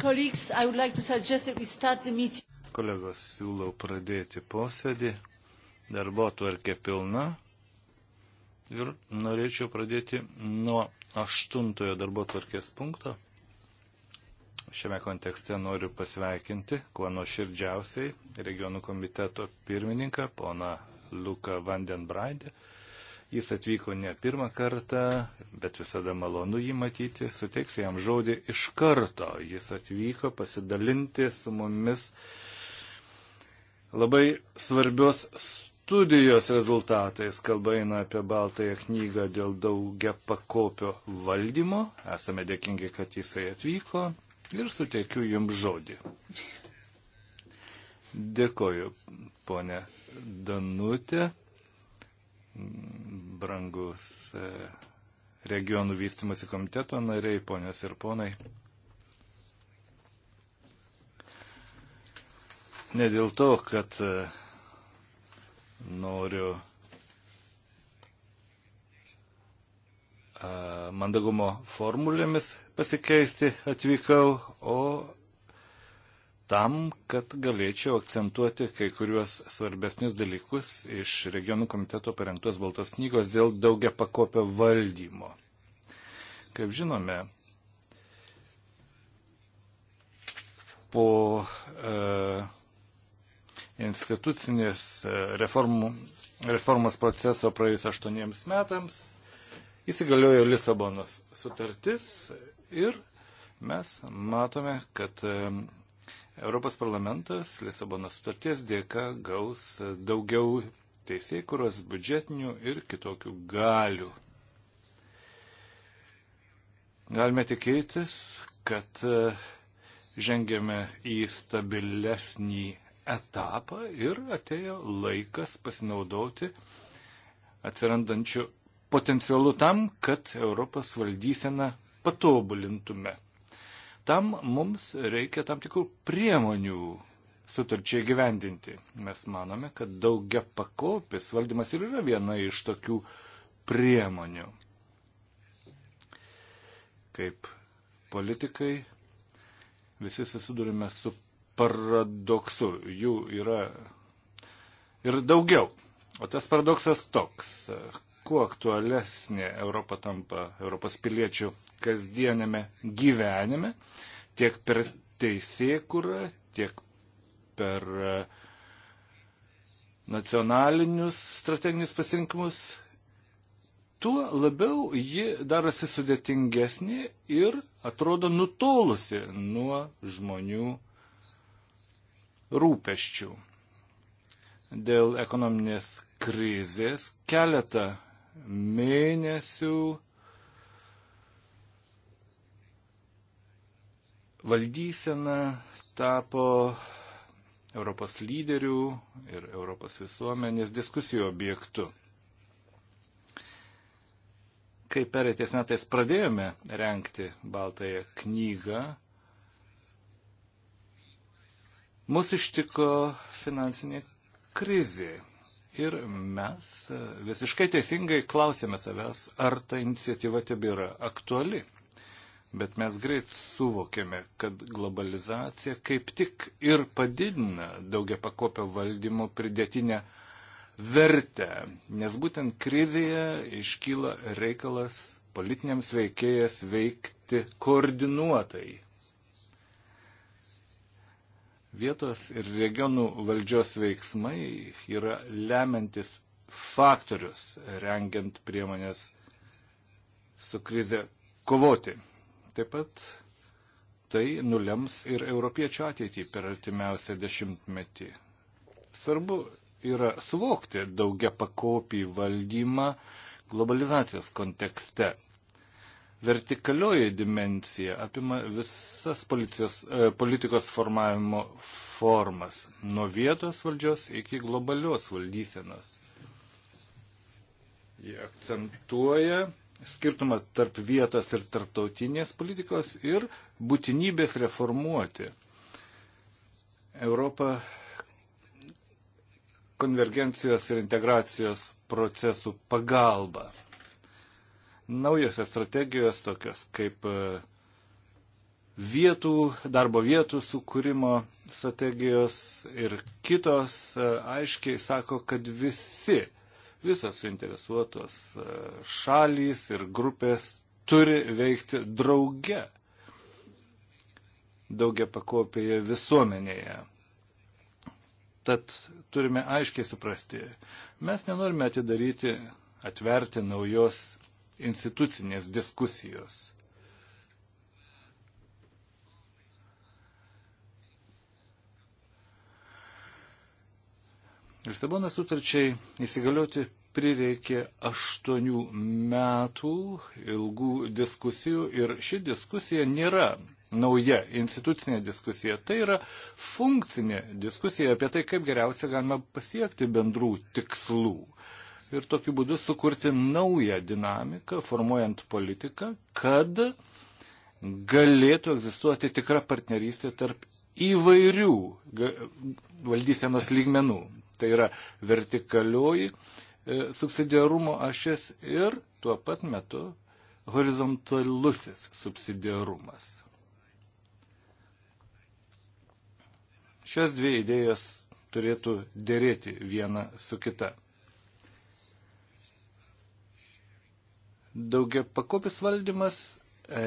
Kolegos, siūlau pradėti posėdį. Darbo tvarkė pilna. Ir norėčiau pradėti nuo aštuntojo darbo tvarkės punkto. Šiame kontekste noriu pasveikinti, kuo nuoširdžiausiai, regionų komiteto pirmininką, poną Luką Vandenbraidę. Jis atvyko ne pirmą kartą, bet visada malonu jį matyti. Suteiksiu jam žodį iš karto. Jis atvyko pasidalinti su mumis labai svarbios studijos rezultatais. Kalba eina apie Baltąją knygą dėl daugia pakopio valdymo. Esame dėkingi, kad jisai atvyko ir suteikiu jums žodį. Dėkoju, ponė Danutė brangus e, regionų vystimasi komiteto nariai, ponios ir ponai. Ne dėl to, kad e, noriu e, mandagumo formulėmis pasikeisti atvykau, o tam, kad galėčiau akcentuoti kai kuriuos svarbesnius dalykus iš regionų komiteto parengtos Baltos knygos dėl daugia pakopio valdymo. Kaip žinome, po e, institucinės e, reformų, reformos proceso praėjus aštuoniems metams įsigaliojo Lisabonos sutartis ir mes matome, kad e, Europos parlamentas Lisabono sutarties dėka gaus daugiau teisėjai, kurios biudžetinių ir kitokių galių. Galime tikėtis, kad e, žengėme į stabilesnį etapą ir atėjo laikas pasinaudoti atsirandančiu potencialu tam, kad Europos valdyseną patobulintume. Tam mums reikia tam tikrų priemonių sutarčiai gyvendinti. Mes manome, kad daugia pakopis valdymas ir yra viena iš tokių priemonių. Kaip politikai visi susidurime su paradoksu. Jų yra ir daugiau. O tas paradoksas toks, kuo aktualesnė Europa tampa Europos piliečių kasdienėme gyvenime, tiek per teisėkurą, tiek per e, nacionalinius strateginius pasirinkimus, tuo labiau ji darosi sudėtingesnė ir atrodo nutolusi nuo žmonių rūpeščių. Dėl ekonominės krizės keletą mėnesių valdysena tapo Europos lyderių ir Europos visuomenės diskusijų objektu. Kai perėties metais pradėjome renkti Baltąją knygą, mus ištiko finansinė krizė. Ir mes e, visiškai teisingai klausėme savęs, ar ta iniciatyva tebėra aktuali. Bet mes greit suvokėme, kad globalizacija kaip tik ir padidina daugia pakopio valdymo pridėtinę vertę, nes būtent krizėje iškyla reikalas politiniams veikėjas veikti koordinuotai, Vietos ir regionų valdžios veiksmai yra lemiantis faktorius rengiant priemonės su krize kovoti. Taip pat tai nulems ir europiečių ateitį per artimiausią dešimtmetį. Svarbu yra suvokti daugia pakopį valdymą globalizacijos kontekste vertikalioji dimencija apima visas policijos, e, politikos formavimo formas, nuo vietos valdžios iki globalios valdysenos. Jie akcentuoja skirtumą tarp vietos ir tarptautinės politikos ir būtinybės reformuoti. Europą konvergencijos ir integracijos procesų pagalba naujosios strategijos, tokios kaip e, vietų, darbo vietų sukūrimo strategijos ir kitos, e, aiškiai sako, kad visi, visos suinteresuotos e, šalys ir grupės turi veikti drauge daugia pakopėje visuomenėje. Tad turime aiškiai suprasti, mes nenorime atidaryti, atverti naujos institucinės diskusijos. Lisabono sutarčiai įsigalioti prireikė aštuonių metų ilgų diskusijų ir ši diskusija nėra nauja institucinė diskusija. Tai yra funkcinė diskusija apie tai, kaip geriausia galima pasiekti bendrų tikslų ir tokiu būdu sukurti naują dinamiką, formuojant politiką, kad galėtų egzistuoti tikra partnerystė tarp įvairių valdysenos lygmenų. Tai yra vertikalioji e, subsidiarumo ašis ir tuo pat metu horizontalusis subsidiarumas. Šios dvi idėjos turėtų dėrėti viena su kita. Daugia pakopis valdymas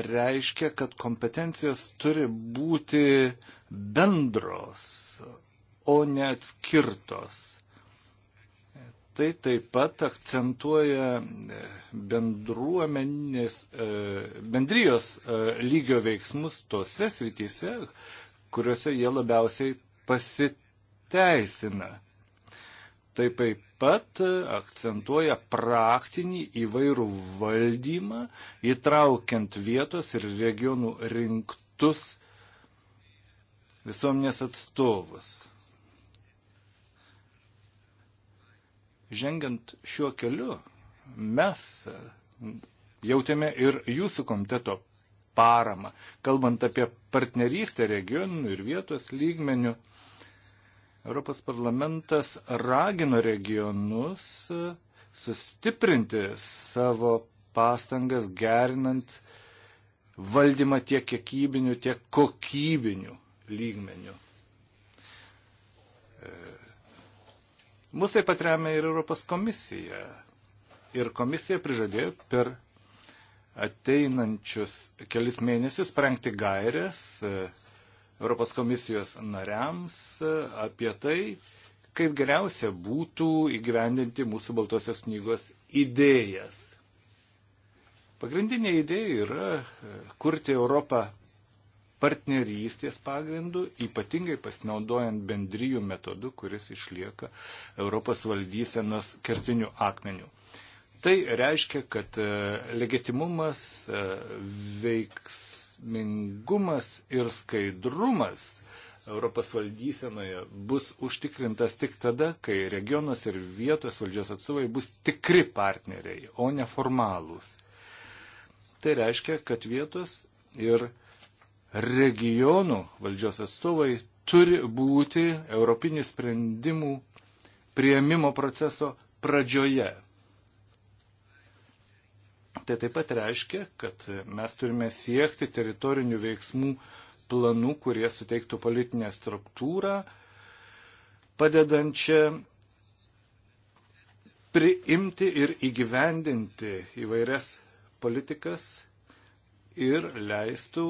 reiškia, kad kompetencijos turi būti bendros, o ne atskirtos. Tai taip pat akcentuoja bendruomenės, e, bendrijos e, lygio veiksmus tose srityse, kuriuose jie labiausiai pasiteisina. Tai taip pat e, akcentuoja praktinį įvairų valdymą, įtraukiant vietos ir regionų rinktus visuomenės atstovus. Žengiant šiuo keliu, mes jautėme ir jūsų komiteto paramą, kalbant apie partnerystę regionų ir vietos lygmenių Europos parlamentas ragino regionus e, sustiprinti savo pastangas gerinant valdymą tiek kiekybiniu, tiek kokybiniu lygmeniu. E, Mūsų taip pat remia ir Europos komisija. Ir komisija prižadėjo per ateinančius kelis mėnesius parengti gairės e, Europos komisijos nariams apie tai, kaip geriausia būtų įgyvendinti mūsų Baltosios knygos idėjas. Pagrindinė idėja yra e, kurti Europą partnerystės pagrindų, ypatingai pasinaudojant bendryjų metodu, kuris išlieka Europos valdysenos kertinių akmenių. Tai reiškia, kad e, legitimumas e, veiks veiksmingumas ir skaidrumas Europos valdysenoje bus užtikrintas tik tada, kai regionos ir vietos valdžios atstovai bus tikri partneriai, o ne formalūs. Tai reiškia, kad vietos ir regionų valdžios atstovai turi būti europinių sprendimų prieimimo proceso pradžioje. Tai taip pat reiškia, kad mes turime siekti teritorinių veiksmų planų, kurie suteiktų politinę struktūrą, padedančią priimti ir įgyvendinti įvairias politikas ir leistų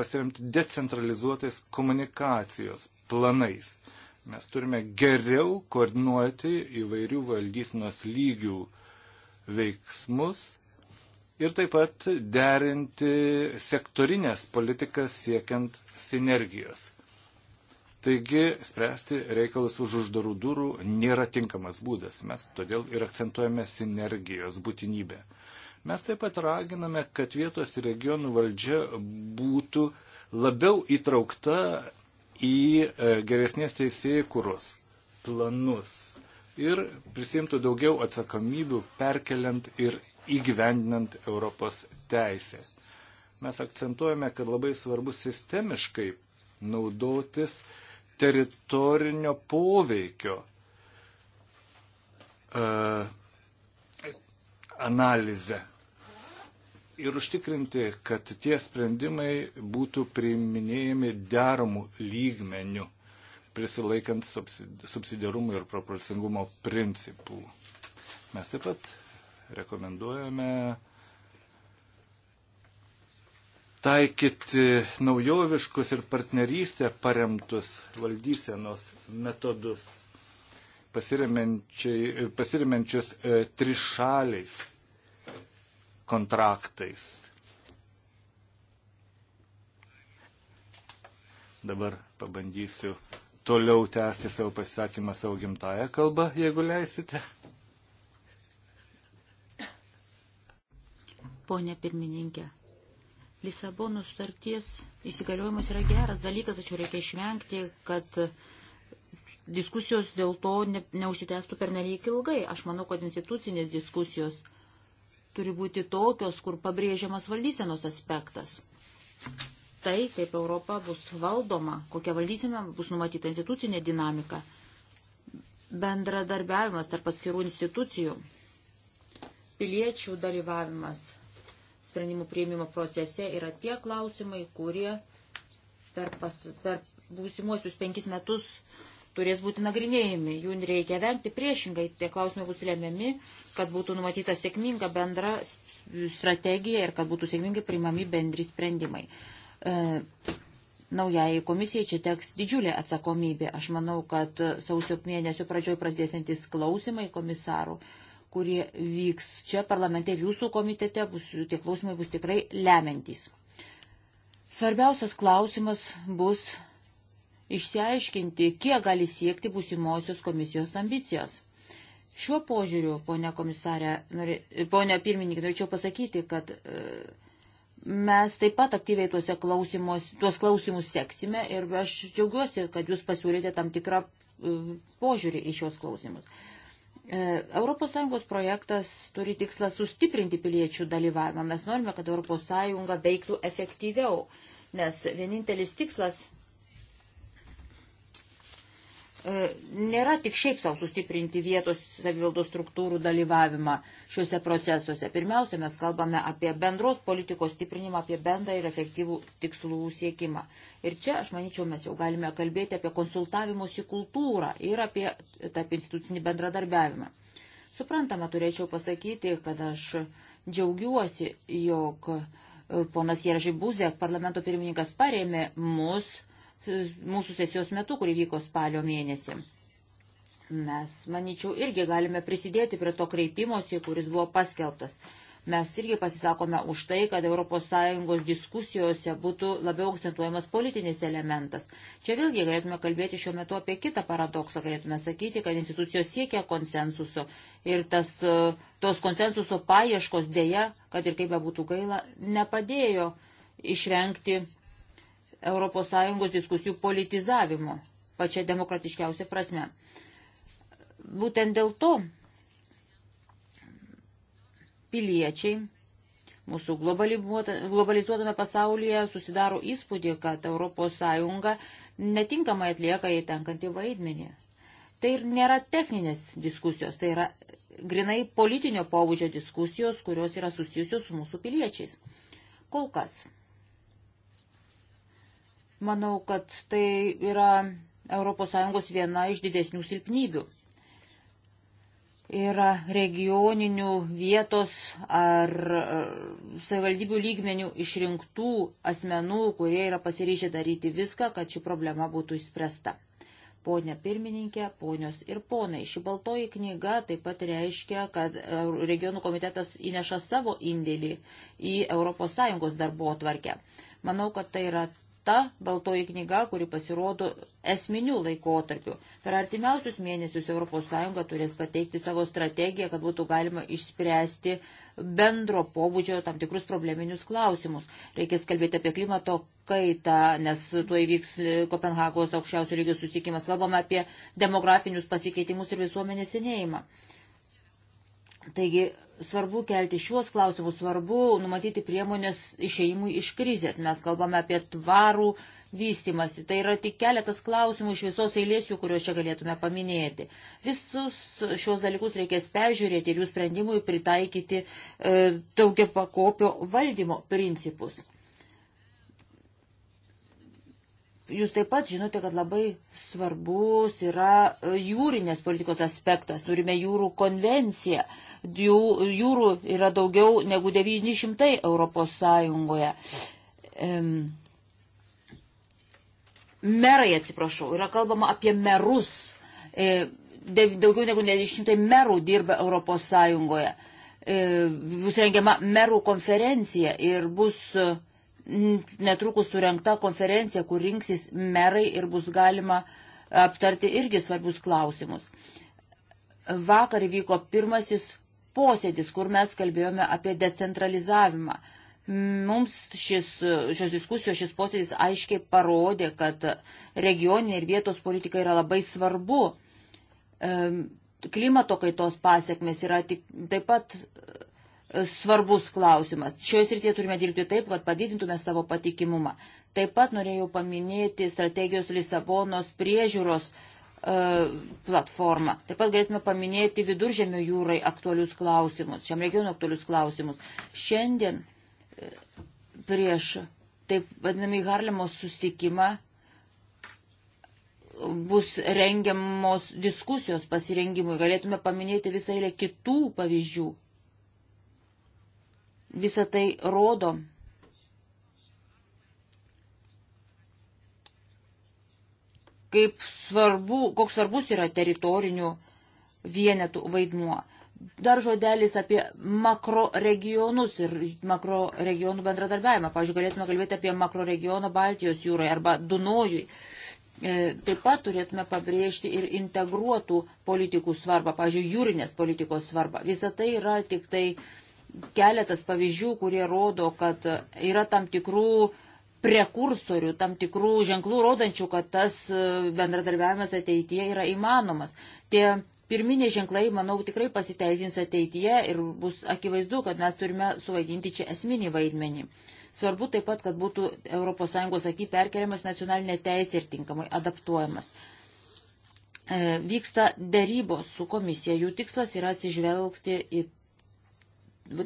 pasiremti decentralizuotais komunikacijos planais. Mes turime geriau koordinuoti įvairių valdysinos lygių uh, veiksmus ir taip pat derinti sektorinės politikas siekiant sinergijos. Taigi spręsti reikalus už uždarų durų nėra tinkamas būdas, mes todėl ir akcentuojame sinergijos būtinybę. Mes taip pat raginame, kad vietos ir regionų valdžia būtų labiau įtraukta į e, geresnės teisėjų kūros planus ir prisimtų daugiau atsakomybių perkeliant ir įgyvendinant Europos teisę. Mes akcentuojame, kad labai svarbu sistemiškai naudotis teritorinio poveikio uh, analizę ir užtikrinti, kad tie sprendimai būtų priiminėjami deramų lygmenių prisilaikant subsidiarumo ir proporcingumo principų. Mes taip pat rekomenduojame taikyti naujoviškus ir partnerystę paremtus valdysenos metodus, pasirimenčius e, trišaliais kontraktais. Dabar pabandysiu toliau tęsti savo pasisakymą savo gimtają kalbą, jeigu leisite. Pone pirmininkė, Lisabono sutarties įsigaliojimas yra geras dalykas, tačiau reikia išvengti, kad diskusijos dėl to ne, neužsitęstų per nereik ilgai. Aš manau, kad institucinės diskusijos turi būti tokios, kur pabrėžiamas valdysenos aspektas tai, kaip Europa bus valdoma, kokia valdysime, bus numatyta institucinė dinamika, bendradarbiavimas tarp atskirų institucijų, piliečių dalyvavimas sprendimų prieimimo procese yra tie klausimai, kurie per, pas, per būsimuosius penkis metus turės būti nagrinėjami. Jų reikia vengti priešingai, tie klausimai bus lemiami, kad būtų numatyta sėkminga bendra strategija ir kad būtų sėkmingai priimami bendri sprendimai. E, naujai komisijai čia teks didžiulė atsakomybė. Aš manau, kad sausio mėnesio pradžioj prasidėsiantis klausimai komisarų, kurie vyks čia parlamente ir jūsų komitete, bus, tie klausimai bus tikrai lemiantys. Svarbiausias klausimas bus išsiaiškinti, kiek gali siekti būsimosios komisijos ambicijos. Šiuo požiūriu, ponia, komisarė, norė, ponia pirmininkė, norėčiau pasakyti, kad e, Mes taip pat aktyviai tuos klausimus seksime ir aš džiaugiuosi, kad jūs pasiūlėte tam tikrą e, požiūrį į šios klausimus. ES projektas turi tikslą sustiprinti piliečių dalyvavimą. Mes norime, kad ES veiktų efektyviau, nes vienintelis tikslas E, nėra tik šiaip savo sustiprinti vietos savivaldos struktūrų dalyvavimą šiuose procesuose. Pirmiausia, mes kalbame apie bendros politikos stiprinimą, apie bendrą ir efektyvų tikslų siekimą. Ir čia, aš manyčiau, mes jau galime kalbėti apie konsultavimus į kultūrą ir apie tarp institucinį bendradarbiavimą. Suprantama, turėčiau pasakyti, kad aš džiaugiuosi, jog e, ponas Jeržy Buzek, parlamento pirmininkas, parėmė mus mūsų sesijos metu, kuri vyko spalio mėnesį. Mes, manyčiau, irgi galime prisidėti prie to kreipimosi, kuris buvo paskelbtas. Mes irgi pasisakome už tai, kad ES diskusijose būtų labiau akcentuojamas politinis elementas. Čia vėlgi galėtume kalbėti šiuo metu apie kitą paradoksą. Galėtume sakyti, kad institucijos siekia konsensuso ir tas, e, tos konsensuso paieškos dėja, kad ir kaip bebūtų gaila, nepadėjo išvengti ES diskusijų politizavimu, pačia demokratiškiausia prasme. Būtent dėl to piliečiai mūsų globalizuotame pasaulyje susidaro įspūdį, kad ES netinkamai atlieka įtenkantį vaidmenį. Tai ir nėra techninės diskusijos, tai yra grinai politinio pobūdžio diskusijos, kurios yra susijusios su mūsų piliečiais. Kol kas Manau, kad tai yra ES viena iš didesnių silpnybių. Yra regioninių vietos ar e, savivaldybių lygmenių išrinktų asmenų, kurie yra pasiryžę daryti viską, kad ši problema būtų išspręsta. Pone pirmininkė, ponios ir ponai, ši baltoji knyga taip pat reiškia, kad regionų komitetas įneša savo indėlį į ES darbo tvarkę. Manau, kad tai yra ta baltoji knyga, kuri pasirodo esminių laikotarpių. Per artimiausius mėnesius ES turės pateikti savo strategiją, kad būtų galima išspręsti bendro pobūdžio tam tikrus probleminius klausimus. Reikės kalbėti apie klimato kaitą, nes tuo įvyks Kopenhagos aukščiausio lygio susitikimas. Kalbame apie demografinius pasikeitimus ir visuomenės senėjimą. Taigi svarbu kelti šiuos klausimus, svarbu numatyti priemonės išeimui iš krizės. Mes kalbame apie tvarų vystimasi. Tai yra tik keletas klausimų iš visos eilės, jų kuriuos čia galėtume paminėti. Visus šios dalykus reikės peržiūrėti ir jų sprendimui pritaikyti e, daugia pakopio valdymo principus. Jūs taip pat žinote, kad labai svarbus yra e, jūrinės politikos aspektas. Turime jūrų konvenciją. Jūrų yra daugiau negu 900 Europos Sąjungoje. Merai, atsiprašau, yra kalbama apie merus. E, daugiau negu 900 merų dirba Europos Sąjungoje. E, bus rengiama merų konferencija ir bus netrukus surenkta konferencija, kur rinksis merai ir bus galima aptarti irgi svarbius klausimus. Vakar vyko pirmasis posėdis, kur mes kalbėjome apie decentralizavimą. Mums šis, šios diskusijos, šis posėdis aiškiai parodė, kad regioninė ir vietos politika yra labai svarbu. Klimato kaitos pasiekmes yra tik, taip pat svarbus klausimas. Šioje srityje turime dirbti taip, kad padidintume savo patikimumą. Taip pat norėjau paminėti strategijos Lisabonos priežiūros e, platformą. Taip pat galėtume paminėti viduržėmio jūrai aktualius klausimus, šiam regionu aktualius klausimus. Šiandien e, prieš taip vadinamį Harlemo susitikimą bus rengiamos diskusijos pasirengimui. Galėtume paminėti visą eilę kitų pavyzdžių. Visą tai rodo. Kaip svarbu, koks svarbus yra teritorinių vienetų vaidmuo. Dar žodelis apie makro regionus ir makro regionų bendradarbiavimą. Pavyzdžiui, galėtume kalbėti apie makro regioną Baltijos jūroje arba Dunojui. E, taip pat turėtume pabrėžti ir integruotų politikų svarbą, pavyzdžiui, jūrinės politikos svarbą. Visa tai yra tik tai uh, keletas pavyzdžių, kurie rodo, kad yra tam tikrų prekursorių, tam tikrų ženklų rodančių, kad tas e, bendradarbiavimas ateityje yra įmanomas. Tie pirminiai ženklai, manau, tikrai pasiteisins ateityje ir bus akivaizdu, kad mes turime suvaidinti čia esminį vaidmenį. Svarbu taip pat, kad būtų ES akį perkeliamas nacionalinė teisė ir tinkamai adaptuojamas. E, vyksta dėrybos su komisija. Jų tikslas yra atsižvelgti į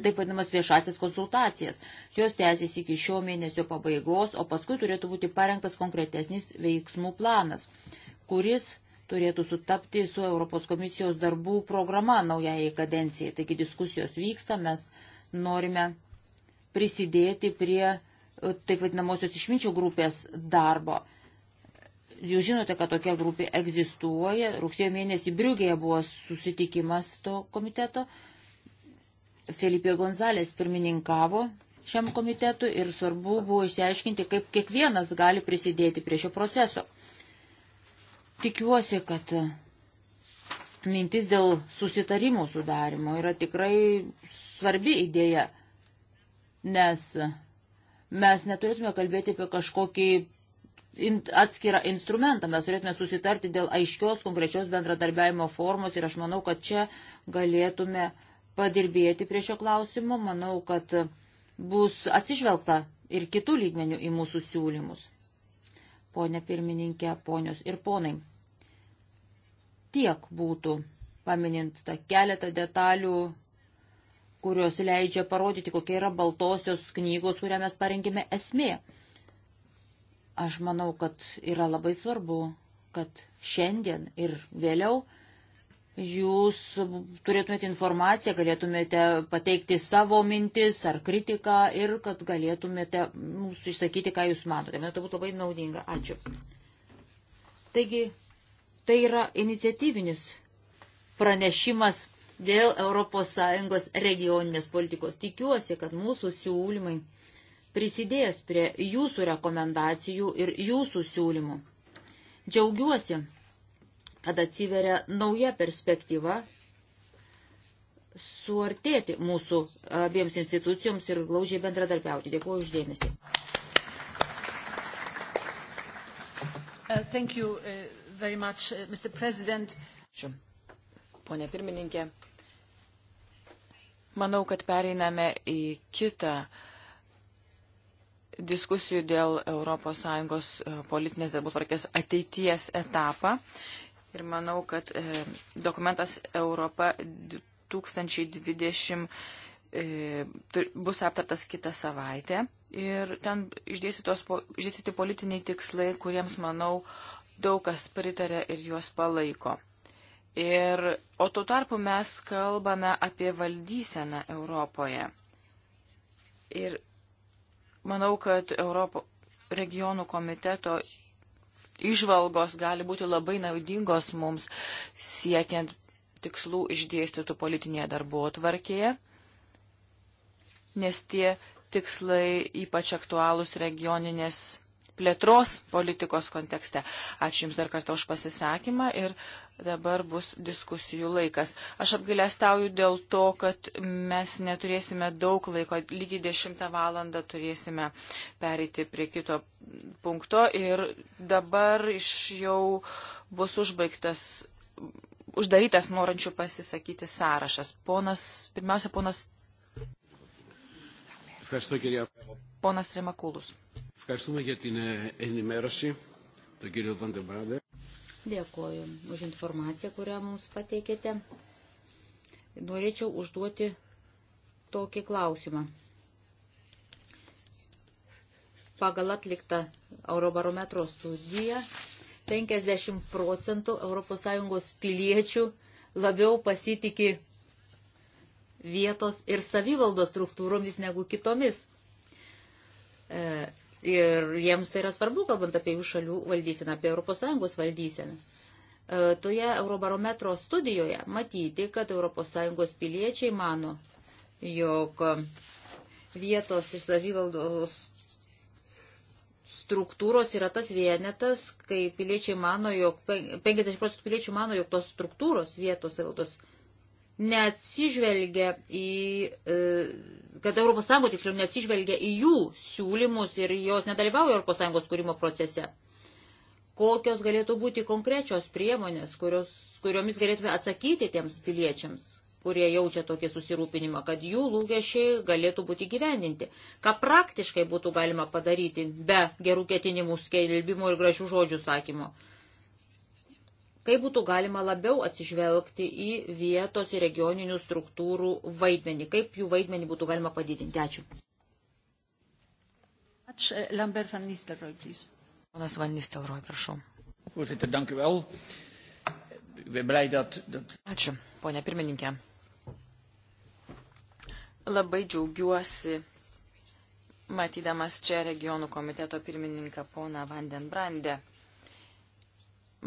taip vadinamas viešasis konsultacijas. Jos tęsis iki šio mėnesio pabaigos, o paskui turėtų būti parengtas konkretesnis veiksmų planas, kuris turėtų sutapti su Europos komisijos darbų programa naujai kadencijai. Taigi diskusijos vyksta, mes norime prisidėti prie e, taip vadinamosios išminčių grupės darbo. Jūs žinote, kad tokia grupė egzistuoja. Rugsėjo mėnesį Briugėje buvo susitikimas to komiteto. Felipe Gonzalės pirmininkavo šiam komitetui ir svarbu buvo išsiaiškinti, kaip kiekvienas gali prisidėti prie šio proceso. Tikiuosi, kad mintis dėl susitarimo sudarimo yra tikrai svarbi idėja, nes mes neturėtume kalbėti apie kažkokį in, atskirą instrumentą, mes turėtume susitarti dėl aiškios, konkrečios bendradarbiavimo formos ir aš manau, kad čia galėtume uh, padirbėti prie šio klausimo. Manau, kad bus atsižvelgta ir kitų lygmenių į mūsų siūlymus. Pone pirmininkė, ponios ir ponai. Tiek būtų paminint tą keletą detalių, kurios leidžia parodyti, kokia yra baltosios knygos, kurią mes parengėme esmė. Aš manau, kad yra labai svarbu, kad šiandien ir vėliau jūs turėtumėte informaciją, galėtumėte pateikti savo mintis ar kritiką ir kad galėtumėte mums išsakyti, ką jūs matote. Man tai būtų labai naudinga. Ačiū. Taigi, tai yra iniciatyvinis pranešimas dėl ES regioninės politikos. Tikiuosi, kad mūsų siūlymai prisidės prie jūsų rekomendacijų ir jūsų siūlymų. Džiaugiuosi, Tada atsiveria nauja perspektyva suartėti mūsų abiems institucijoms ir glaužiai bendradarbiauti. Dėkuoju uždėmesi. Uh, thank you uh, very much, uh, Mr. President. Ačiū. Pone pirmininkė, manau, kad pereiname į kitą diskusijų dėl ES politinės darbotvarkės ateities etapą ir manau, kad e, dokumentas Europa 2020 e, bus aptartas kitą savaitę ir ten išdėstyti politiniai tikslai, kuriems, manau, daug kas pritarė ir juos palaiko. Ir, o tuo tarpu mes kalbame apie valdyseną Europoje. Ir manau, kad Europo regionų komiteto išvalgos gali būti labai naudingos mums siekiant tikslų išdėstytų politinėje darbo tvarkėje, nes tie tikslai ypač aktualūs regioninės plėtros politikos kontekste. Ačiū Jums dar kartą už pasisakymą ir dabar bus diskusijų laikas. Aš apgailestauju dėl to, kad mes neturėsime daug laiko, lygiai 10 valandą turėsime pereiti prie kito punkto ir dabar iš jau bus užbaigtas uždarytas norančių pasisakyti sąrašas. Ponas, pirmiausia, ponas. Ačiū, Ponas Remakulus. Dėkuoju už informaciją, kurią mums pateikėte. Norėčiau užduoti tokį klausimą. Pagal atliktą Eurobarometro studiją 50 procentų ES piliečių labiau pasitikė vietos ir savivaldos struktūromis negu kitomis. E, ir jiems tai yra svarbu, kalbant apie jų šalių valdyseną, apie ES valdyseną. E, toje Eurobarometro studijoje matyti, kad ES piliečiai mano, jog vietos ir savivaldos struktūros yra tas vienetas, kai piliečiai mano, jog 50 procentų piliečių mano, jog tos struktūros vietos savivaldos struktūros neatsižvelgia į, e, kad ES tiksliau neatsižvelgia į jų siūlymus ir jos nedalyvauja ES kūrimo procese. Kokios galėtų būti konkrečios priemonės, kurios, kuriomis galėtume atsakyti tiems piliečiams, kurie jaučia tokį susirūpinimą, kad jų lūkesčiai galėtų būti gyvendinti. Ką praktiškai būtų galima padaryti be gerų ketinimų skelbimo ir gražių žodžių sakymo. Uh, kaip būtų galima labiau atsižvelgti į vietos ir regioninių struktūrų vaidmenį, kaip jų vaidmenį būtų galima padidinti. Ačiū. Ačiū. Eh, Lambert van Nistelrooy, please. Ponas van Nistelrooy, prašau. Voorzitter, dank u wel. Ik ben blij dat, dat... Ačiū, ponia pirmininkė. Labai džiaugiuosi matydamas čia regionų komiteto pirmininką poną Vandenbrandę.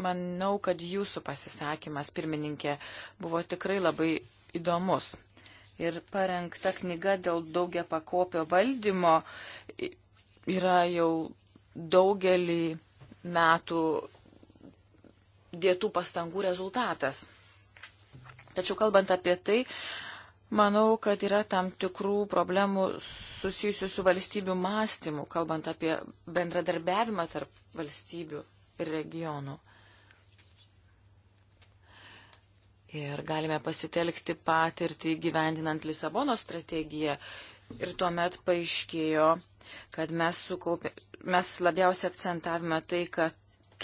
Manau, kad jūsų pasisakymas, pirmininkė, buvo tikrai labai įdomus. Ir parengta knyga dėl daugia pakopio valdymo yra jau daugelį metų dėtų pastangų rezultatas. Tačiau kalbant apie tai, manau, kad yra tam tikrų problemų susijusių su valstybių mąstymu, kalbant apie bendradarbiavimą tarp valstybių ir regionų. ir galime pasitelkti patirtį gyvendinant Lisabono strategiją. Ir tuomet paaiškėjo, kad mes, sukaupė, mes labiausiai akcentavome tai, kad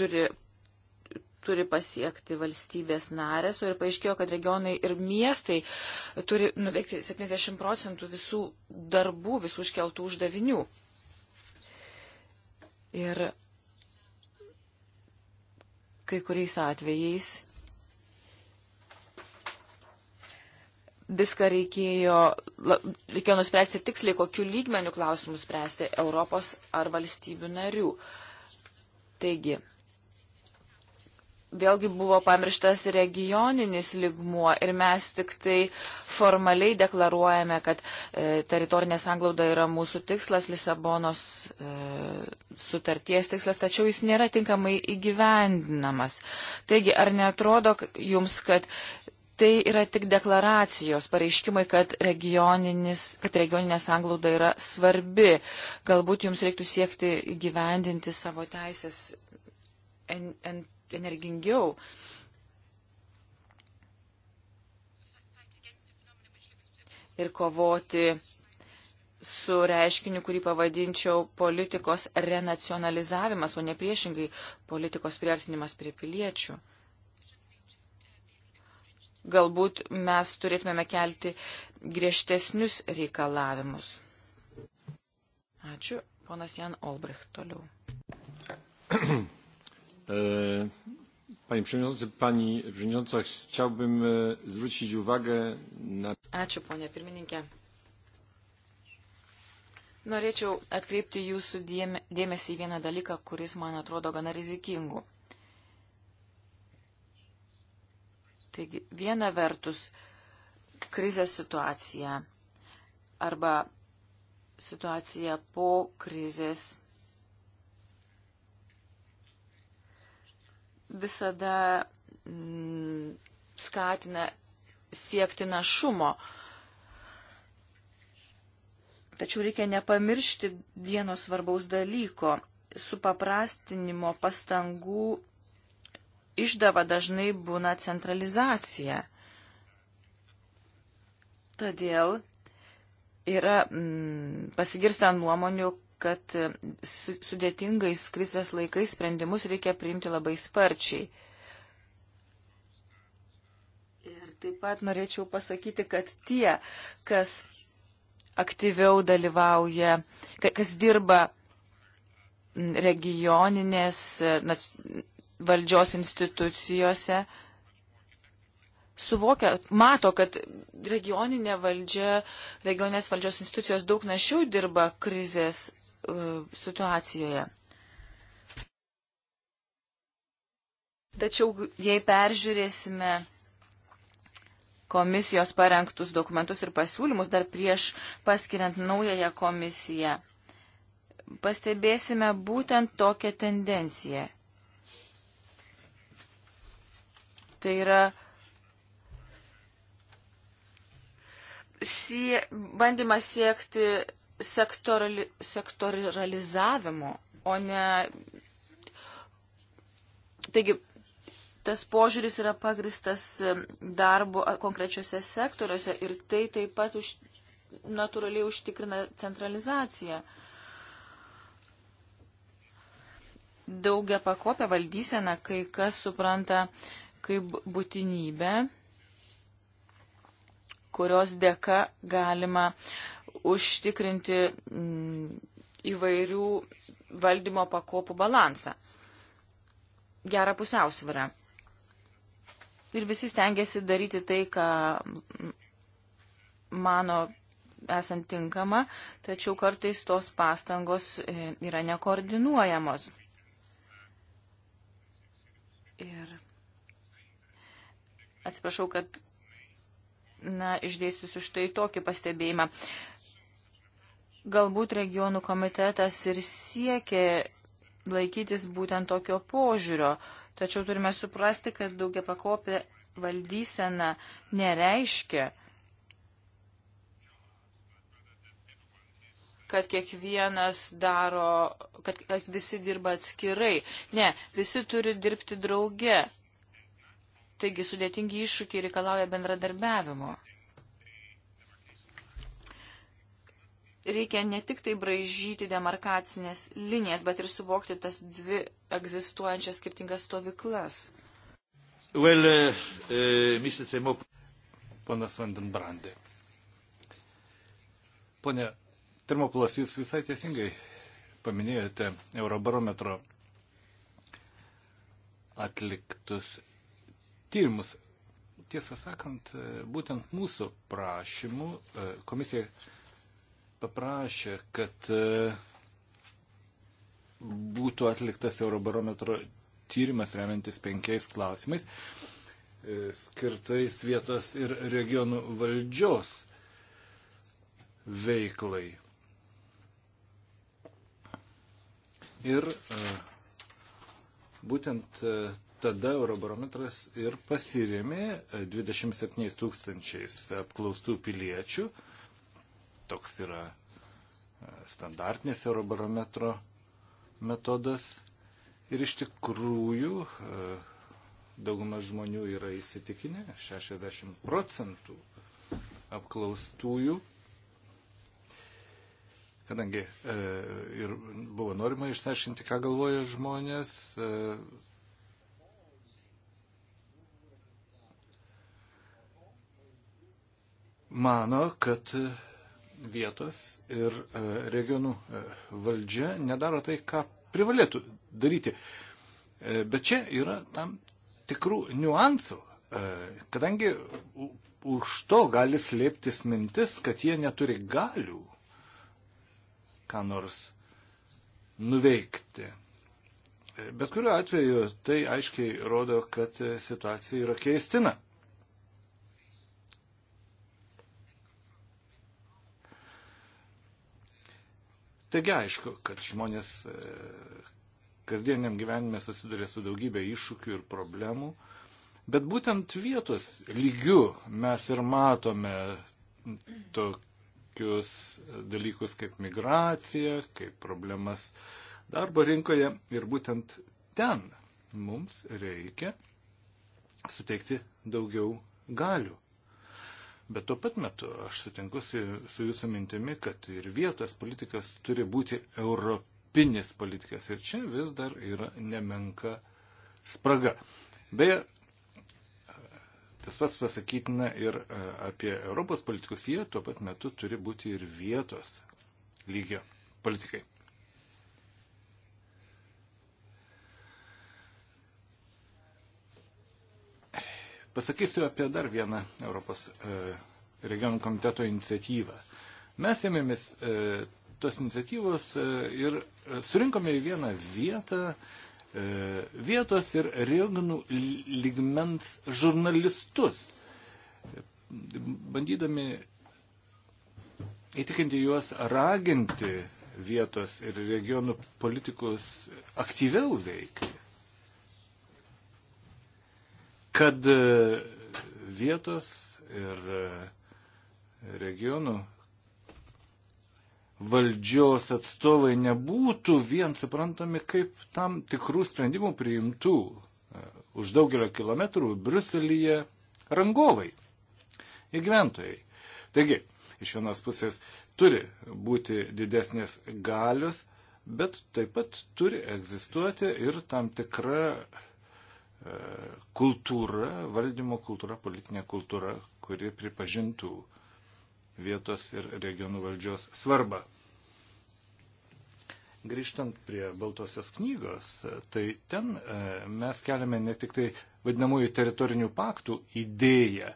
turi, turi pasiekti valstybės narės, o ir paaiškėjo, kad regionai ir miestai turi nuveikti 70 procentų visų darbų, visų iškeltų uždavinių. Ir kai kuriais atvejais viską reikėjo, reikėjo nuspręsti tiksliai, kokiu lygmeniu klausimus spręsti Europos ar valstybių narių. Taigi, vėlgi buvo pamirštas regioninis ligmuo ir mes tik tai formaliai deklaruojame, kad e, teritorinė sanglauda yra mūsų tikslas, Lisabonos e, sutarties tikslas, tačiau jis nėra tinkamai įgyvendinamas. Taigi, ar netrodo jums, kad tai yra tik deklaracijos, pareiškimai, kad, kad regioninė sanglauda yra svarbi. Galbūt jums reiktų siekti gyvendinti savo teisės en, en, energingiau. Ir kovoti su reiškiniu, kurį pavadinčiau politikos renacionalizavimas, o ne priešingai politikos priartinimas prie piliečių galbūt mes turėtumėme kelti griežtesnius reikalavimus. Ačiū, ponas Jan Olbrecht toliau. E, Panie Przewodniczący, Pani Przewodnicząca, chciałbym e, zwrócić uwagę na... Ačiū, ponė pirmininkė. Norėčiau atkreipti jūsų dėmesį į vieną dalyką, kuris man atrodo gana rizikingu. Taigi, viena vertus, krizės situacija arba situacija po krizės visada mm, skatina siekti našumo. Tačiau reikia nepamiršti vieno svarbaus dalyko - supaprastinimo pastangų išdava dažnai būna centralizacija. Todėl yra mm, pasigirsta nuomonių, kad e, sudėtingais krizės laikais sprendimus reikia priimti labai sparčiai. Ir taip pat norėčiau pasakyti, kad tie, kas aktyviau dalyvauja, kas dirba regioninės, e, valdžios institucijose suvokia, mato, kad regioninė valdžia, regioninės valdžios institucijos daug našiau dirba krizės uh, situacijoje. Tačiau jei peržiūrėsime komisijos parengtus dokumentus ir pasiūlymus dar prieš paskiriant naująją komisiją, pastebėsime būtent tokią tendenciją. Tai yra sie, bandymas siekti sektorali, sektoralizavimo, o ne. Taigi, tas požiūris yra pagristas darbo konkrečiose sektoriuose ir tai taip pat už, natūraliai užtikrina centralizaciją. Daugia pakopė valdysena, kai kas supranta kaip būtinybę, kurios dėka galima užtikrinti mm, įvairių valdymo pakopų balansą. Gerą pusiausvyrą. Ir visi stengiasi daryti tai, ką mano esant tinkama, tačiau kartais tos pastangos e, yra nekoordinuojamos. Atsiprašau, kad na, išdėsiu štai tokį pastebėjimą. Galbūt regionų komitetas ir siekė laikytis būtent tokio požiūrio, tačiau turime suprasti, kad daugia pakopė valdysena nereiškia, kad kiekvienas daro, kad, kad visi dirba atskirai. Ne, visi turi dirbti drauge. Taigi sudėtingi iššūkiai reikalauja bendradarbiavimo. Reikia ne tik tai bražyti demarkacinės linijas, bet ir suvokti tas dvi egzistuojančias skirtingas stovyklas. Well, uh, uh, Ponas Vandenbrandė. Pone Termopulas, jūs visai tiesingai paminėjote Eurobarometro atliktus tyrimus. Tiesą sakant, e, būtent mūsų prašymų e, komisija paprašė, kad e, būtų atliktas Eurobarometro tyrimas remiantis penkiais klausimais, skirtais vietos ir regionų valdžios veiklai. Ir būtent tada Eurobarometras ir pasirėmė 27 e, tūkstančiais apklaustų piliečių. Toks yra e, standartinis Eurobarometro metodas. Ir iš tikrųjų e, dauguma žmonių yra įsitikinę, 60 procentų apklaustųjų, kadangi e, ir buvo norima išsiaiškinti, ką galvoja žmonės, e, mano, kad vietos ir e, regionų e, valdžia nedaro tai, ką privalėtų daryti. E, bet čia yra tam tikrų niuansų, kadangi už to gali slėptis mintis, kad jie neturi galių ką nors nuveikti. Bet kuriuo atveju tai aiškiai rodo, kad situacija yra keistina. Taigi aišku, kad žmonės e, kasdieniam gyvenime susiduria su daugybė iššūkių ir problemų, bet būtent vietos lygių mes ir matome tokius dalykus kaip migracija, kaip problemas darbo rinkoje ir būtent ten mums reikia suteikti daugiau galių Bet tuo pat metu aš sutinku su, su jūsų mintimi, kad ir vietos politikas turi būti europinis politikas. Ir čia vis dar yra nemenka spraga. Beje, tas pats pasakytina ir e, apie Europos politikus. Jie tuo pat metu turi būti ir vietos lygio politikai. Pasakysiu apie dar vieną Europos e, regionų komiteto iniciatyvą. Mes ėmėmės e, tos iniciatyvos e, ir surinkome į vieną vietą vietos ir regionų ligmens žurnalistus, bandydami įtikinti juos raginti vietos ir regionų politikus aktyviau veikti kad e, vietos ir e, regionų valdžios atstovai nebūtų vien suprantami kaip tam tikrų sprendimų priimtų e, už daugelio kilometrų Bruselyje rangovai ir gyventojai. Taigi, iš vienos pusės turi būti didesnės galios, bet taip pat turi egzistuoti ir tam tikra kultūra, valdymo kultūra, politinė kultūra, kuri pripažintų vietos ir regionų valdžios svarbą. Grįžtant prie Baltosios knygos, tai ten e, mes keliame ne tik tai vadinamųjų teritorinių paktų idėją,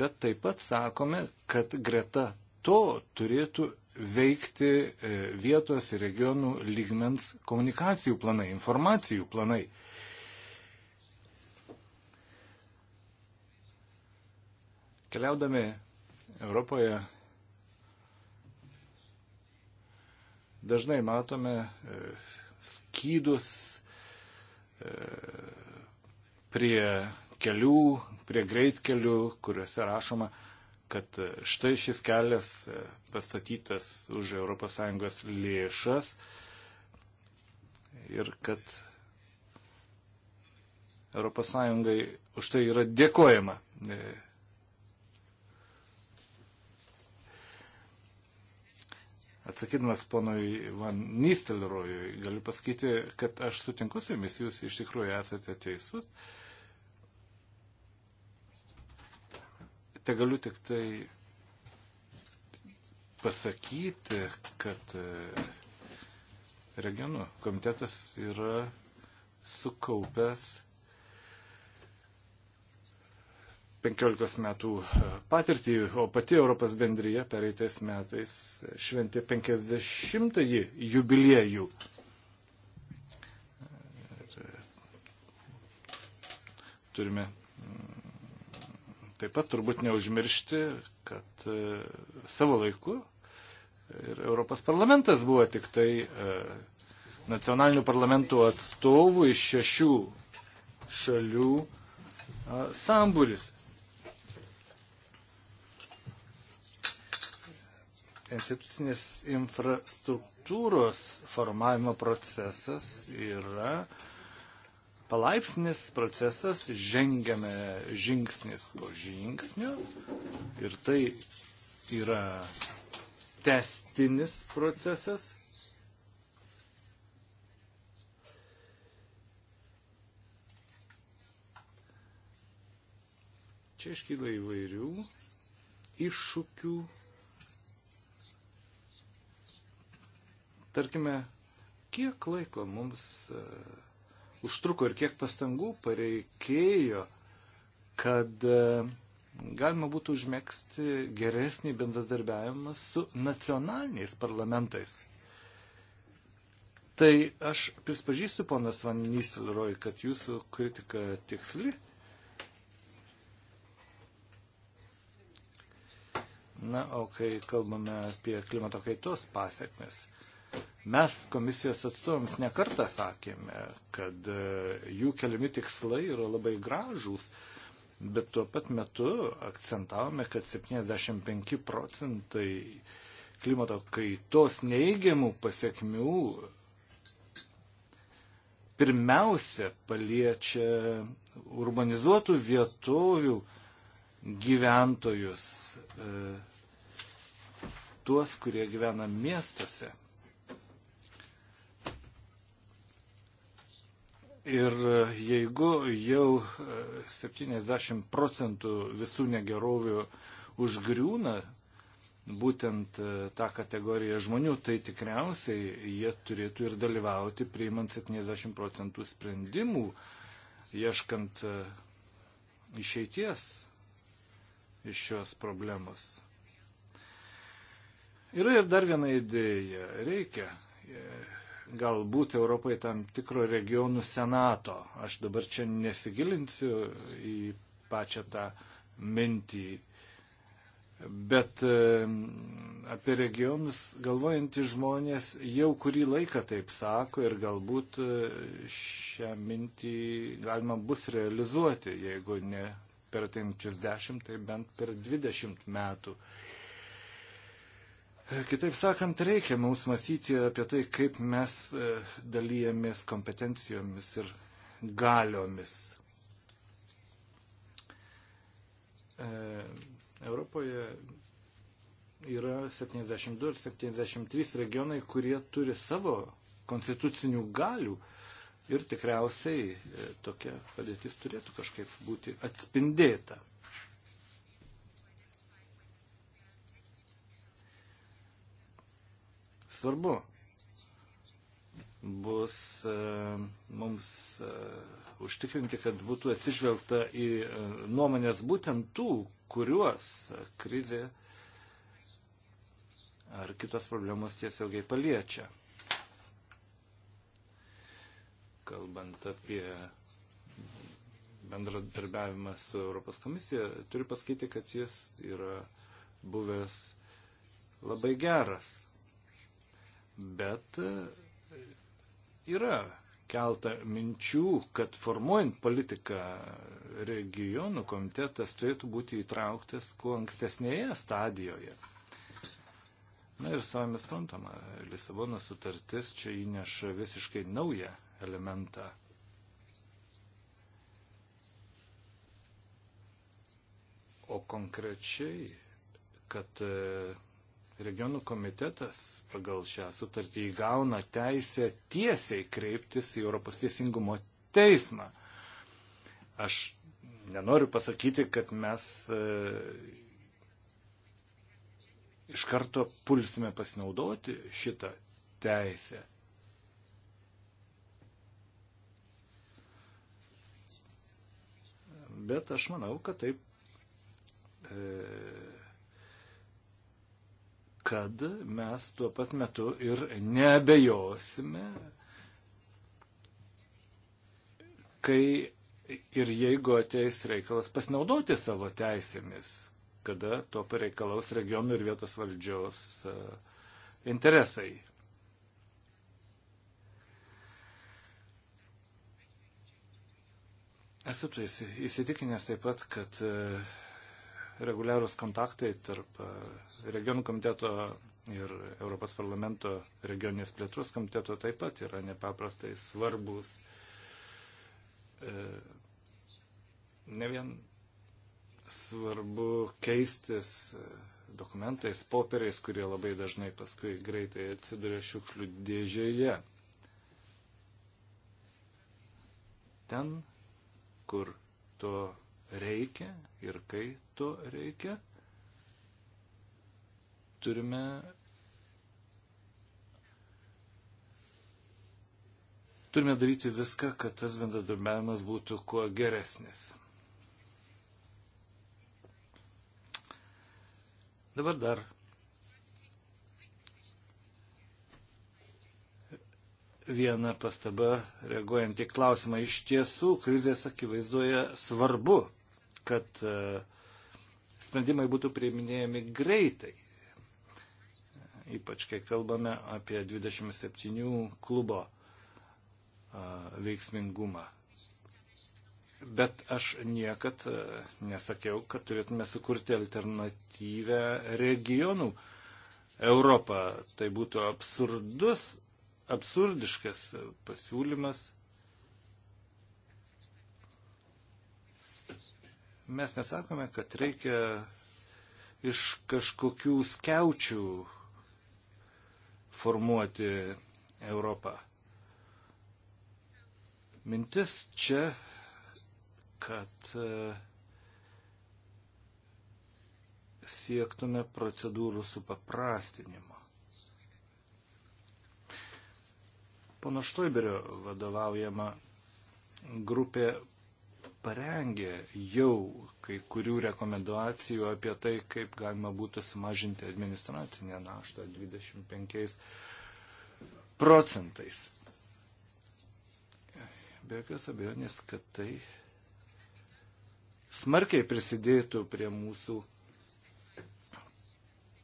bet taip pat sakome, kad greta to turėtų veikti e, vietos ir regionų lygmens komunikacijų planai, informacijų planai Keliaudami Europoje dažnai matome e, skydus e, prie kelių, prie greitkelių, kuriuose rašoma, kad e, štai šis kelias pastatytas už ES lėšas ir kad ES už tai yra dėkojama. Atsakydamas ponui Van Nistelrojui, galiu pasakyti, kad aš sutinku su jumis, jūs iš tikrųjų esate teisus. Te galiu tik tai pasakyti, kad e, regionų komitetas yra sukaupęs 15 metų e, patirtį, o pati Europos bendryje pereitais metais šventė 50-ąjį jubiliejų. E, turime mm, taip pat turbūt neužmiršti, kad e, savo laiku ir Europos parlamentas buvo tik tai nacionalinių parlamentų atstovų iš šešių šalių sambūris institucinės infrastruktūros formavimo procesas yra palaipsnis procesas, žengiame žingsnis po žingsnio ir tai yra testinis procesas. Čia iškyla įvairių iššūkių Tarkime, kiek laiko mums e, užtruko ir kiek pastangų pareikėjo, kad e, galima būtų užmėgsti geresnį bendradarbiavimą su nacionaliniais parlamentais. Tai aš prispažįstu, ponas Van Nistelroj, kad jūsų kritika tiksli. Na, o kai kalbame apie klimato kaitos pasiekmes, Mes komisijos atstovams nekartą sakėme, kad e, jų keliami tikslai yra labai gražūs, bet tuo pat metu akcentavome, kad 75 procentai klimato kaitos neįgiamų pasiekmių pirmiausia paliečia urbanizuotų vietovių gyventojus, e, tuos, kurie gyvena miestuose. Ir e, jeigu jau 70 e, procentų visų negerovių užgriūna būtent e, tą kategoriją žmonių, tai tikriausiai jie turėtų ir dalyvauti priimant 70 procentų sprendimų, ieškant išeities iš šios problemos. Yra ir dar viena idėja. Reikia galbūt Europai tam tikro regionų senato. Aš dabar čia nesigilinsiu į pačią tą mintį. Bet e, apie regionus galvojantys žmonės jau kurį laiką taip sako ir galbūt e, šią mintį galima bus realizuoti, jeigu ne per atinčius dešimt, tai bent per dvidešimt metų. Kitaip sakant, reikia mums mąstyti apie tai, kaip mes e, dalyjamės kompetencijomis ir galiomis. E, Europoje yra 72 ir 73 regionai, kurie turi savo konstitucinių galių ir tikriausiai e, tokia padėtis turėtų kažkaip būti atspindėta. svarbu bus e, mums e, užtikrinti, kad būtų atsižvelgta į e, nuomonės būtent tų, kuriuos krizė ar kitos problemos tiesiogiai paliečia. Kalbant apie bendradarbiavimą su Europos komisija, turiu pasakyti, kad jis yra buvęs labai geras bet e, yra keltą minčių, kad formuojant politiką regionų komitetas turėtų būti įtrauktas kuo ankstesnėje stadijoje. Na ir savame suprantama, Lisabono sutartis čia įneša visiškai naują elementą. O konkrečiai, kad e, Regionų komitetas pagal šią sutartį įgauna teisę tiesiai kreiptis į Europos teisingumo teismą. Aš nenoriu pasakyti, kad mes e, iš karto pulsime pasinaudoti šitą teisę. Bet aš manau, kad taip e, kad mes tuo pat metu ir nebejosime, kai ir jeigu ateis reikalas pasinaudoti savo teisėmis, kada to pareikalaus regionų ir vietos valdžios e, interesai. Esu įsitikinęs taip pat, kad e, reguliarūs kontaktai tarp e, regionų komiteto ir Europos parlamento regioninės plėtros komiteto taip pat yra nepaprastai svarbus. E, ne vien svarbu keistis e, dokumentais, popieriais, kurie labai dažnai paskui greitai atsiduria šiukšlių dėžėje. Ten, kur to reikia ir kai to reikia, turime turime daryti viską, kad tas bendradarbiavimas būtų kuo geresnis. Dabar dar. Viena pastaba, reaguojant į klausimą, iš tiesų krizės akivaizdoje svarbu kad e, sprendimai būtų priiminėjami greitai. Ypač, kai kalbame apie 27 klubo e, veiksmingumą. Bet aš niekad e, nesakiau, kad turėtume sukurti alternatyvę regionų Europą. Tai būtų absurdus, absurdiškas pasiūlymas Mes nesakome, kad reikia iš kažkokių skiaučių formuoti Europą. Mintis čia, kad e, siektume procedūrų supaprastinimo. Pono Štoiberio vadovaujama grupė parengė jau kai kurių rekomendacijų apie tai, kaip galima būtų sumažinti administracinę naštą 25 procentais. Be jokios abejonės, kad tai smarkiai prisidėtų prie mūsų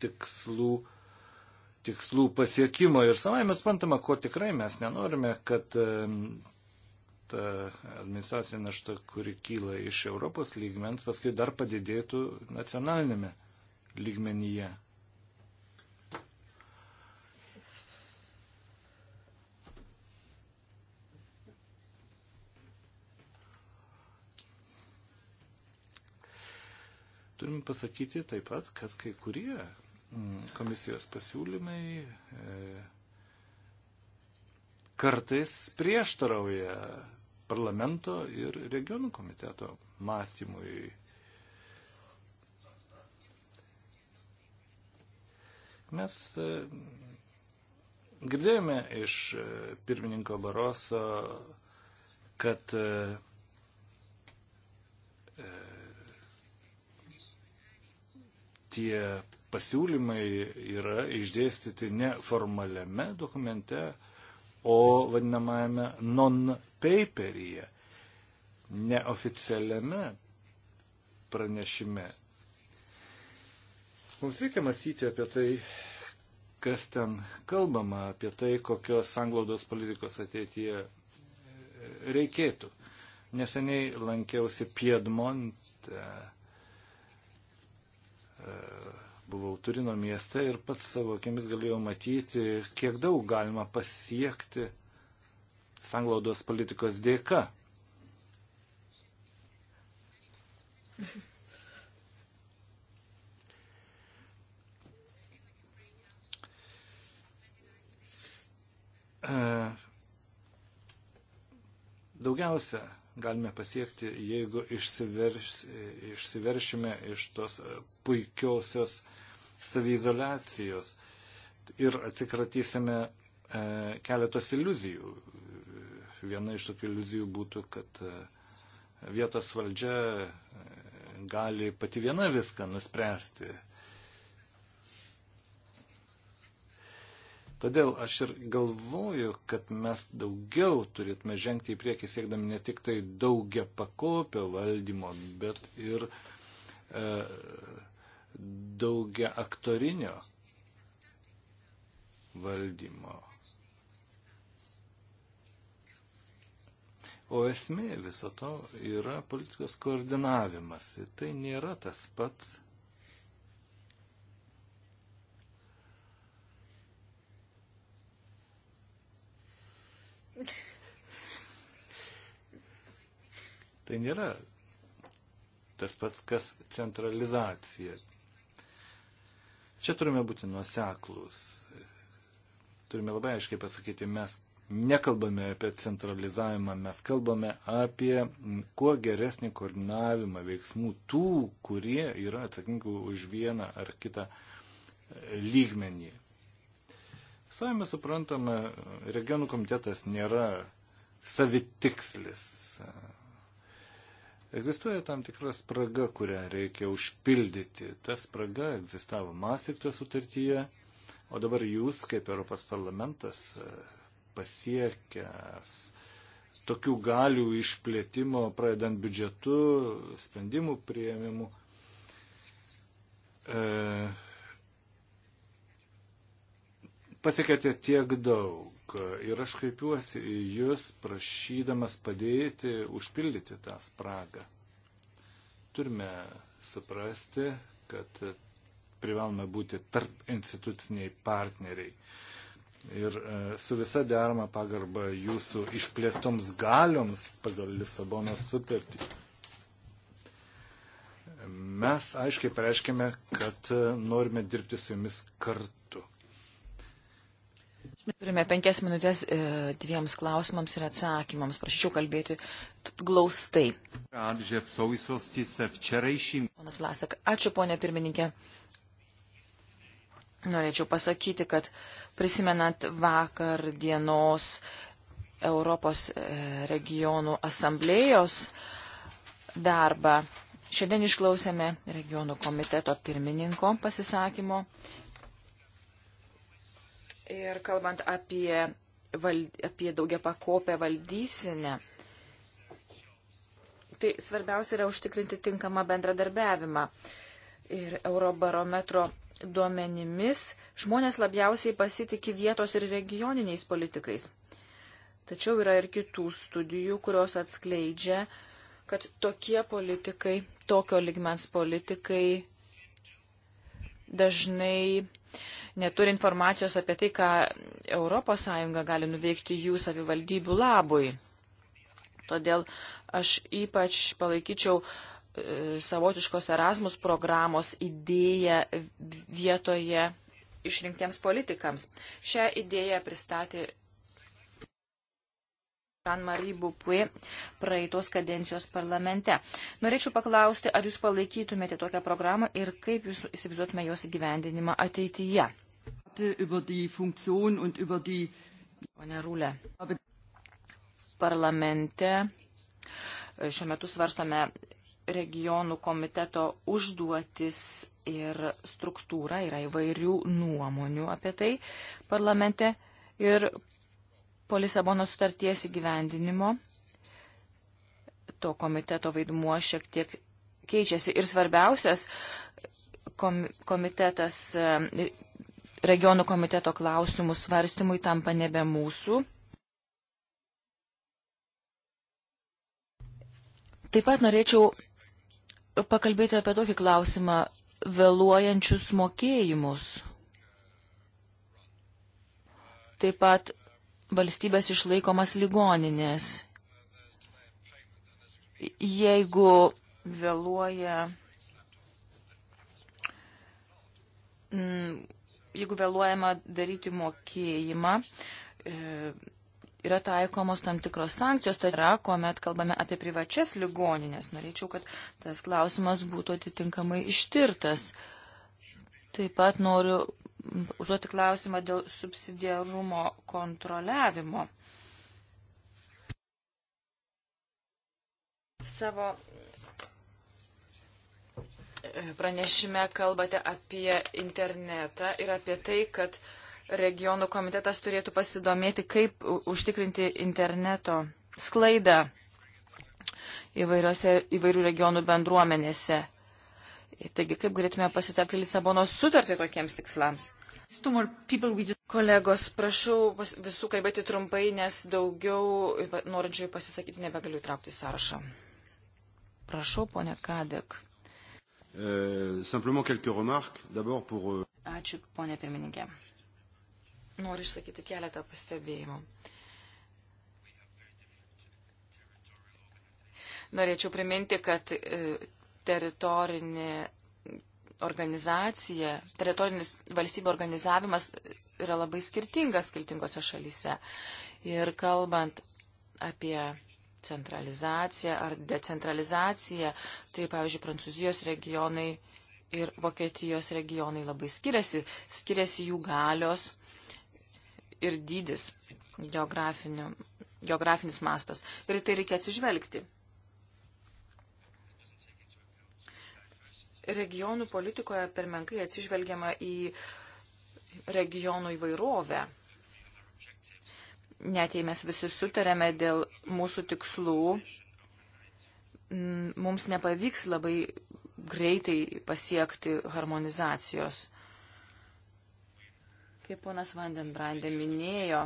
tikslų, tikslų pasiekimo ir savai mes pantama, ko tikrai mes nenorime, kad administracinė našta, kuri kyla iš Europos lygmens, paskui dar padidėtų nacionalinėme lygmenyje. Turim pasakyti taip pat, kad kai kurie mm, komisijos pasiūlymai e, kartais prieštarauja parlamento ir regionų komiteto mąstymui. Mes e, girdėjome iš e, pirmininko Baroso, kad e, tie pasiūlymai yra išdėstyti ne formaliame dokumente, o vadinamajame non peiperyje, neoficialiame pranešime. Mums reikia mąstyti apie tai, kas ten kalbama, apie tai, kokios sanglaudos politikos ateityje e, reikėtų. Neseniai lankiausi Piedmonte, e, buvau Turino mieste ir pats savo akimis galėjau matyti, kiek daug galima pasiekti sanglaudos politikos dėka. E, daugiausia galime pasiekti, jeigu išsiverš, išsiveršime iš tos puikiosios savizolacijos ir atsikratysime e, keletos iliuzijų viena iš tokių iliuzijų būtų, kad e, vietos valdžia e, gali pati viena viską nuspręsti. Todėl aš ir galvoju, kad mes daugiau turėtume žengti į priekį siekdami ne tik tai daugia pakopio valdymo, bet ir e, daugia aktorinio valdymo. O esmė viso to yra politikos koordinavimas. Ir tai nėra tas pats. Tai nėra tas pats, kas centralizacija. Čia turime būti nuoseklus. Turime labai aiškiai pasakyti, mes nekalbame apie centralizavimą, mes kalbame apie kuo geresnį koordinavimą veiksmų tų, kurie yra atsakingi už vieną ar kitą lygmenį. Savime suprantame, regionų komitetas nėra savitikslis. Egzistuoja tam tikra spraga, kurią reikia užpildyti. Ta spraga egzistavo Maastrichto sutartyje, o dabar jūs, kaip Europos parlamentas, pasiekęs. Tokių galių išplėtimo, pradedant biudžetu, sprendimų prieimimu. E, pasiekėte tiek daug ir aš kreipiuosi į Jūs prašydamas padėti užpildyti tą spragą. Turime suprasti, kad privalome būti tarp instituciniai partneriai ir e, su visa derma pagarba jūsų išplėstoms galioms pagal Lisabonos sutartį. Mes aiškiai pareiškime, kad e, norime dirbti su jumis kartu. Turime penkias minutės e, dviems klausimams ir atsakymams. Prašyčiau kalbėti glaustai. Ponas Vlasak, ačiū ponė pirmininkė. Norėčiau pasakyti, kad prisimenant vakar dienos Europos e, regionų asamblėjos darbą, šiandien išklausėme regionų komiteto pirmininko pasisakymo. Ir kalbant apie, vald, apie daugia pakopę valdysinę, tai svarbiausia yra užtikrinti tinkamą bendradarbiavimą. Ir Eurobarometro duomenimis žmonės labiausiai pasitiki vietos ir regioniniais politikais. Tačiau yra ir kitų studijų, kurios atskleidžia, kad tokie politikai, tokio ligmens politikai dažnai neturi informacijos apie tai, ką ES gali nuveikti jų savivaldybių labui. Todėl aš ypač palaikyčiau uh, savotiškos Erasmus programos idėją vietoje išrinktiems politikams. Šią idėją pristatė Jean-Marie Bupui praeitos kadencijos parlamente. Norėčiau paklausti, ar jūs palaikytumėte tokią programą ir kaip jūs įsivizuotume jos įgyvendinimą ateityje? Pone Rūlė, parlamente e, šiuo metu svarstome regionų komiteto užduotis ir struktūra, yra įvairių nuomonių apie tai parlamente ir po Lisabono sutarties įgyvendinimo to komiteto vaidmuo šiek tiek keičiasi ir svarbiausias komitetas e, regionų komiteto klausimų svarstymui tampa nebe mūsų. Taip pat norėčiau pakalbėti apie tokį klausimą - vėluojančius mokėjimus. Taip pat valstybės išlaikomas ligoninės. Jeigu vėluoja mm, jeigu vėluojama daryti mokėjimą, e, yra taikomos tam tikros sankcijos, tai yra, kuomet kalbame apie privačias ligoninės. Norėčiau, kad tas klausimas būtų atitinkamai ištirtas. Taip pat noriu užduoti klausimą dėl subsidiarumo kontroliavimo. Savo pranešime kalbate apie internetą ir apie tai, kad uh, regionų komitetas turėtų pasidomėti, kaip užtikrinti interneto sklaidą įvairių regionų bendruomenėse. Taigi, kaip galėtume pasitapti Lisabonos sutartį tokiems tikslams? Kolegos, prašau visų kalbėti trumpai, nes daugiau norinčiųjų pasisakyti nebegaliu įtraukti į sąrašą. Prašau, ponė Kadek. Euh, euh, Ačiū, ponė pirmininkė noriu išsakyti keletą pastebėjimų. Norėčiau priminti, kad e, teritorinė organizacija, teritorinis valstybių organizavimas yra labai skirtingas skirtingose šalyse. Ir kalbant apie centralizaciją ar decentralizaciją, tai pavyzdžiui, Prancūzijos regionai ir Vokietijos regionai labai skiriasi, skiriasi jų galios ir dydis, geografinis mastas. Ir tai reikia atsižvelgti. Regionų politikoje per menkai atsižvelgiama į regionų įvairovę. Net jei mes visi sutarėme dėl mūsų tikslų, mums nepavyks labai greitai pasiekti harmonizacijos. Kaip ponas Vandenbrandė minėjo,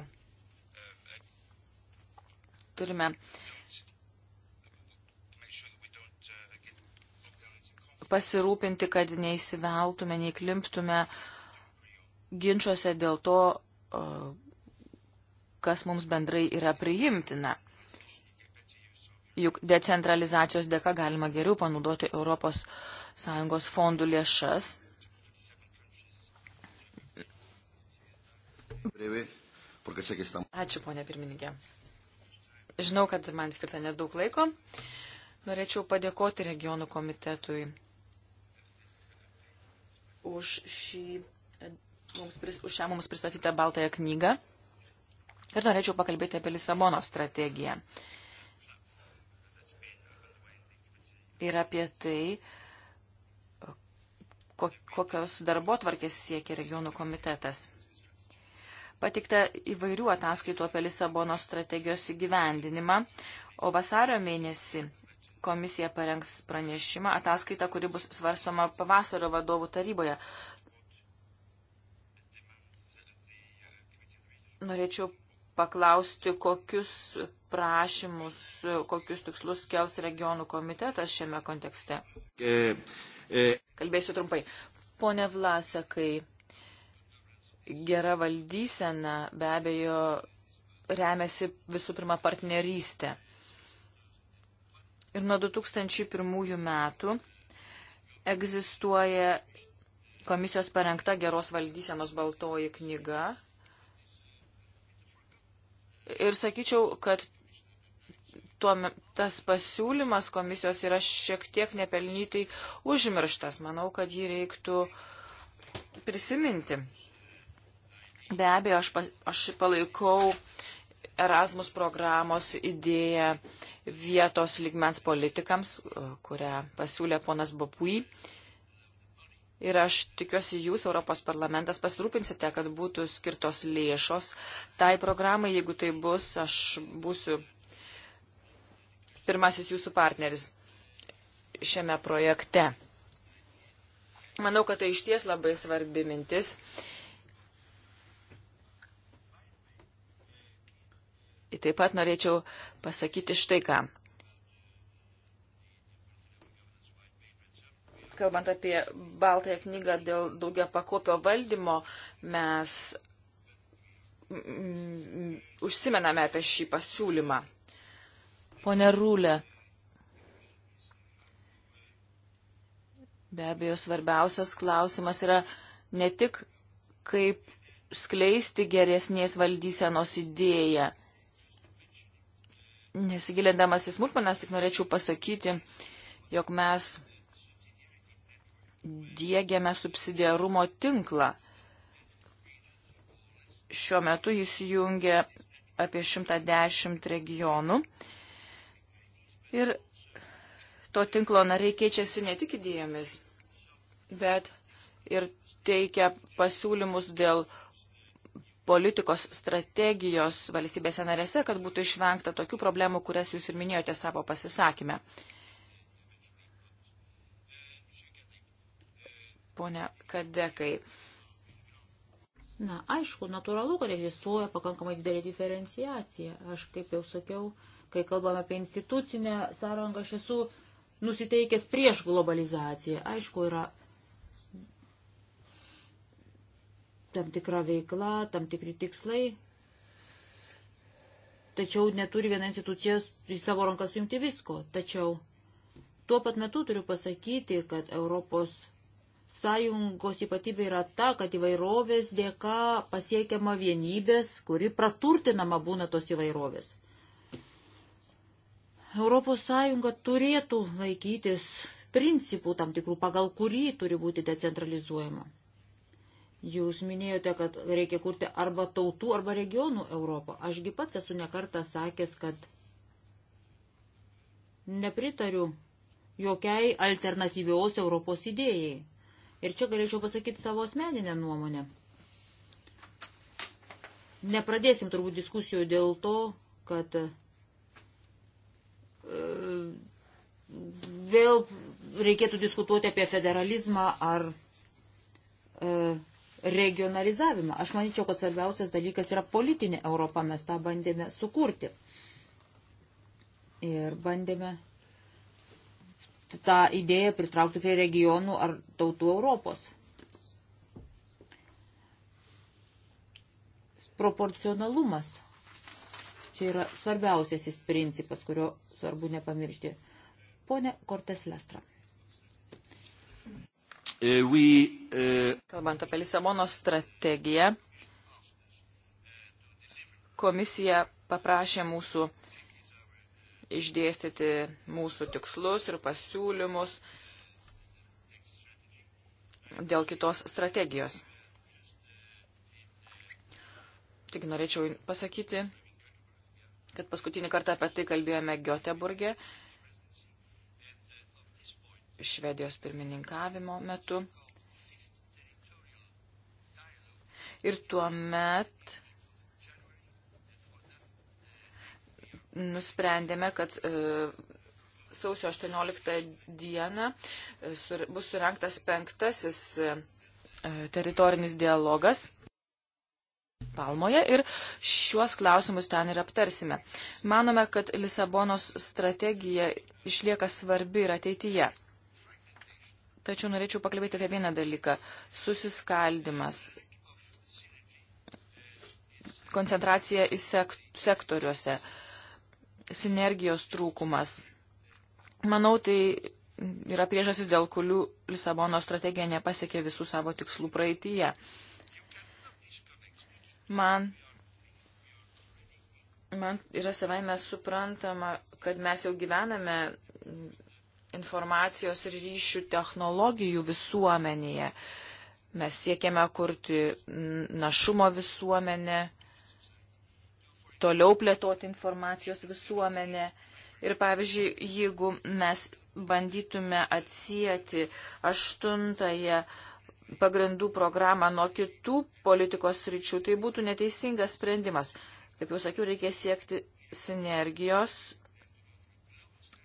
turime pasirūpinti, kad neįsiveltume, neįklimptume ginčiuose dėl to, e, kas mums bendrai yra priimtina. Juk decentralizacijos dėka galima geriau panaudoti ES fondų lėšas Ačiū, ponė pirmininkė. Žinau, kad man skirta nedaug laiko. Norėčiau padėkoti regionų komitetui už, šį, mums, už šią mums pristatytą baltąją knygą. Ir norėčiau pakalbėti apie Lisabono strategiją. Ir apie tai, kokios darbo tvarkės siekia regionų komitetas. Patikta įvairių ataskaitų apie Lisabono strategijos įgyvendinimą, o vasario mėnesį komisija parengs pranešimą, ataskaitą, kuri bus svarstoma pavasario vadovų taryboje. Norėčiau paklausti, kokius prašymus, kokius tikslus kels regionų komitetas šiame kontekste. E, e. Kalbėsiu trumpai. Pone Vlasekai, gera valdysena be abejo remiasi visų pirma partnerystė. Ir nuo 2001 metų egzistuoja komisijos parengta geros valdysenos baltoji knyga. Ir sakyčiau, kad tuo, tas pasiūlymas komisijos yra šiek tiek nepelnytai užmirštas. Manau, kad jį reiktų prisiminti. Be abejo, aš, pas, aš palaikau Erasmus programos idėją vietos ligmens politikams, kurią pasiūlė ponas Bapui. Ir aš tikiuosi, jūs, Europos parlamentas, pasirūpinsite, kad būtų skirtos lėšos tai programai. Jeigu tai bus, aš būsiu pirmasis jūsų partneris šiame projekte. Manau, kad tai išties labai svarbi mintis. Uh, Taip pat norėčiau pasakyti štai ką. Kalbant apie Baltąją knygą dėl daugia pakopio valdymo, mes mm, mm, užsimename apie šį pasiūlymą. Pone Rūlė, be abejo, svarbiausias klausimas yra ne tik kaip skleisti geresnės valdysenos idėją, Nesigilindamas į smulkmenas, tik norėčiau pasakyti, jog mes dėgiame subsidiarumo tinklą. Šiuo metu jis jungia apie 110 regionų. Ir to tinklo nariai keičiasi ne tik idėjomis, bet ir teikia pasiūlymus dėl politikos strategijos valstybėse narėse, kad būtų išvengta tokių problemų, kurias jūs ir minėjote savo pasisakymę. Pone Kadekai. Na, aišku, natūralu, kad egzistuoja pakankamai didelė diferenciacija. Aš, kaip jau sakiau, kai kalbame apie institucinę sąrangą, aš esu nusiteikęs prieš globalizaciją. Aišku, yra tam tikra veikla, tam tikri tikslai, tačiau neturi viena institucija į savo rankas jungti visko. Tačiau tuo pat metu turiu pasakyti, kad Europos sąjungos ypatybė yra ta, kad įvairovės dėka pasiekiama vienybės, kuri praturtinama būna tos įvairovės. Europos sąjunga turėtų laikytis principų tam tikrų, pagal kurį turi būti decentralizuojama. Jūs minėjote, kad reikia kurti arba tautų, arba regionų Europą. Ašgi pats esu nekartą sakęs, kad nepritariu jokiai alternatyvios Europos idėjai. Ir čia galėčiau pasakyti savo asmeninę nuomonę. Nepradėsim turbūt diskusijų dėl to, kad e, vėl reikėtų diskutuoti apie federalizmą ar e, regionalizavimą. Aš manyčiau, kad svarbiausias dalykas yra politinė Europa, mes tą bandėme sukurti. Ir bandėme tą idėją pritraukti prie regionų ar tautų Europos. Proporcionalumas. Čia yra svarbiausiasis principas, kurio svarbu nepamiršti. Pone Kortes Lestra. E, we, uh... Kalbant apie Lisabono strategiją, komisija paprašė mūsų išdėstyti mūsų tikslus ir pasiūlymus dėl kitos strategijos. Tik norėčiau pasakyti, kad paskutinį kartą apie tai kalbėjome Göteburgė Švedijos pirmininkavimo metu. Ir tuo met nusprendėme, kad e, sausio 18 dieną e, bus surinktas penktasis e, teritorinis dialogas Palmoje ir šiuos klausimus ten ir aptarsime. Manome, kad Lisabonos strategija išlieka svarbi ir ateityje. Tačiau norėčiau pakalbėti apie vieną dalyką - susiskaldimas, koncentracija į sek sektoriuose, sinergijos trūkumas. Manau, tai yra priežasis, dėl kurių Lisabono strategija nepasiekė visų savo tikslų praeitįje. Man man yra savaime suprantama, kad mes jau gyvename informacijos ir ryšių technologijų visuomenėje. Mes siekiame kurti našumo visuomenę, toliau plėtoti informacijos visuomenę. Ir pavyzdžiui, jeigu mes bandytume atsijėti aštuntąją pagrindų programą nuo kitų politikos ryčių, tai būtų neteisingas sprendimas. Kaip jau sakiau, reikia siekti sinergijos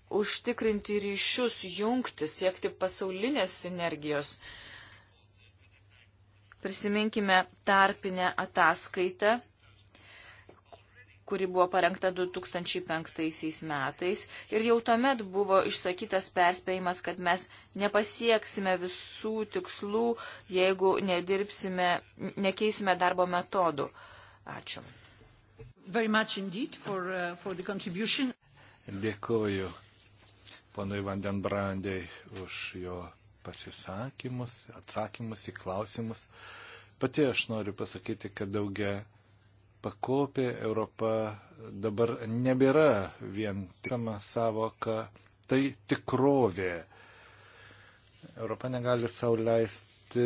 užtikrinti ryšius, jungti, siekti pasaulinės sinergijos. Prisiminkime tarpinę ataskaitą, kuri buvo parengta 2005 metais ir jau tuomet buvo išsakytas perspėjimas, kad mes nepasieksime visų tikslų, jeigu nedirbsime, nekeisime darbo metodų. Ačiū. For, uh, for Dėkoju, ponui Vandenbrandei už jo pasisakymus, atsakymus į klausimus. Pati aš noriu pasakyti, kad daugia pakopė Europa dabar nebėra vien tikama savoka, tai tikrovė. Europa negali sauliaisti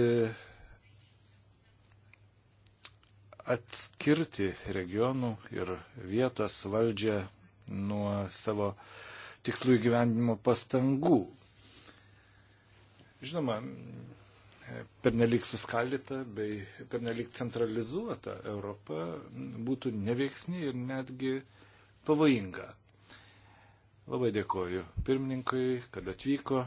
atskirti regionų ir vietos valdžią nuo savo uh, tikslų įgyvendinimo pastangų. Žinoma, pernelik suskaldyta bei pernelik centralizuota Europa būtų neveiksni ir netgi pavojinga. Labai dėkoju pirmininkui, kad atvyko.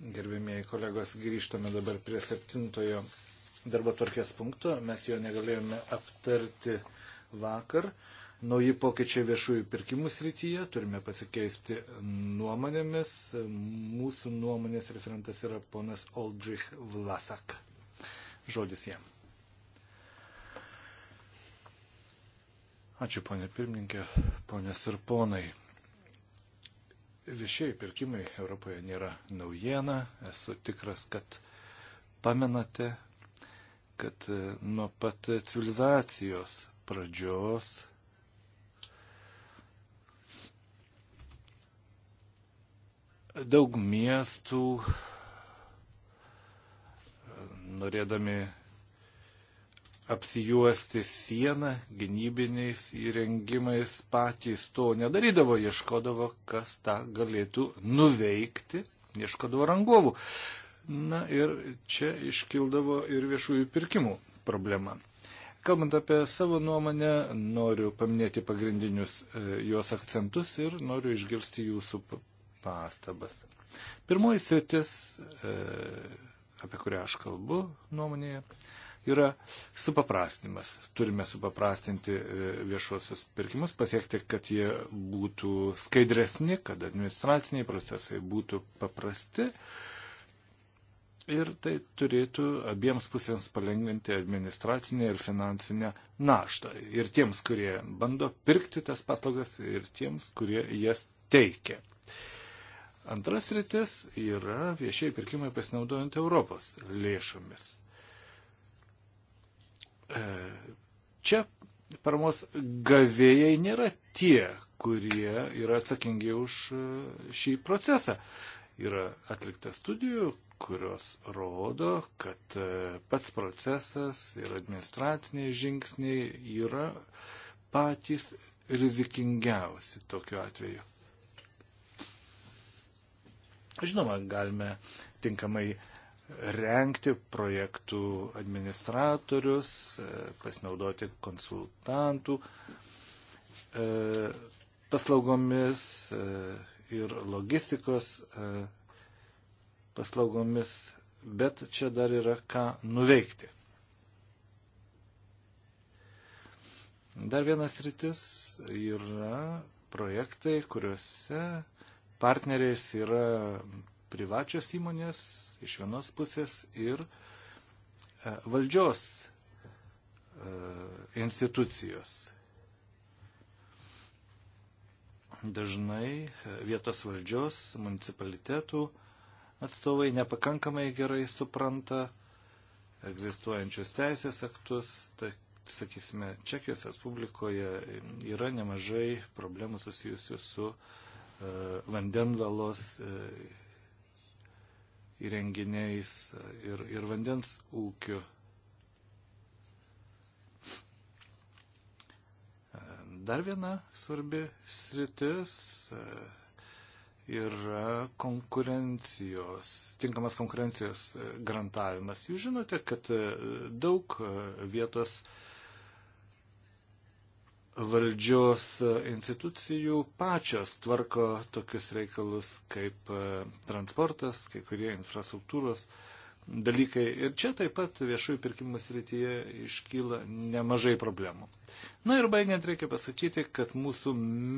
Gerbėmėjai kolegos, grįžtame dabar prie septintojo darbo tvarkės punkto, mes jo negalėjome aptarti vakar. Nauji pokyčiai viešųjų pirkimų srityje, turime pasikeisti nuomonėmis. Mūsų nuomonės referentas yra ponas Oldžich Vlasak. Žodis jam. Ačiū, ponė pirmininkė, ponės ir ponai. Viešieji pirkimai Europoje nėra naujiena. Esu tikras, kad pamenate, kad e, nuo pat civilizacijos pradžios daug miestų, norėdami apsijuosti sieną gynybiniais įrengimais, patys to nedarydavo, ieškodavo, kas tą galėtų nuveikti, ieškodavo rangovų. Na ir čia iškildavo ir viešųjų pirkimų problema. Kalbant apie savo nuomonę, noriu paminėti pagrindinius e, jos akcentus ir noriu išgirsti jūsų pastabas. Pirmoji sritis, e, apie kurią aš kalbu nuomonėje, yra supaprastinimas. Turime supaprastinti e, viešuosius pirkimus, pasiekti, kad jie būtų skaidresni, kad administraciniai procesai būtų paprasti ir tai turėtų abiems pusėms palengvinti administracinę ir finansinę naštą. Ir tiems, kurie bando pirkti tas paslaugas, ir tiems, kurie jas teikia. Antras rytis yra viešieji pirkimai pasinaudojant Europos lėšomis. E, čia paramos gavėjai nėra tie, kurie yra atsakingi už e, šį procesą. Yra atlikta studijų, kurios rodo, kad e, pats procesas ir administraciniai žingsniai yra patys rizikingiausi tokiu atveju. Žinoma, galime tinkamai renkti projektų administratorius, e, pasinaudoti konsultantų e, paslaugomis ir logistikos e, paslaugomis, bet čia dar yra ką nuveikti. Dar vienas rytis yra projektai, kuriuose partneriais yra privačios įmonės iš vienos pusės ir e, valdžios e, institucijos Dažnai e, vietos valdžios, municipalitetų atstovai nepakankamai gerai supranta egzistuojančius teisės aktus. Tai, sakysime, Čekijos Respublikoje yra nemažai problemų susijusių su uh, vandenvalos uh, įrenginiais ir, ir vandens ūkiu Dar viena svarbi sritis e, yra konkurencijos, tinkamas konkurencijos e, garantavimas. Jūs žinote, kad e, daug vietos valdžios institucijų pačios tvarko tokius reikalus kaip transportas, kai kurie infrastruktūros uh, dalykai. Ir čia taip pat viešųjų pirkimų srityje iškyla nemažai problemų. Na ir baigiant reikia pasakyti, kad mūsų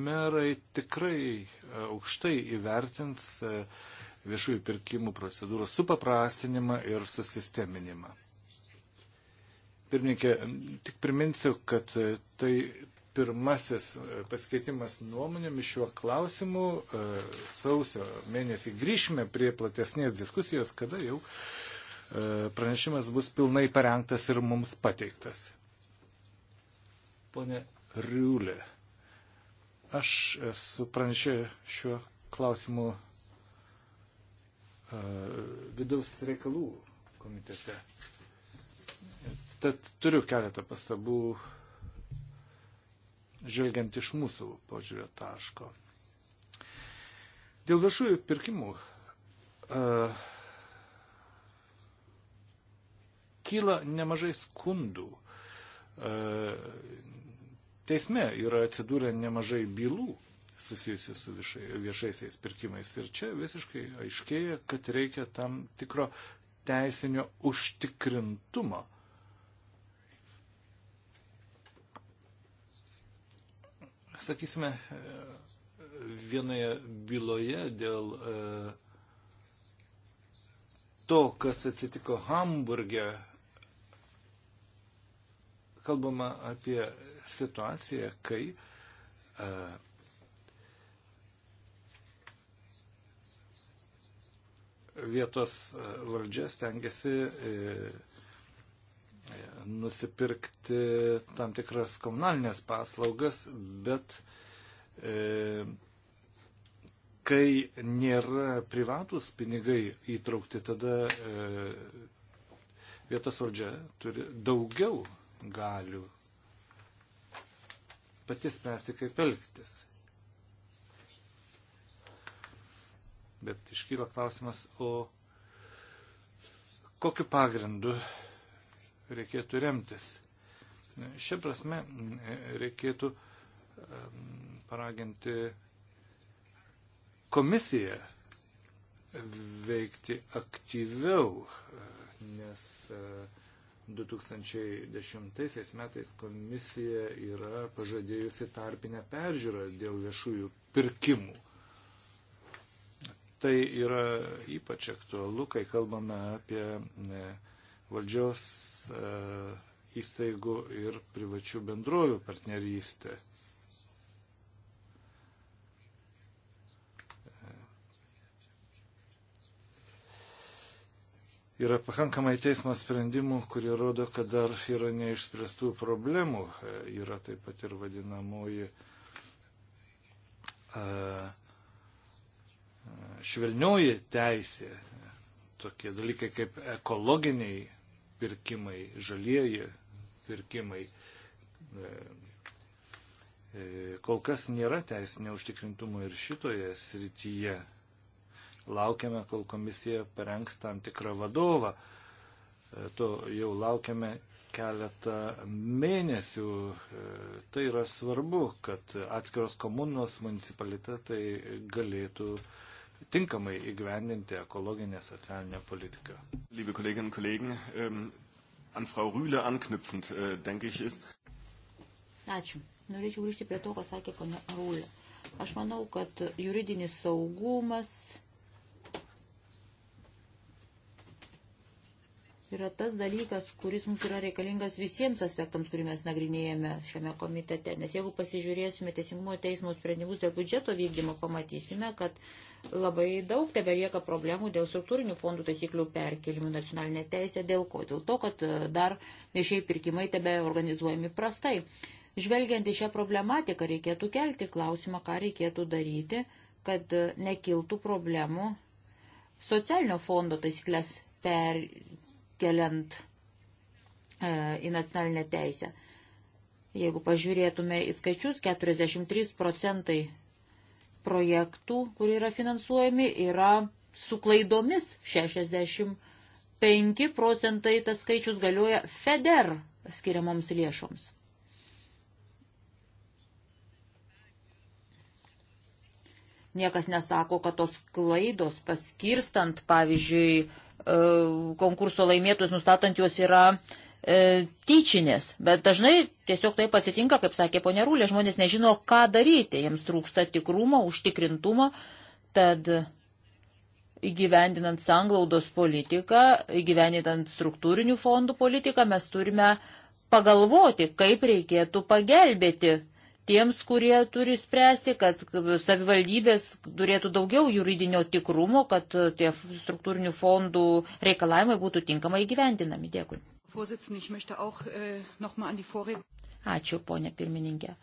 merai tikrai e, aukštai įvertins e, viešųjų pirkimų procedūros supaprastinimą ir susisteminimą. Pirmininkė, tik priminsiu, kad e, tai pirmasis pasikeitimas nuomonėmis šiuo klausimu. Sausio mėnesį grįšime prie platesnės diskusijos, kada jau pranešimas bus pilnai parengtas ir mums pateiktas. Pone Riulė, aš esu pranešė šiuo klausimu e, vidaus reikalų komitete. Tad turiu keletą pastabų, žvelgiant iš mūsų požiūrio taško. Dėl viešųjų pirkimų uh, kyla nemažai skundų. E, teisme yra atsidūrę nemažai bylų susijusių su viešai, viešaisiais pirkimais. Ir čia visiškai aiškėja, kad reikia tam tikro teisinio užtikrintumo. Sakysime, vienoje byloje dėl e, to, kas atsitiko Hamburgė, kalbama apie situaciją, kai a, e, vietos e, valdžia stengiasi e, e, nusipirkti tam tikras komunalinės paslaugas, bet e, kai nėra privatus pinigai įtraukti, tada e, vietos valdžia turi daugiau galių pati spręsti, kaip elgtis. Bet iškyla klausimas, o kokiu pagrindu reikėtų remtis. Šia prasme reikėtų paraginti komisiją veikti aktyviau, nes uh, 2010 metais komisija yra pažadėjusi tarpinę peržiūrą dėl viešųjų pirkimų. Tai yra ypač aktualu, kai kalbame apie e, valdžios e, įstaigų ir privačių bendrovių partnerystę. yra pakankamai teismo sprendimų, kurie rodo, kad dar yra neišspręstų problemų. E, yra taip pat ir vadinamoji e, e, švelnioji teisė, tokie dalykai kaip ekologiniai pirkimai, žalieji pirkimai. Kol kas nėra teisinio užtikrintumo ir šitoje srityje. Laukiame, kol komisija parengs tam tikrą vadovą. E, to jau laukiame keletą mėnesių. E, tai yra svarbu, kad atskiros komunos municipalitetai galėtų tinkamai įgyvendinti ekologinę socialinę politiką. Liebe Kolleginnen und Kollegen, um, an Frau Rühle anknüpfend, uh, denke ich, ist. Ačiū. Norėčiau grįžti prie to, ką sakė ponia Rūlė. Aš manau, kad juridinis saugumas yra tas dalykas, kuris mums yra reikalingas visiems aspektams, kurį mes nagrinėjame šiame komitete. Nes jeigu pasižiūrėsime teisingumo teismo sprendimus dėl biudžeto vykdymo, pamatysime, kad labai daug tebelieka problemų dėl struktūrinių fondų taisyklių perkelimų nacionalinė teisė. Dėl ko? Dėl to, kad e, dar viešiai pirkimai tebe organizuojami prastai. Žvelgiant į šią problematiką, reikėtų kelti klausimą, ką reikėtų daryti, kad e, nekiltų problemų socialinio fondo taisyklės per, perkeliant e, į nacionalinę teisę. Jeigu pažiūrėtume į skaičius, 43 procentai projektų, kurie yra finansuojami, yra su klaidomis 65 procentai tas skaičius galioja FEDER skiriamoms lėšoms. Niekas nesako, kad tos klaidos paskirstant, pavyzdžiui, E, konkurso laimėtojus nustatant juos yra e, tyčinės, bet dažnai tiesiog taip atsitinka, kaip sakė ponė Rūlė, žmonės nežino, ką daryti, jiems trūksta tikrumo, užtikrintumo, tad įgyvendinant sanglaudos politiką, įgyvendinant struktūrinių fondų politiką, mes turime pagalvoti, kaip reikėtų pagelbėti tiems, kurie turi spręsti, kad savivaldybės turėtų daugiau juridinio tikrumo, kad tie struktūrinių fondų reikalavimai būtų tinkamai įgyvendinami. Dėkui. Äh, Ačiū, ponė pirmininkė.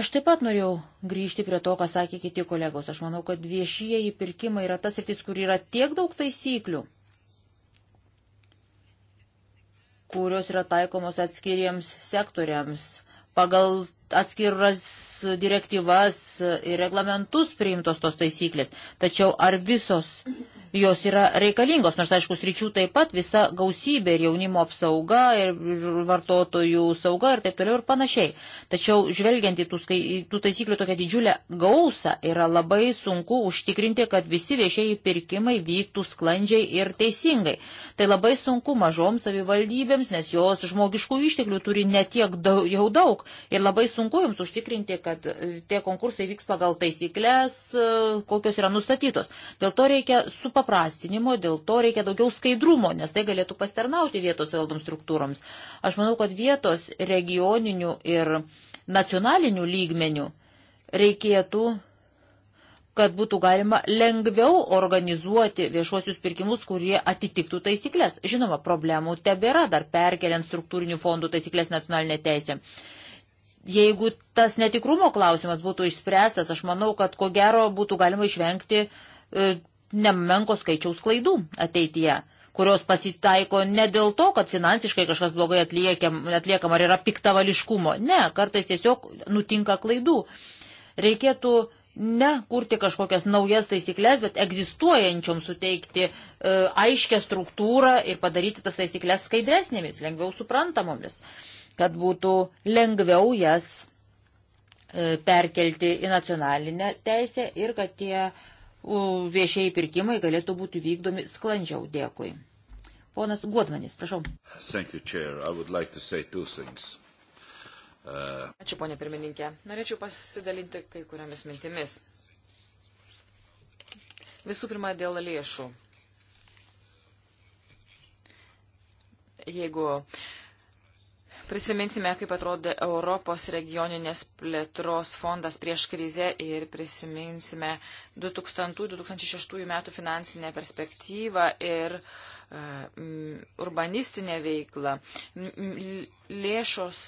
Aš taip pat norėjau grįžti prie to, ką sakė kiti kolegos. Aš manau, kad viešieji pirkimai yra tas rytis, kur yra tiek daug taisyklių, kurios yra taikomos atskiriems sektoriams pagal atskiras direktyvas ir reglamentus priimtos tos taisyklės. Tačiau ar visos jos yra reikalingos, nors aišku, sričių taip pat visa gausybė ir jaunimo apsauga, ir vartotojų sauga ir taip toliau ir panašiai. Tačiau žvelgiant į tų, skai, tų taisyklių tokią didžiulę gausą, yra labai sunku užtikrinti, kad visi viešieji pirkimai vyktų sklandžiai ir teisingai. Tai labai sunku mažoms savivaldybėms, nes jos žmogiškų išteklių turi netiek daug, jau daug ir labai sunku jums užtikrinti, kad tie konkursai vyks pagal taisyklės, kokios yra nustatytos. Dėl to reikia supaprastinti supaprastinimo, dėl to reikia daugiau skaidrumo, nes tai galėtų pasternauti vietos valdoms struktūroms. Aš manau, kad vietos regioninių ir nacionalinių lygmenių reikėtų kad būtų galima lengviau organizuoti viešuosius pirkimus, kurie atitiktų taisyklės. Žinoma, problemų tebėra dar perkeliant struktūrinių fondų taisyklės nacionalinė teisė. Jeigu tas netikrumo klausimas būtų išspręstas, aš manau, kad ko gero būtų galima išvengti e, nemenko skaičiaus klaidų ateityje, kurios pasitaiko ne dėl to, kad finansiškai kažkas blogai atliekiam, atliekama ar yra piktavališkumo. Ne, kartais tiesiog nutinka klaidų. Reikėtų ne kurti kažkokias naujas taisyklės, bet egzistuojančiom suteikti e, aiškę struktūrą ir padaryti tas taisyklės skaidresnėmis, lengviau suprantamomis, kad būtų lengviau jas e, perkelti į nacionalinę teisę ir kad tie e, viešieji pirkimai galėtų būti vykdomi sklandžiau. Dėkui. Ponas Guodmanis, prašau. You, like uh... Ačiū, ponė pirmininkė. Norėčiau pasidalinti kai kuriamis mintimis. Visų pirma, dėl lėšų. Jeigu Prisiminsime, kaip atrodė Europos regioninės plėtros fondas prieš krizę ir prisiminsime 2000-2006 metų finansinę perspektyvą ir uh, urbanistinę veiklą. Lėšos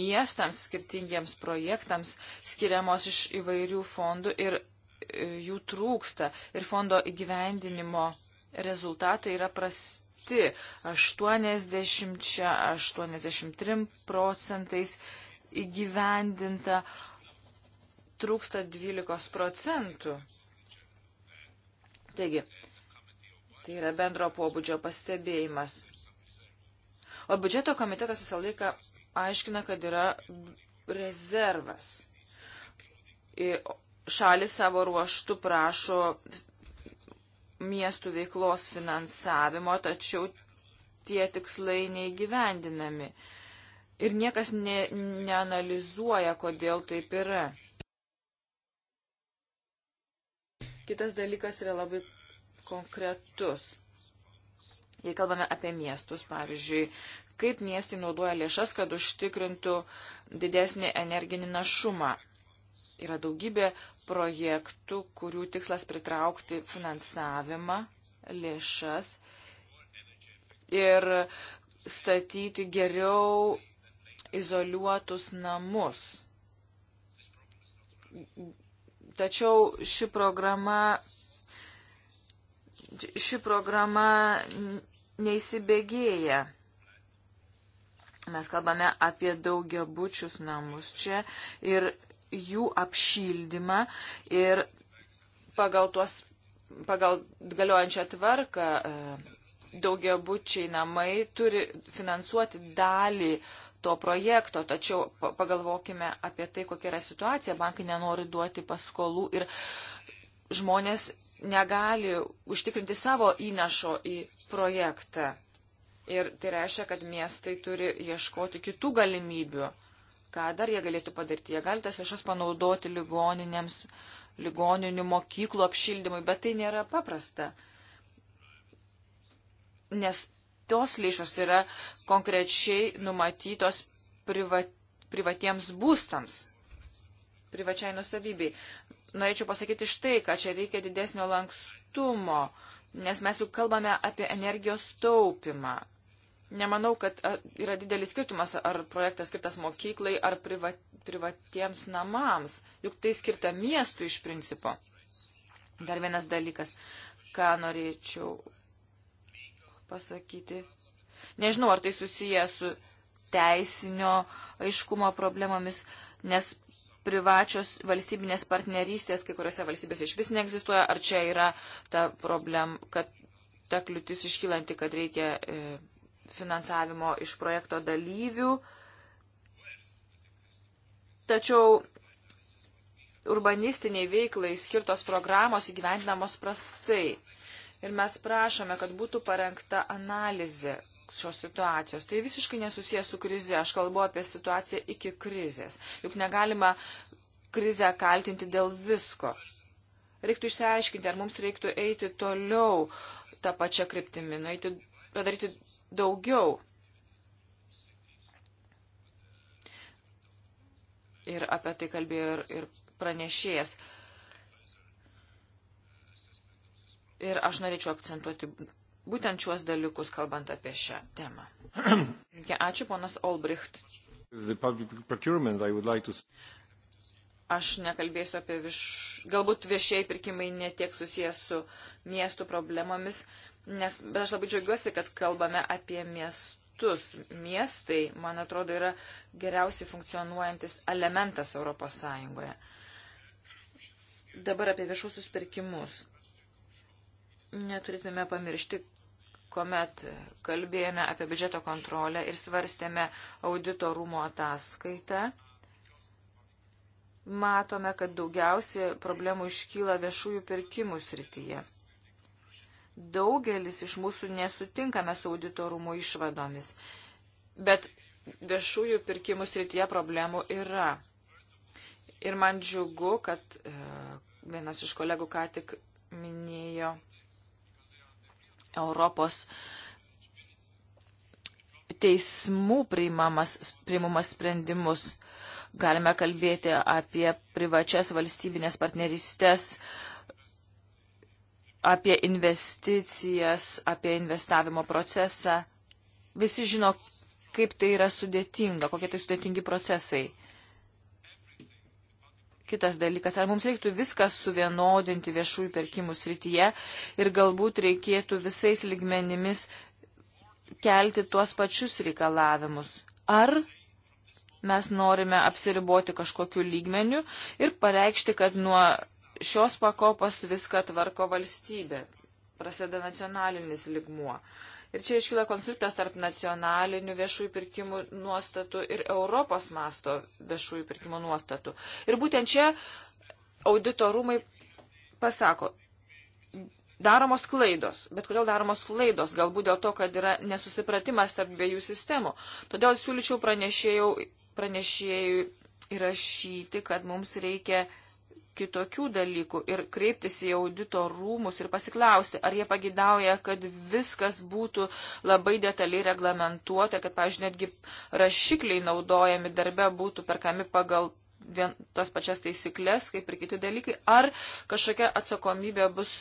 miestams, skirtingiems projektams skiriamos iš įvairių fondų ir e, jų trūksta ir fondo įgyvendinimo rezultatai yra pras, aukšti - 80-83 procentais įgyvendinta, trūksta 12 procentų. Taigi, tai yra bendro pobūdžio pastebėjimas. O biudžeto komitetas visą laiką aiškina, kad yra rezervas. Šalis savo ruoštų prašo miestų veiklos finansavimo, tačiau tie tikslai neįgyvendinami. Ir niekas ne, neanalizuoja, kodėl taip yra. Kitas dalykas yra labai konkretus. Jei kalbame apie miestus, pavyzdžiui, kaip miestai naudoja lėšas, kad užtikrintų didesnį energinį našumą. Yra daugybė projektų, kurių tikslas pritraukti finansavimą, lėšas ir statyti geriau izoliuotus namus. Tačiau ši programa, ši programa neįsibėgėja. Mes kalbame apie daugiabučius namus čia ir jų apšildymą ir pagal, tuos, pagal galiojančią tvarką e, daugiabučiai namai turi finansuoti dalį to projekto, tačiau pagalvokime apie tai, kokia yra situacija. Bankai nenori duoti paskolų ir žmonės negali užtikrinti savo įnašo į projektą. Ir tai reiškia, kad miestai turi ieškoti kitų galimybių. Ką dar jie galėtų padaryti? Jie gali tas lėšas panaudoti ligoninėms, ligoninių mokyklų apšildymui, bet tai nėra paprasta. Nes tos lėšos yra konkrečiai numatytos priva, privatiems būstams, privačiai nusavybei. Norėčiau pasakyti štai, kad čia reikia didesnio lankstumo, nes mes jau kalbame apie energijos taupimą. Nemanau, kad yra didelis skirtumas, ar projektas skirtas mokyklai, ar priva, privatiems namams. Juk tai skirta miestui iš principo. Dar vienas dalykas, ką norėčiau pasakyti. Nežinau, ar tai susiję su teisinio aiškumo problemomis, nes privačios valstybinės partnerystės kai kuriuose valstybėse iš vis neegzistuoja, ar čia yra ta problema, kad ta kliūtis iškylanti, kad reikia. E, finansavimo iš projekto dalyvių. Tačiau urbanistiniai veiklai skirtos programos įgyvendinamos prastai. Ir mes prašome, kad būtų parengta analizė šios situacijos. Tai visiškai nesusijęs su krize. Aš kalbu apie situaciją iki krizės. Juk negalima krizę kaltinti dėl visko. Reiktų išsiaiškinti, ar mums reiktų eiti toliau tą pačią kryptimį, nueiti, padaryti daugiau. Ir apie tai kalbėjo ir, ir pranešėjas. Ir aš norėčiau akcentuoti būtent šiuos dalykus, kalbant apie šią temą. Ačiū, ponas Olbricht. Like to... Aš nekalbėsiu apie viš... galbūt viešiai pirkimai netiek susijęs su miestų problemomis, Nes, bet aš labai džiaugiuosi, kad kalbame apie miestus. Miestai, man atrodo, yra geriausiai funkcionuojantis elementas Europos Sąjungoje. Dabar apie viešusius pirkimus. Neturėtume pamiršti, kuomet kalbėjome apie biudžeto kontrolę ir svarstėme audito rūmo ataskaitą, matome, kad daugiausiai problemų iškyla viešųjų pirkimų srityje daugelis iš mūsų nesutinkame su auditorumo išvadomis, bet viešųjų pirkimų srityje problemų yra. Ir man džiugu, kad e, vienas iš kolegų ką tik minėjo Europos teismų priimamas sprendimus. Galime kalbėti apie privačias valstybinės partnerystės uh, apie investicijas, apie investavimo procesą. Visi žino, kaip tai yra sudėtinga, kokie tai sudėtingi procesai. Kitas dalykas, ar mums reiktų viską suvienodinti viešųjų pirkimų srityje ir galbūt reikėtų visais ligmenimis kelti tuos pačius reikalavimus. Ar mes norime apsiriboti kažkokiu lygmeniu ir pareikšti, kad nuo šios pakopos viską tvarko valstybė. Prasideda nacionalinis ligmuo. Ir čia iškyla konfliktas tarp nacionalinių viešųjų pirkimų nuostatų ir Europos masto viešųjų pirkimų nuostatų. Ir būtent čia auditorumai pasako, daromos klaidos. Bet kodėl daromos klaidos? Galbūt dėl to, kad yra nesusipratimas tarp dviejų sistemų. Todėl siūlyčiau pranešėjau, pranešėjui įrašyti, kad mums reikia kitokių dalykų ir kreiptis į audito rūmus ir pasiklausti, ar jie pagidauja, kad viskas būtų labai detaliai reglamentuota, kad, pavyzdžiui, netgi rašikliai naudojami darbe būtų perkami pagal vien, tas pačias taisyklės, kaip ir kiti dalykai, ar kažkokia atsakomybė bus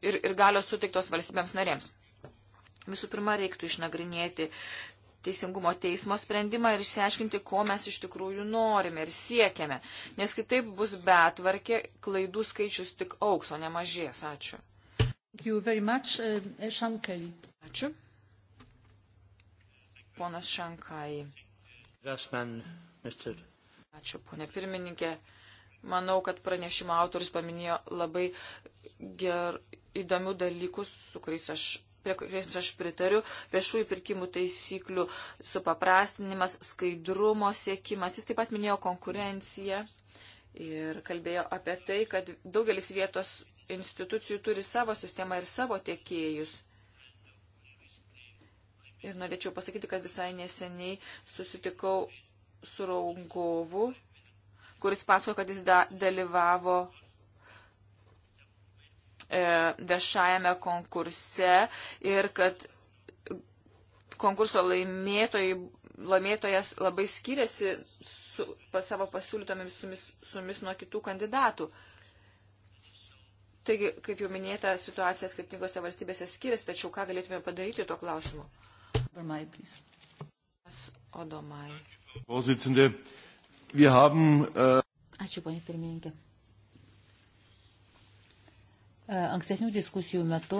ir, ir galios sutiktos valstybėms narėms. Visų pirma, reiktų išnagrinėti teisingumo teismo sprendimą ir išsiaiškinti, ko mes iš tikrųjų norime ir siekiame. Nes kitaip bus betvarkė, klaidų skaičius tik auks, o ne mažės. Ačiū. Much, uh, uh Ačiū. Ponas Šankai. Ačiū, ponė pirmininkė. Manau, kad pranešimo autoris paminėjo labai ger, įdomių dalykų, su kuriais aš prie kuriais aš pritariu, viešųjų pirkimų taisyklių supaprastinimas, skaidrumo siekimas. Jis taip pat minėjo konkurenciją ir kalbėjo apie tai, kad daugelis vietos institucijų turi savo sistemą ir savo tiekėjus. Ir norėčiau pasakyti, kad visai neseniai susitikau su Raugovu, kuris pasako, kad jis da, dalyvavo E, viešajame konkurse ir kad konkurso laimėtojai, laimėtojas labai skiriasi su, pas savo pasiūlytomis sumis, sumis nuo kitų kandidatų. Taigi, kaip jau minėta, situacija skirtingose valstybėse skiriasi, tačiau ką galėtume padaryti tuo klausimu? Odomai, Odomai. Äh, Ačiū, ponė pirmininkė. E, ankstesnių diskusijų metu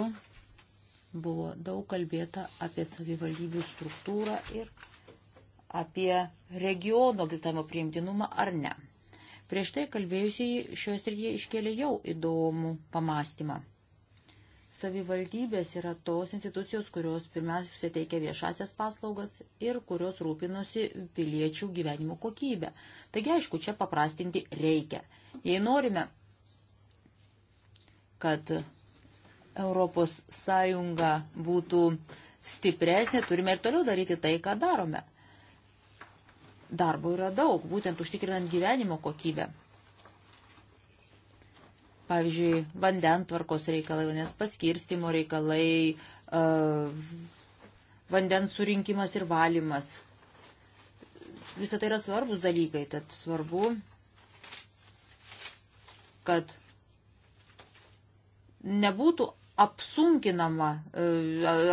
buvo daug kalbėta apie savivaldybių struktūrą ir apie regiono egzistavimo priimtinumą ar ne. Prieš tai kalbėjusiai šioje srityje iškėlė jau įdomų pamastymą. Savivaldybės yra tos institucijos, kurios pirmiausia teikia viešasias paslaugas ir kurios rūpinosi piliečių gyvenimo kokybę. Taigi, aišku, čia paprastinti reikia. Jei norime kad Europos Sąjunga būtų stipresnė, turime ir toliau daryti tai, ką darome. Darbo yra daug, būtent užtikrinant gyvenimo kokybę. Pavyzdžiui, vandentvarkos reikalai, vandens paskirstimo reikalai, e, vandens surinkimas ir valymas. Visą tai yra svarbus dalykai, tad svarbu, kad nebūtų apsunkinama, e,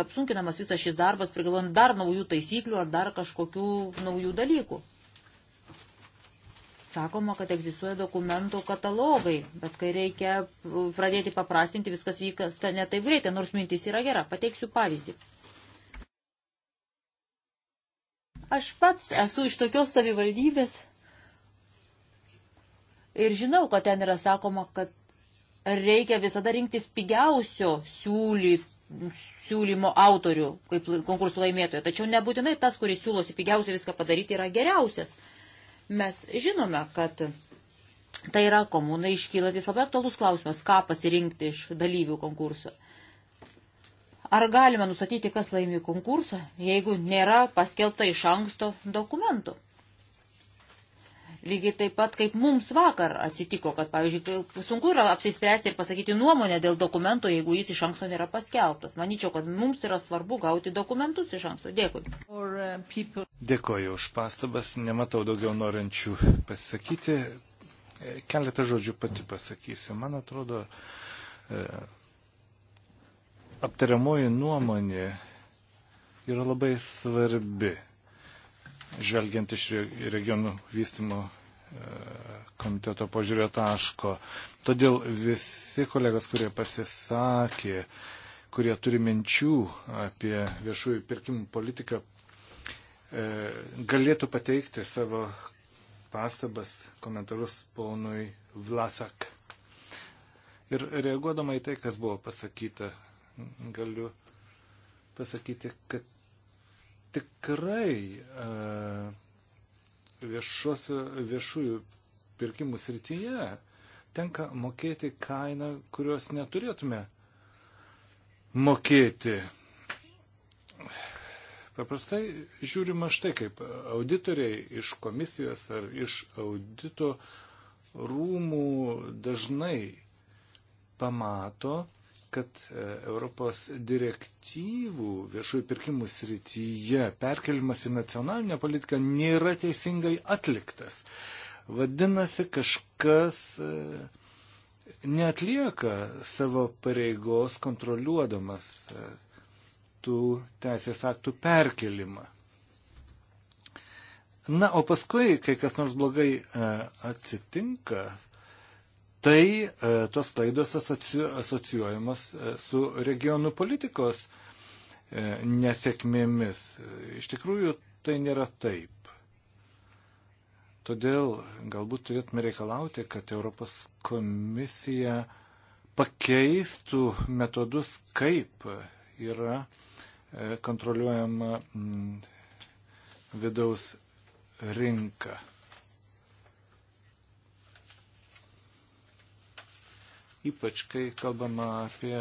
apsunkinamas visas šis darbas, prigalvojant dar naujų taisyklių ar dar kažkokių naujų dalykų. Sakoma, kad egzistuoja dokumentų katalogai, bet kai reikia e, pradėti paprastinti, viskas vyksta ne taip greitai, nors mintis yra gera. Pateiksiu pavyzdį. Aš pats esu iš tokios savivaldybės ir žinau, kad ten yra sakoma, kad reikia visada rinktis pigiausio siūly, siūlymo autorių kaip konkursų laimėtojo. Tačiau nebūtinai tas, kuris siūlosi pigiausiai viską padaryti, yra geriausias. Mes žinome, kad tai yra komunai iškylantis labai aktualus klausimas, ką pasirinkti iš dalyvių konkurso. Ar galime nustatyti, kas laimi konkursą, jeigu nėra paskelbta iš anksto dokumentų? Lygiai taip pat, kaip mums vakar atsitiko, kad, pavyzdžiui, tai sunku yra apsispręsti ir pasakyti nuomonę dėl dokumento, jeigu jis iš anksto nėra paskelbtas. Manyčiau, kad mums yra svarbu gauti dokumentus iš anksto. Dėkui. Uh, Dėkoju už pastabas. Nematau daugiau norinčių pasakyti. E, keletą žodžių pati pasakysiu. Man atrodo, e, aptariamoji nuomonė yra labai svarbi žvelgiant iš regionų vystimo e, komiteto požiūrio taško. Todėl visi kolegas, kurie pasisakė, kurie turi minčių apie viešųjų pirkimų politiką, e, galėtų pateikti savo pastabas, komentarus ponui Vlasak. Ir reaguodama į tai, kas buvo pasakyta, galiu pasakyti, kad tikrai e, viešos, viešųjų pirkimų srityje tenka mokėti kainą, kurios neturėtume mokėti. Paprastai žiūrima štai kaip auditoriai iš komisijos ar iš audito rūmų dažnai pamato, kad e, Europos direktyvų viešųjų pirkimų srityje perkelimas į nacionalinę politiką nėra teisingai atliktas. Vadinasi, kažkas e, neatlieka savo pareigos kontroliuodamas e, tų teisės aktų perkelimą. Na, o paskui, kai kas nors blogai atsitinka, tai e, tos klaidos asocijuojamas e, su regionų politikos e, nesėkmėmis. Iš tikrųjų, tai nėra taip. Todėl galbūt turėtume reikalauti, kad Europos komisija pakeistų metodus, kaip yra kontroliuojama vidaus rinka. ypač kai kalbama apie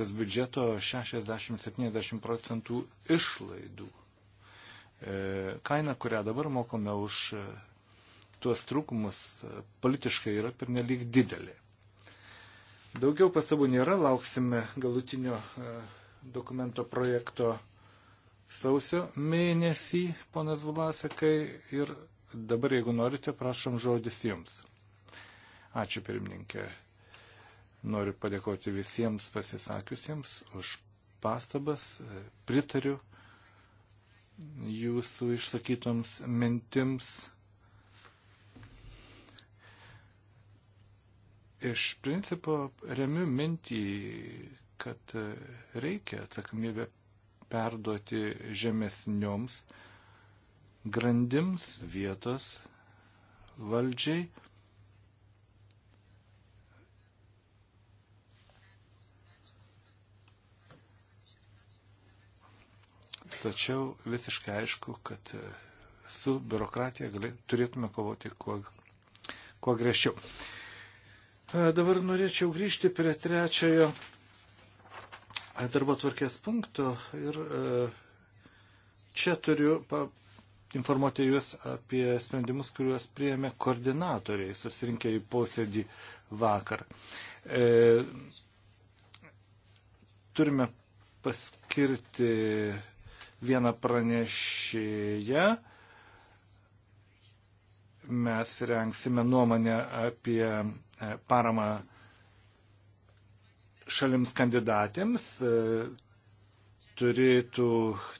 ES biudžeto 60-70 procentų išlaidų. E, kaina, kurią dabar mokome už e, tuos trūkumus, e, politiškai yra pernelyg didelė. Daugiau pastabų nėra, lauksime galutinio dokumento projekto sausio mėnesį, ponas Vlasekai, ir dabar, jeigu norite, prašom žodis jums. Ačiū pirmininkė. Noriu padėkoti visiems pasisakiusiems už pastabas. Pritariu jūsų išsakytoms mintims. Iš principo remiu mintį, kad reikia atsakomybę perduoti žemesnioms grandims vietos valdžiai. Tačiau visiškai aišku, kad su biurokratija galė, turėtume kovoti kuo, kuo greščiau. E, dabar norėčiau grįžti prie trečiojo e, darbo tvarkės punkto ir e, čia turiu pa, informuoti Jūs apie sprendimus, kuriuos priėmė koordinatoriai susirinkę į posėdį vakar. E, turime paskirti vieną pranešėją. Mes renksime nuomonę apie e, paramą šalims kandidatėms. E, turėtų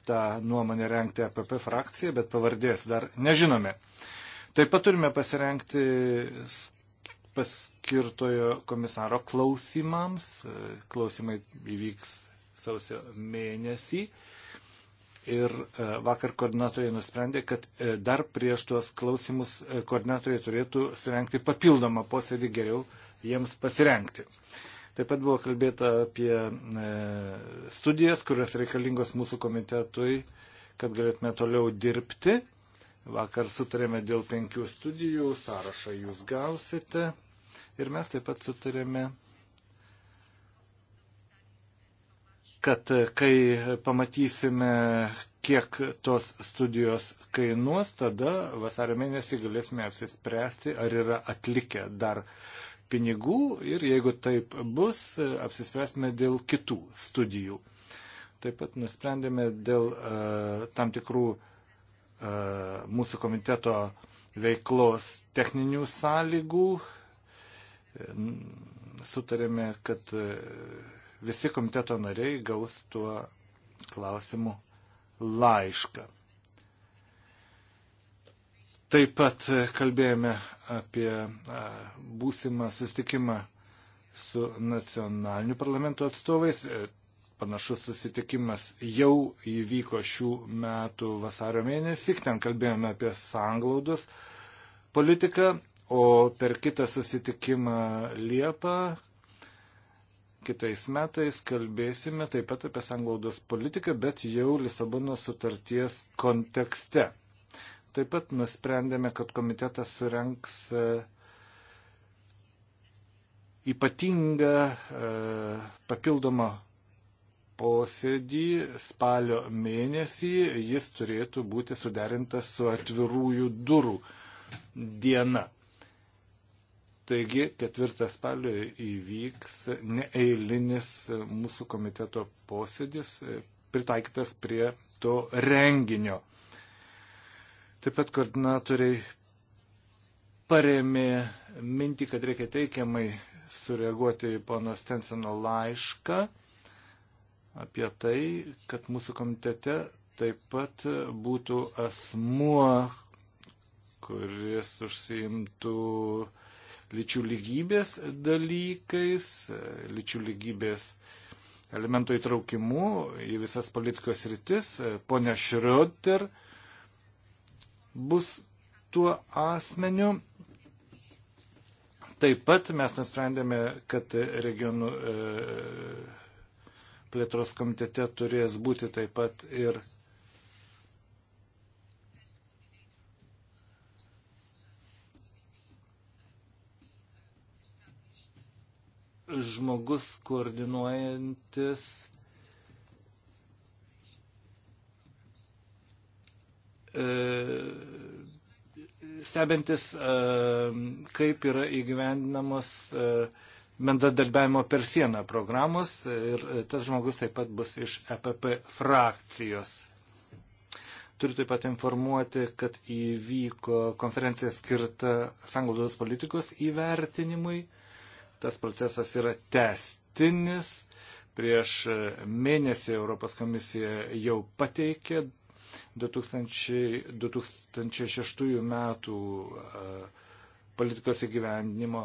tą nuomonę renkti APP frakcija, bet pavardės dar nežinome. Taip pat turime pasirenkti paskirtojo komisaro klausimams. E, klausimai įvyks sausio mėnesį. Uh, ir e, vakar koordinatoriai nusprendė, kad e, dar prieš tuos klausimus e, koordinatoriai turėtų surenkti papildomą posėdį geriau jiems pasirenkti. Taip pat buvo kalbėta apie studijas, kurios reikalingos mūsų komitetui, kad galėtume toliau dirbti. Vakar sutarėme dėl penkių studijų, sąrašą jūs gausite. Ir mes taip pat sutarėme kad e, kai pamatysime, kiek tos studijos kainuos, tada vasario mėnesį galėsime apsispręsti, ar yra atlikę dar pinigų ir jeigu taip bus, e, apsispręsime dėl kitų studijų. Taip pat nusprendėme dėl uh, tam tikrų uh, mūsų komiteto veiklos techninių sąlygų. Sutarėme, kad uh, visi komiteto nariai gaus tuo klausimu laišką. Taip pat kalbėjome apie būsimą sustikimą su nacionaliniu parlamentu atstovais. E, panašus susitikimas jau įvyko šių metų vasario mėnesį, ten kalbėjome apie sanglaudos politiką, o per kitą susitikimą Liepą Kitais metais kalbėsime taip pat apie sanglaudos politiką, bet jau Lisabono sutarties kontekste. Taip pat nusprendėme, kad komitetas surenks e, ypatingą e, papildomą posėdį spalio mėnesį. Jis turėtų būti suderintas su atvirųjų durų diena. Taigi ketvirtą spalio įvyks neeilinis mūsų komiteto posėdis, e, pritaikytas prie to renginio. Taip pat koordinatoriai paremė mintį, kad reikia teikiamai sureaguoti į pono Stenseno laišką apie tai, kad mūsų komitete taip pat būtų asmuo, kuris užsiimtų uh, lyčių lygybės dalykais, lyčių lygybės elemento įtraukimu į visas politikos rytis. Pone Šrioter bus tuo asmeniu. Taip pat mes nusprendėme, kad regionų e, plėtros komitete turės būti taip pat ir žmogus koordinuojantis e, stebintis, e, kaip yra įgyvendinamos e, bendradarbiavimo per sieną programos ir tas žmogus taip pat bus iš EPP frakcijos. Turiu taip pat informuoti, kad įvyko konferencija skirta sanglaudos politikos įvertinimui. Tas procesas yra testinis. Prieš mėnesį Europos komisija jau pateikė 2000, 2006 metų e, politikos įgyvendinimo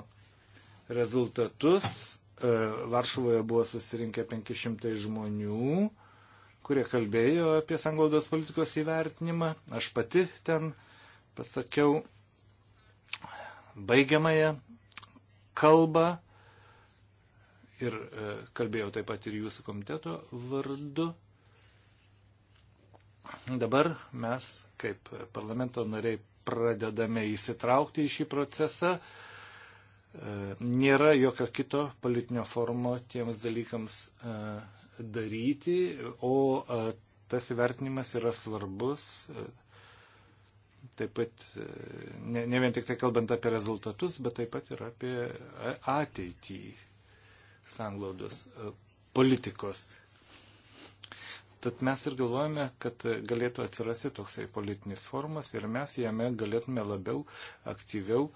rezultatus. E, Varšuvoje buvo susirinkę 500 žmonių, kurie kalbėjo apie sanglaudos politikos įvertinimą. Aš pati ten pasakiau baigiamąją kalbą ir e, kalbėjau taip pat ir jūsų komiteto vardu. Dabar mes, kaip parlamento nariai, pradedame įsitraukti į šį procesą. E, nėra jokio kito politinio formo tiems dalykams e, daryti, o tas įvertinimas yra svarbus taip pat e, ne, ne vien tik tai kalbant apie rezultatus, bet taip pat ir apie e, ateitį sanglaudos e, politikos. Tad mes ir galvojame, kad galėtų atsirasti toksai politinis formas ir mes jame galėtume labiau, aktyviau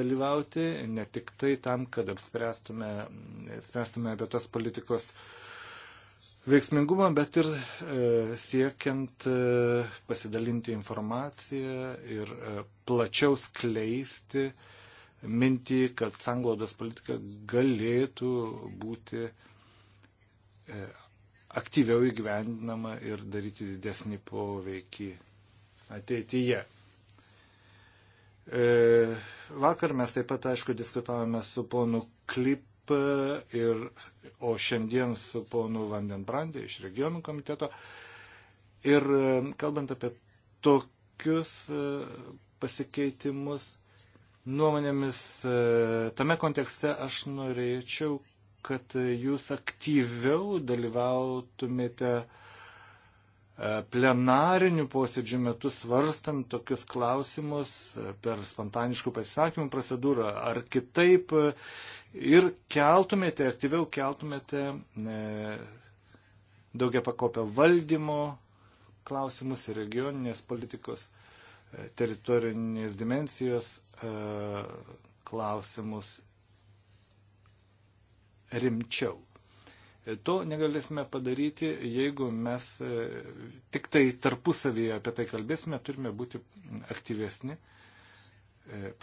dalyvauti, ne tik tai tam, kad apspręstume, spręstume apie tos politikos uh, veiksmingumą, bet ir e, siekiant e, pasidalinti informaciją ir e, plačiau skleisti mintį, kad sanglaudos politika galėtų būti aktyviau įgyvendinama ir daryti didesnį poveikį ateityje. Vakar mes taip pat, aišku, diskutavome su ponu Klip taip, ir, o šiandien su ponu Vandenbrandė iš regionų komiteto. Ir e, kalbant apie tokius e, pasikeitimus nuomonėmis, e, tame kontekste aš norėčiau, kad jūs aktyviau dalyvautumėte uh, E, plenarinių posėdžių metu svarstant tokius klausimus e, per spontaniškų pasisakymų procedūrą ar kitaip e, ir keltumėte, aktyviau keltumėte daugia pakopio valdymo klausimus ir regioninės politikos teritorinės dimensijos klausimus rimčiau. To negalėsime padaryti, jeigu mes e, tik tai tarpusavyje apie tai kalbėsime, turime būti aktyvesni e,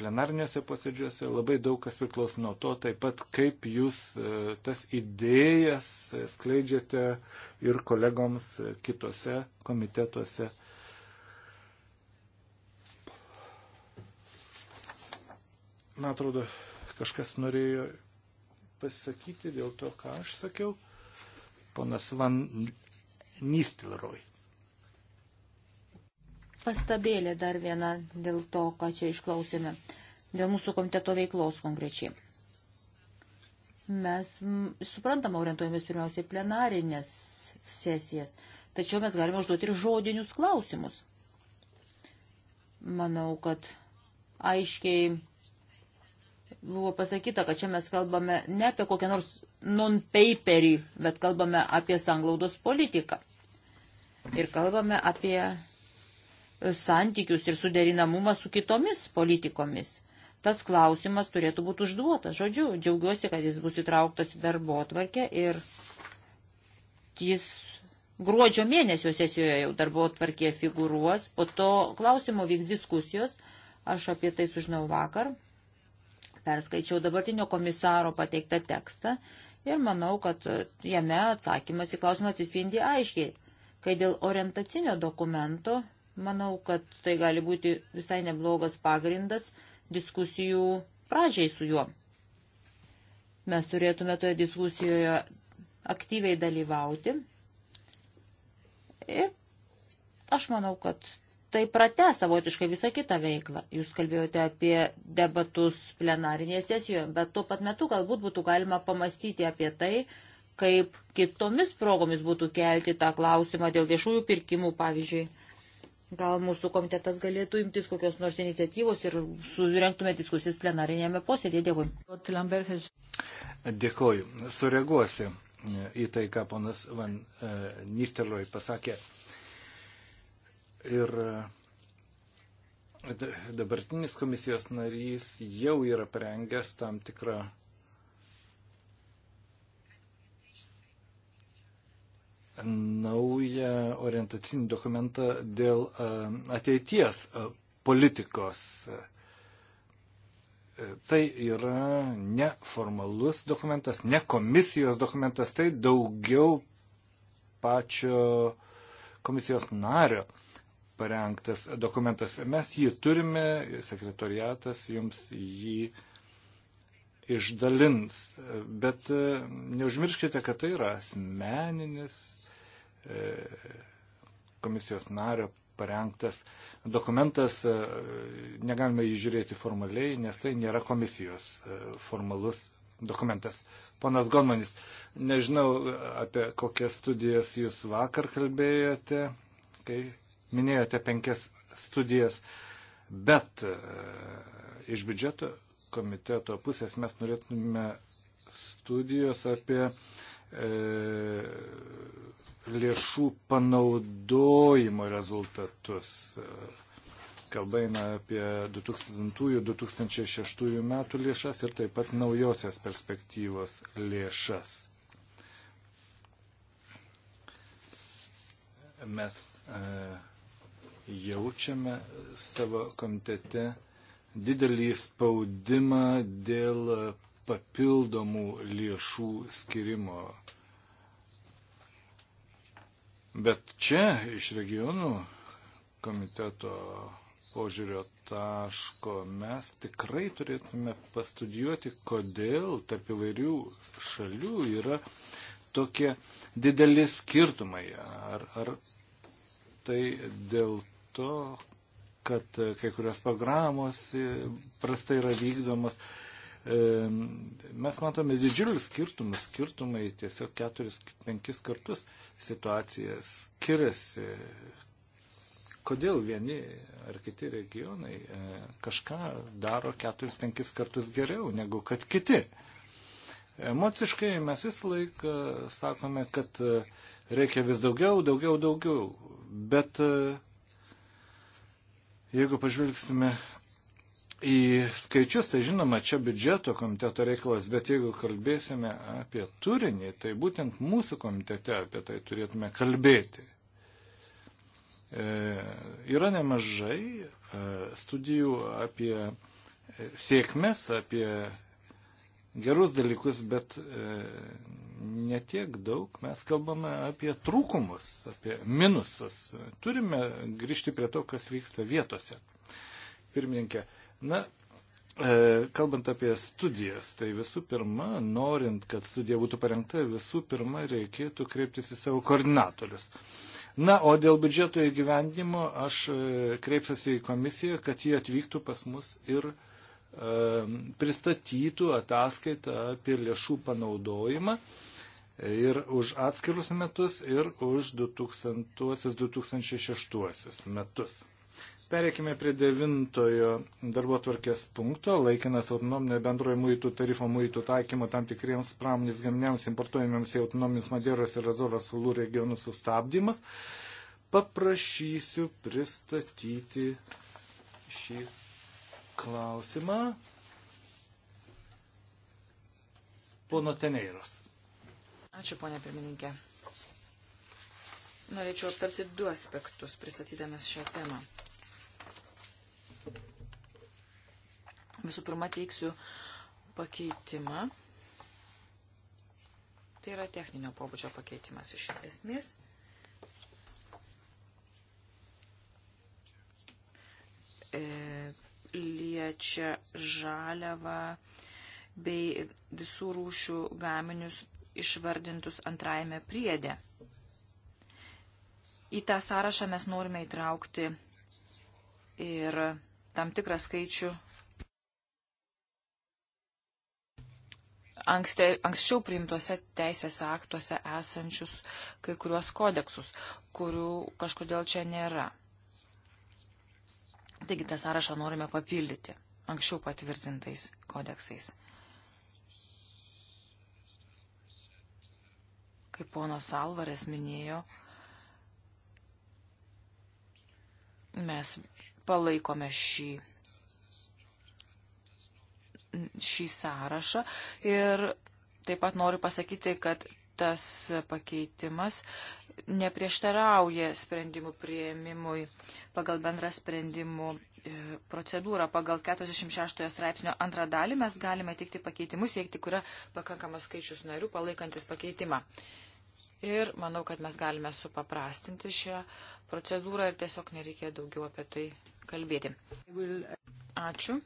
plenarniuose posėdžiuose. Labai daug kas priklauso nuo to, taip pat kaip jūs e, tas idėjas skleidžiate ir kolegoms kitose komitetuose. Man atrodo, kažkas norėjo pasakyti dėl to, ką aš sakiau ponas Van Nistelroj. Pastabėlė dar viena dėl to, ką čia išklausėme, dėl mūsų komiteto veiklos konkrečiai. Mes suprantam, orientuojamės pirmiausiai plenarinės sesijas, tačiau mes galime užduoti ir žodinius klausimus. Manau, kad aiškiai buvo pasakyta, kad čia mes kalbame ne apie kokią nors non-paperį, bet kalbame apie sanglaudos politiką. Ir kalbame apie e, santykius ir suderinamumą su kitomis politikomis. Tas klausimas turėtų būti užduotas. Žodžiu, džiaugiuosi, kad jis bus įtrauktas į darbo atvarkę ir jis gruodžio mėnesio sesijoje jau darbo atvarkė figūruos. Po to klausimo vyks diskusijos. Aš apie tai sužinau vakar. Perskaičiau dabartinio komisaro pateiktą tekstą Ir manau, kad e, jame atsakymas į klausimą atsispindi aiškiai. Kai dėl orientacinio dokumento, manau, kad tai gali būti visai neblogas pagrindas diskusijų pradžiai su juo. Mes turėtume toje diskusijoje aktyviai dalyvauti. Ir aš manau, kad tai prate savotiškai visą kitą veiklą. Jūs kalbėjote apie debatus plenarinėje sesijoje, bet tuo pat metu galbūt būtų galima pamastyti apie tai, kaip kitomis progomis būtų kelti tą klausimą dėl viešųjų pirkimų, pavyzdžiui. Gal mūsų komitetas galėtų imtis kokios nors iniciatyvos ir surenktume diskusijas plenarinėme posėdėje. Dėkui. Dėkoju. Sureaguosi į tai, ką ponas Van e, Nistelroj pasakė. Ir e, dabartinis komisijos narys jau yra parengęs tam tikrą naują orientacinį dokumentą dėl e, ateities e, politikos. Tai yra neformalus dokumentas, ne komisijos dokumentas, tai daugiau pačio komisijos nario uh, parengtas dokumentas. Mes jį turime, sekretoriatas jums jį išdalins. Bet e, neužmirškite, kad tai yra asmeninis e, komisijos nario parengtas dokumentas, e, negalime jį žiūrėti formaliai, nes tai nėra komisijos formalus dokumentas. Ponas Gonmanis, nežinau, apie kokias studijas jūs vakar kalbėjote, kai minėjote penkias studijas, bet e, iš biudžeto komiteto pusės mes norėtume studijos apie e, lėšų panaudojimo rezultatus. Kalba eina apie 2000-2006 metų lėšas ir taip pat naujosios perspektyvos lėšas. Mes e, jaučiame savo komitete didelį spaudimą dėl papildomų lėšų skirimo. Bet čia iš regionų komiteto požiūrio taško mes tikrai turėtume pastudijuoti, kodėl tarp įvairių šalių yra tokie dideli skirtumai. Ar, ar tai dėl to, kad kai kurios programos prastai yra vykdomos. Mes matome didžiulius skirtumus, skirtumai tiesiog keturis, penkis kartus situacija skiriasi. Kodėl vieni ar kiti regionai e, kažką daro keturis, penkis kartus geriau negu kad kiti? Emociškai mes visą laiką sakome, kad e, reikia vis daugiau, daugiau, daugiau. Bet uh, Jeigu pažvelgsime į skaičius, tai žinoma, čia biudžeto komiteto reikalas, bet jeigu kalbėsime apie turinį, tai būtent mūsų komitete apie tai turėtume kalbėti. E, yra nemažai e, studijų apie e, sėkmes, apie gerus dalykus, bet e, netiek daug mes kalbame apie trūkumus, apie minusus. Turime grįžti prie to, kas vyksta vietose. Pirmininkė, na, e, kalbant apie studijas, tai visų pirma, norint, kad studija būtų parengta, visų pirma reikėtų kreiptis į savo koordinatorius. Na, o dėl biudžeto įgyvendimo aš e, kreipsiuosi į komisiją, kad jie atvyktų pas mus ir e, pristatytų ataskaitą apie lėšų panaudojimą ir už atskirus metus, ir už 2000-2006 metus. Pereikime prie devintojo darbo tvarkės punkto, laikinas autonominio bendrojo muitų tarifo muitų taikymo tam tikriems pramonės gaminiams importuojamiems į autonominius Madėros ir Azoros sulų regionus sustabdymas. Paprašysiu pristatyti šį klausimą. Pono Teneiros. Ačiū, ponė pirmininkė. Norėčiau aptarti du aspektus, pristatydamas šią temą. Visų pirma, teiksiu pakeitimą. Tai yra techninio pobūdžio pakeitimas iš esmės. E, liečia žaliavą bei visų rūšių gaminius išvardintus antrajame priedė. Į tą sąrašą mes norime įtraukti ir tam tikrą skaičių ankste, anksčiau priimtuose teisės aktuose esančius kai kuriuos kodeksus, kurių kažkodėl čia nėra. Taigi tą sąrašą norime papildyti anksčiau patvirtintais kodeksais. kaip ponas Alvarės minėjo, mes palaikome šį, šį sąrašą ir taip pat noriu pasakyti, kad tas pakeitimas neprieštarauja sprendimų prieimimui pagal bendrą sprendimų e, procedūrą. Pagal 46 straipsnio antrą dalį mes galime teikti pakeitimus, siekti, kuria pakankamas skaičius narių palaikantis pakeitimą. Ir manau, kad mes galime supaprastinti šią procedūrą ir tiesiog nereikia daugiau apie tai kalbėti. Ačiū.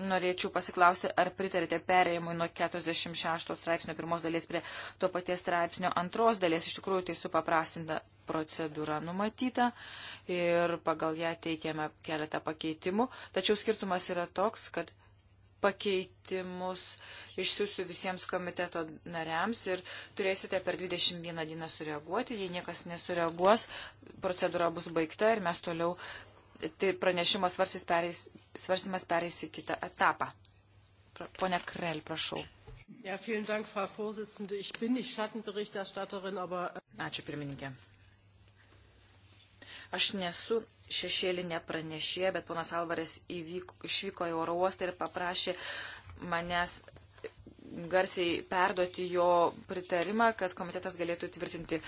Norėčiau pasiklausti, ar pritarėte perėjimui nuo 46 straipsnio pirmos dalies prie to paties straipsnio antros dalies. Iš tikrųjų, tai supaprastinta procedūra numatyta ir pagal ją teikiame keletą pakeitimų. Tačiau skirtumas yra toks, kad pakeitimus išsiųsiu visiems komiteto nariams ir turėsite per 21 dieną sureaguoti. Jei niekas nesureaguos, procedūra bus baigta ir mes toliau, tai pranešimas pereis, svarstymas pereis į kitą etapą. Pone Krell, prašau. Ja, vielen Dank, Frau Vorsitzende. Ich bin nicht Schattenberichterstatterin, aber. Äh, Ačiū, pirmininkė. Aš nesu šešėlinė pranešė, bet ponas Alvarės įvyko, išvyko į oro uostą ir paprašė manęs garsiai perduoti jo pritarimą, kad komitetas galėtų tvirtinti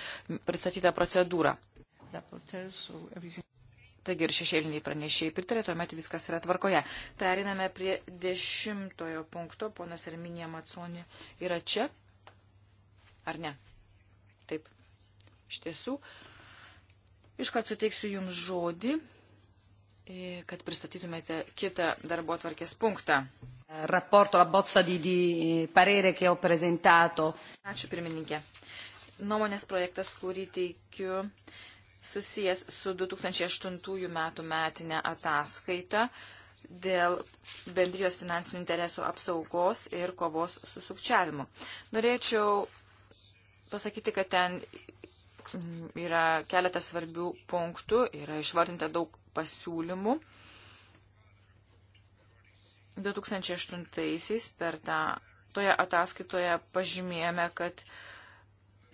pristatytą procedūrą. Taigi ir šešėliniai pranešėjai pritarė, tuomet viskas yra tvarkoje. Periname prie dešimtojo punkto. Ponas Arminija Matsoni yra čia. Ar ne? Taip. Iš tiesų, uh, Iškart suteiksiu Jums žodį, e, kad pristatytumėte kitą darbo atvarkės punktą. Raporto la bozza di, di parere che ho presentato. Ačiū pirmininkė. Nuomonės projektas, kurį teikiu, susijęs su 2008 metų metinė ataskaita dėl bendrijos finansinių interesų apsaugos ir kovos su sukčiavimu. Norėčiau pasakyti, kad ten yra keletas svarbių punktų, yra išvardinta daug pasiūlymų. 2008-aisiais per tą toje ataskaitoje pažymėjome, kad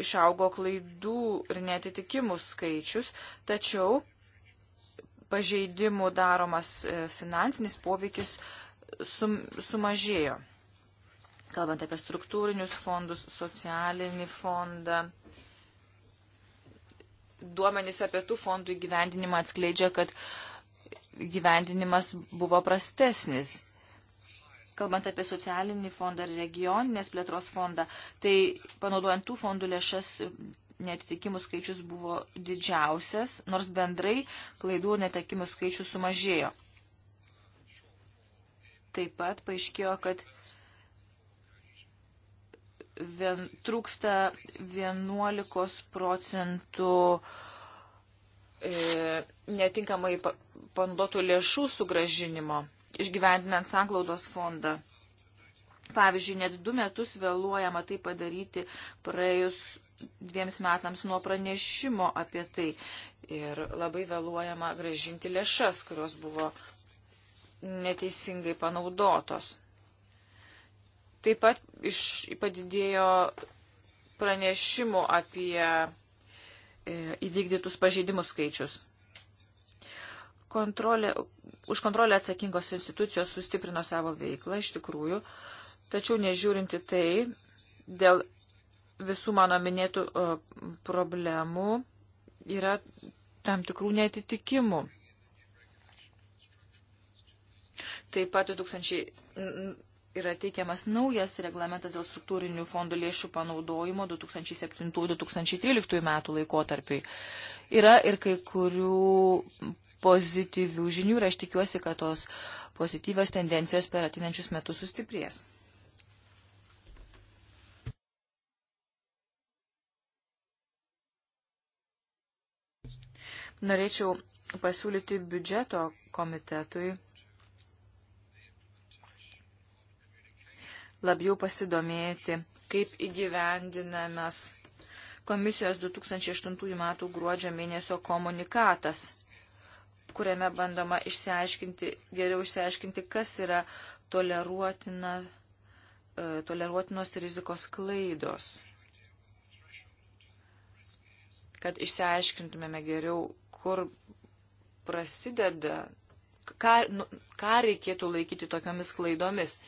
išaugo klaidų ir netitikimų skaičius, tačiau pažeidimų daromas e, finansinis poveikis sum, sumažėjo. Kalbant apie struktūrinius fondus, socialinį fondą, duomenys apie tų fondų įgyvendinimą atskleidžia, kad įgyvendinimas buvo prastesnis. Kalbant apie socialinį fondą ir regioninės plėtros fondą, tai panaudojant tų fondų lėšas netitikimų skaičius buvo didžiausias, nors bendrai klaidų ir netekimų skaičius sumažėjo. Taip pat paaiškėjo, kad vien, trūksta 11 procentų e, netinkamai panduotų lėšų sugražinimo, išgyvendinant sanglaudos fondą. Pavyzdžiui, net du metus vėluojama tai padaryti praėjus dviems metams nuo pranešimo apie tai ir labai vėluojama gražinti lėšas, kurios buvo neteisingai panaudotos. Taip pat iš, padidėjo pranešimų apie e, įvykdytus pažeidimus skaičius. Kontrolė, už kontrolę atsakingos institucijos sustiprino savo veiklą, iš tikrųjų, tačiau nežiūrinti tai, dėl visų mano minėtų e, problemų yra tam tikrų netitikimų. Taip pat 2000 yra teikiamas naujas reglamentas dėl struktūrinių fondų lėšų panaudojimo 2007-2013 metų laikotarpiai. Yra ir kai kurių pozityvių žinių ir aš tikiuosi, kad tos pozityvios tendencijos per atinančius metus sustiprės. Norėčiau pasiūlyti biudžeto komitetui labiau pasidomėti, kaip įgyvendinamas komisijos 2008 m. gruodžio mėnesio komunikatas, kuriame bandoma išsiaiškinti, geriau išsiaiškinti, kas yra toleruotina, e, toleruotinos rizikos klaidos. Kad išsiaiškintumėme geriau, kur prasideda, ką, nu, ką reikėtų laikyti tokiamis klaidomis.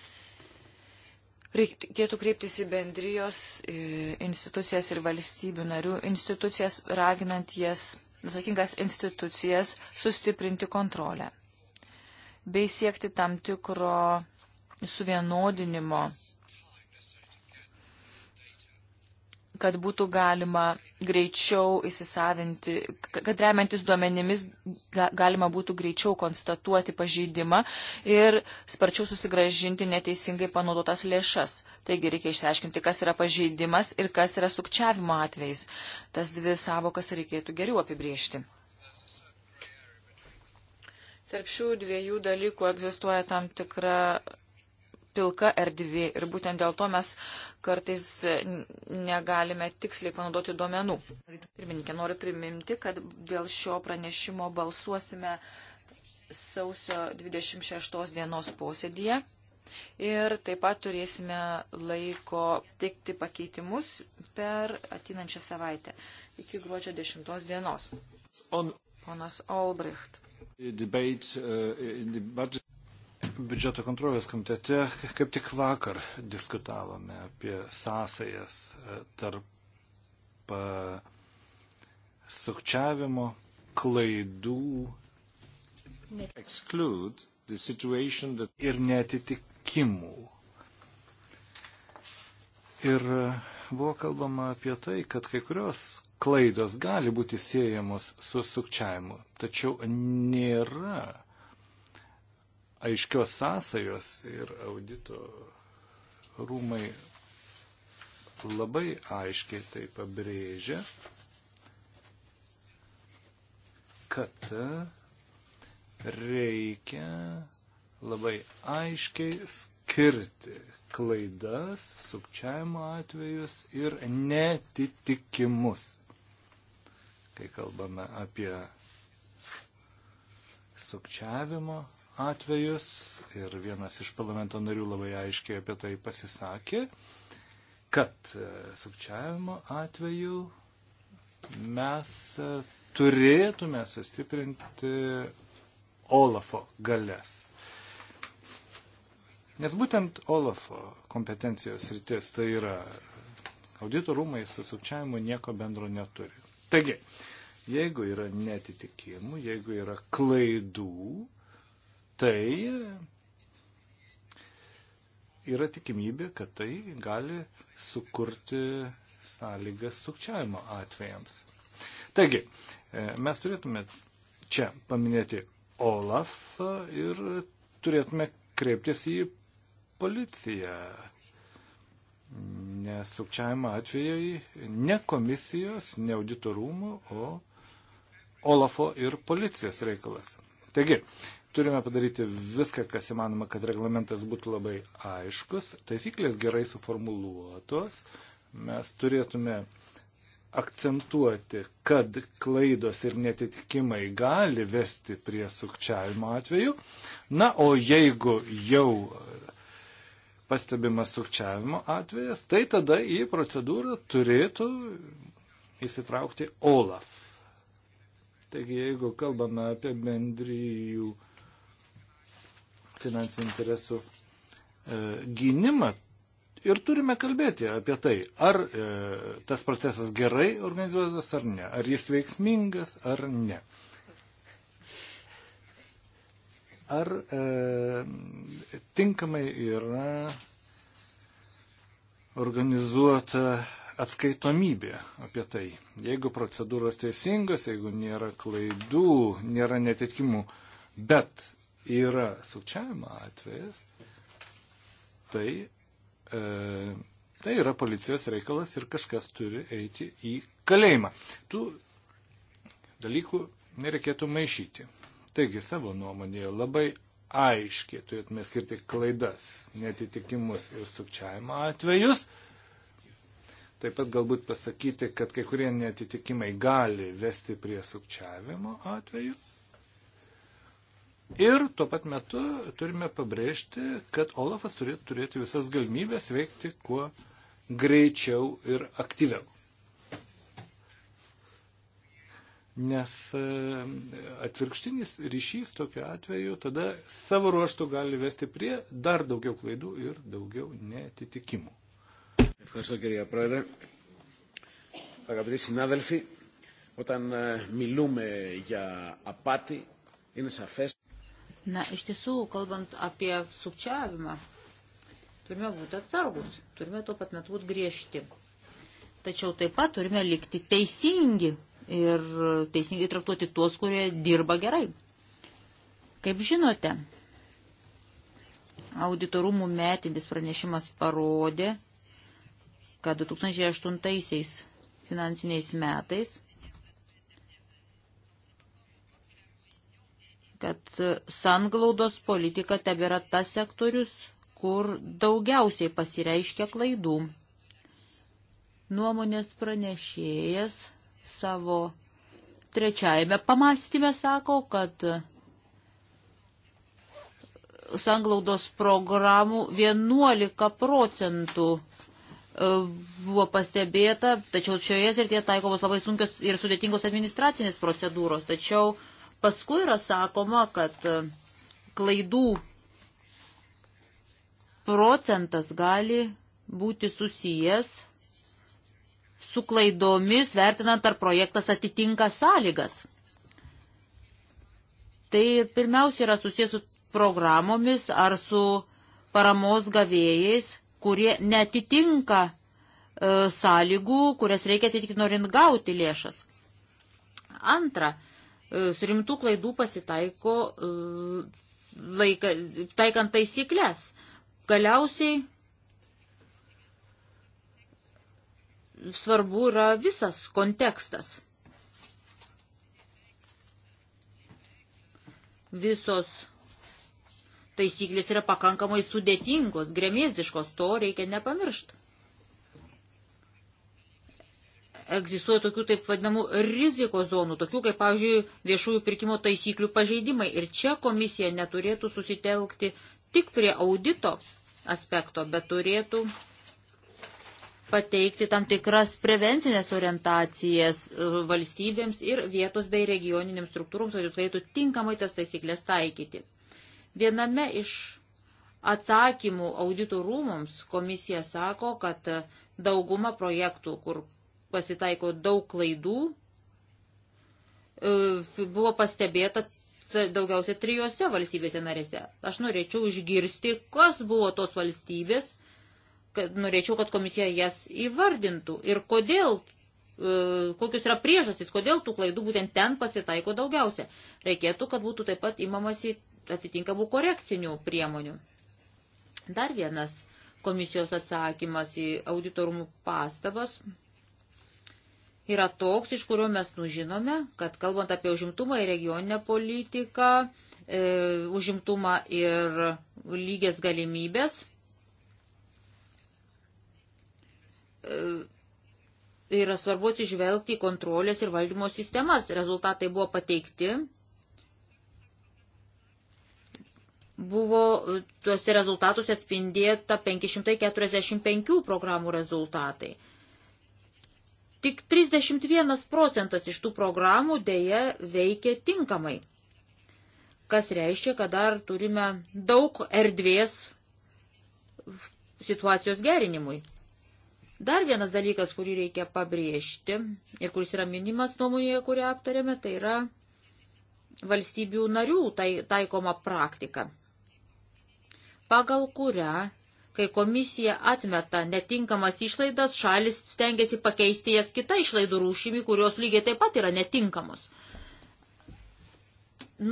Reikėtų kreiptis į bendrijos institucijas ir valstybių narių institucijas, raginant jas, atsakingas institucijas, sustiprinti kontrolę bei siekti tam tikro suvienodinimo, kad būtų galima greičiau įsisavinti, kad remiantis duomenimis galima būtų greičiau konstatuoti pažeidimą ir sparčiau susigražinti neteisingai panaudotas lėšas. Taigi reikia išsiaiškinti, kas yra pažeidimas ir kas yra sukčiavimo atvejais. Tas dvi savokas reikėtų geriau apibriežti. Tarp šių dviejų dalykų egzistuoja tam tikra pilka erdvė ir būtent dėl to mes kartais negalime tiksliai panaudoti duomenų. Pirmininkė, noriu priminti, kad dėl šio pranešimo balsuosime sausio 26 dienos posėdėje. Ir taip pat turėsime laiko teikti pakeitimus per ateinančią savaitę iki gruodžio 10 dienos. Ponas Olbricht. Debate, uh, biudžeto kontrolės komitete kaip tik vakar diskutavome apie sąsajas e, tarp e, sukčiavimo, klaidų ir netitikimų. Ir e, buvo kalbama apie tai, kad kai kurios klaidos gali būti siejamos su sukčiavimu, tačiau nėra aiškios sąsajos ir audito rūmai labai aiškiai tai pabrėžia, kad reikia labai aiškiai skirti klaidas, sukčiavimo atvejus ir netitikimus. Kai kalbame apie sukčiavimo atvejus ir vienas iš parlamento narių labai aiškiai apie tai pasisakė, kad e, sukčiavimo atveju mes e, turėtume sustiprinti Olafo galės. Nes būtent Olafo kompetencijos rytis tai yra auditorumai su sukčiavimu nieko bendro neturi. Taigi, jeigu yra netitikimų, jeigu yra klaidų, tai yra tikimybė, kad tai gali sukurti sąlygas sukčiavimo atvejams. Taigi, e, mes turėtume čia paminėti Olaf ir turėtume kreiptis į policiją. Nes sukčiavimo atvejai ne komisijos, ne auditorumų, o Olafo ir policijos reikalas. Taigi, Turime padaryti viską, kas įmanoma, kad reglamentas būtų labai aiškus, taisyklės gerai suformuluotos, mes turėtume akcentuoti, kad klaidos ir netitikimai gali vesti prie sukčiavimo atveju. Na, o jeigu jau pastebimas sukčiavimo atvejas, tai tada į procedūrą turėtų įsitraukti OLAF. Taigi, jeigu kalbame apie bendryjų finansinių interesų e, gynimą. Ir turime kalbėti apie tai, ar e, tas procesas gerai organizuotas ar ne, ar jis veiksmingas ar ne. Ar e, tinkamai yra organizuota atskaitomybė apie tai. Jeigu procedūros teisingos, jeigu nėra klaidų, nėra netitikimų, bet yra sukčiavimo atvejas, tai, e, tai yra policijos reikalas ir kažkas turi eiti į kalėjimą. Tų dalykų nereikėtų maišyti. Taigi savo nuomonėje labai aiškiai turėtume skirti klaidas, netitikimus ir sukčiavimo atvejus. Taip pat galbūt pasakyti, kad kai kurie netitikimai gali vesti prie sukčiavimo atveju Ir tuo pat metu turime pabrėžti, kad Olafas turėtų turėti visas galimybės veikti kuo greičiau ir aktyviau. Nes e, atvirkštinis ryšys tokiu atveju tada savo ruoštų gali vesti prie dar daugiau klaidų ir daugiau netitikimų. Ευχαριστώ κυρία Πρόεδρε. Αγαπητοί συνάδελφοι, όταν μιλούμε για απάτη, είναι σαφές. Na, iš tiesų, kalbant apie sukčiavimą, turime būti atsargus, turime tuo pat metu būti griežti. Tačiau taip pat turime likti teisingi ir teisingai traktuoti tuos, kurie dirba gerai. Kaip žinote, auditorumų metintis pranešimas parodė, kad 2008 finansiniais metais kad sanglaudos politika tebėra tas sektorius, kur daugiausiai pasireiškia klaidų. Nuomonės pranešėjas savo trečiajame pamastymė sako, kad sanglaudos programų 11 procentų e, buvo pastebėta, tačiau šioje srityje taikomos labai sunkios ir sudėtingos administracinės procedūros, tačiau uh, Paskui yra sakoma, kad e, klaidų procentas gali būti susijęs su klaidomis, vertinant, ar projektas atitinka sąlygas. Tai pirmiausia yra susijęs su programomis ar su paramos gavėjais, kurie netitinka e, sąlygų, kurias reikia atitikti norint gauti lėšas. Antra, rimtų klaidų pasitaiko e, laika, taikant taisyklės. Galiausiai svarbu yra visas kontekstas. Visos taisyklės yra pakankamai sudėtingos, gremėzdiškos, to reikia nepamiršti. egzistuoja tokių taip vadinamų rizikos zonų, tokių kaip, pavyzdžiui, viešųjų pirkimo taisyklių pažeidimai. Ir čia komisija neturėtų susitelkti tik prie audito aspekto, bet turėtų pateikti tam tikras prevencinės orientacijas e, valstybėms ir vietos bei regioninėms struktūroms, kad jūs galėtų tinkamai tas taisyklės taikyti. Viename iš atsakymų auditų rūmums komisija sako, kad dauguma projektų, kur pasitaiko daug klaidų. E, buvo pastebėta daugiausia trijose valstybėse narėse. Aš norėčiau išgirsti, kas buvo tos valstybės, kad norėčiau, kad komisija jas įvardintų ir kodėl, e, kokius yra priežastys, kodėl tų klaidų būtent ten pasitaiko daugiausia. Reikėtų, kad būtų taip pat imamasi atitinkamų korekcinių priemonių. Dar vienas komisijos atsakymas į auditorumų pastabas yra toks, iš kurio mes nužinome, kad kalbant apie užimtumą ir regioninę politiką, e, užimtumą ir lygės galimybės, e, yra svarbu atsižvelgti į kontrolės ir valdymo sistemas. Rezultatai buvo pateikti. Buvo e, tuose rezultatuose atspindėta 545 programų rezultatai. Tik 31 procentas iš tų programų dėja veikia tinkamai, kas reiškia, kad dar turime daug erdvės situacijos gerinimui. Dar vienas dalykas, kurį reikia pabrėžti ir kuris yra minimas nuomonėje, kurią aptarėme, tai yra valstybių narių tai, taikoma praktika, pagal kurią Kai komisija atmeta netinkamas išlaidas, šalis stengiasi pakeisti jas kitą išlaidų rūšimi, kurios lygiai taip pat yra netinkamos.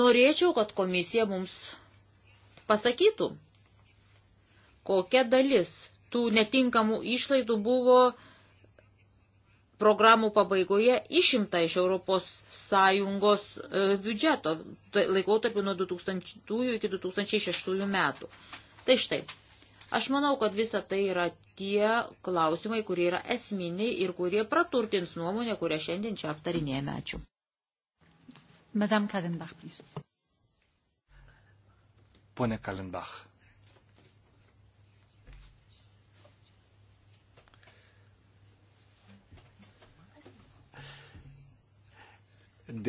Norėčiau, kad komisija mums pasakytų, kokia dalis tų netinkamų išlaidų buvo programų pabaigoje išimta iš ES e, biudžeto tai laikotarpiu nuo 2000 iki 2006 metų. Tai štai, Aš manau, kad visa tai yra tie klausimai, kurie yra esminiai ir kurie praturtins nuomonę, kurią šiandien čia aptarinėjame. Ačiū. Madame Kadenbach, please. Pone Kalenbach.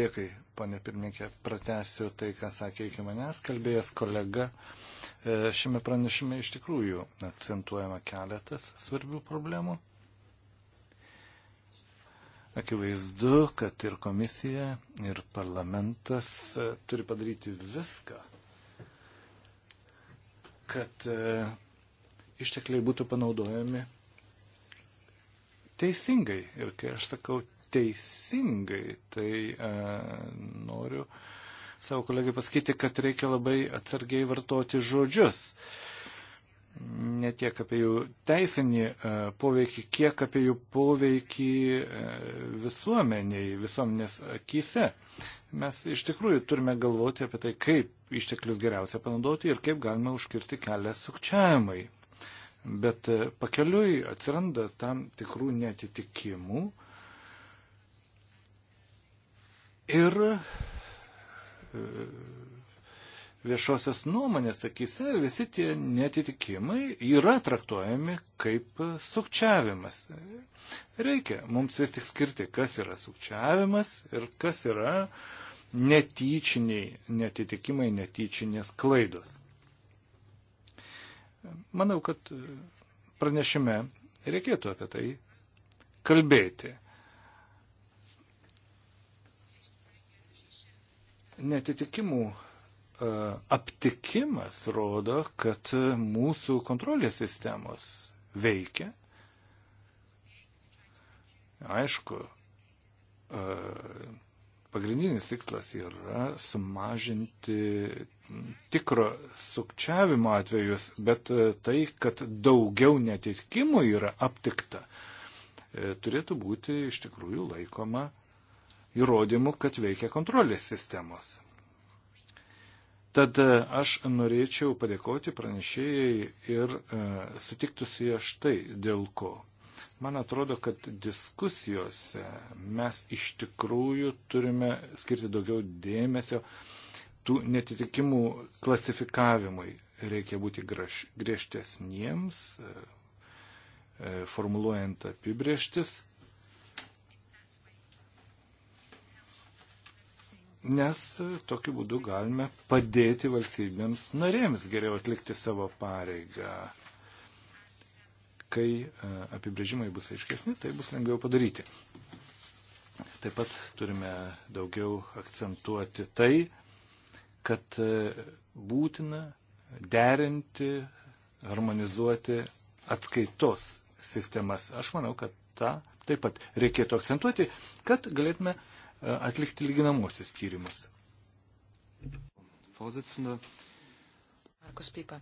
Dėkui, ponė pirmininkė, pratęsiu tai, ką sakė iki manęs kalbėjęs kolega. Uh, E, šiame pranešime iš tikrųjų akcentuojama keletas svarbių problemų. Akivaizdu, kad ir komisija, ir parlamentas e, turi padaryti viską, kad e, ištekliai būtų panaudojami teisingai. Ir kai aš sakau teisingai, tai e, noriu e, savo kolegai pasakyti, kad reikia labai atsargiai vartoti žodžius. Ne tiek apie jų teisinį e, poveikį, kiek apie jų poveikį e, visuomeniai, visuomenės akise. Mes iš tikrųjų turime galvoti apie tai, kaip išteklius geriausia panaudoti ir kaip galime užkirsti kelią sukčiavimai. Bet e, pakeliui atsiranda tam tikrų netitikimų ir viešosios nuomonės akise visi tie netitikimai yra traktuojami kaip sukčiavimas. Reikia mums vis tik skirti, kas yra sukčiavimas ir kas yra netyčiniai netitikimai, netyčinės klaidos. Manau, kad pranešime reikėtų apie tai kalbėti. netitikimų e, aptikimas rodo, kad mūsų kontrolės sistemos veikia. Aišku, e, pagrindinis tikslas yra sumažinti tikro sukčiavimo atvejus, bet e, tai, kad daugiau netitikimų yra aptikta, turėtų būti iš tikrųjų laikoma įrodymų, kad veikia kontrolės sistemos. Tad e, aš norėčiau padėkoti pranešėjai ir e, sutikti su jie štai dėl ko. Man atrodo, kad diskusijose mes iš tikrųjų turime skirti daugiau dėmesio tų netitikimų klasifikavimui. Reikia būti griežtesniems, e, e, formuluojant apibrieštis nes e, tokiu būdu galime padėti valstybėms narėms geriau atlikti savo pareigą. Kai e, apibrėžimai bus aiškesni, tai bus lengviau padaryti. Taip pat turime daugiau akcentuoti tai, kad e, būtina derinti, harmonizuoti atskaitos sistemas. Aš manau, kad tą taip pat reikėtų akcentuoti, kad galėtume uh, E, atlikti lyginamosius tyrimus. Markus Pipa.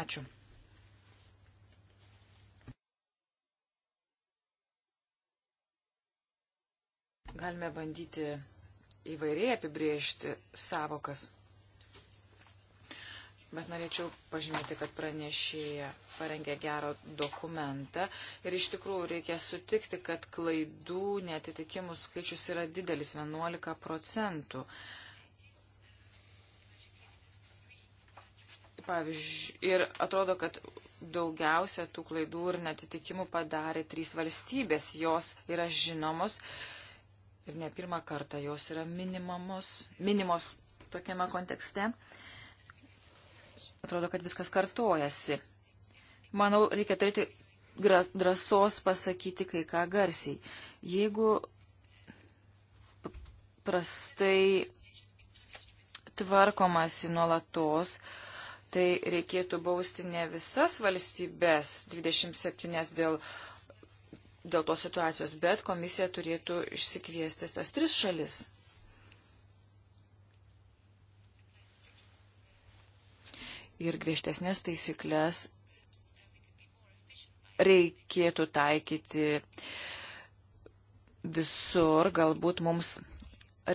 Ačiū. Galime bandyti įvairiai apibriežti savokas bet norėčiau pažymėti, kad pranešėja parengė gerą dokumentą ir iš tikrųjų reikia sutikti, kad klaidų netitikimų skaičius yra didelis - 11 procentų. Pavyzdžiui, ir atrodo, kad daugiausia tų klaidų ir netitikimų padarė trys valstybės. Jos yra žinomos ir ne pirmą kartą jos yra minimamos, minimos tokiame kontekste. Uh, Atrodo, kad viskas kartojasi. Manau, reikia turėti drąsos pasakyti kai ką garsiai. Jeigu prastai tvarkomasi nuolatos, tai reikėtų bausti ne visas valstybės 27 dėl, dėl tos situacijos, bet komisija turėtų išsikviesti tas tris šalis. ir griežtesnės taisyklės reikėtų taikyti visur, galbūt mums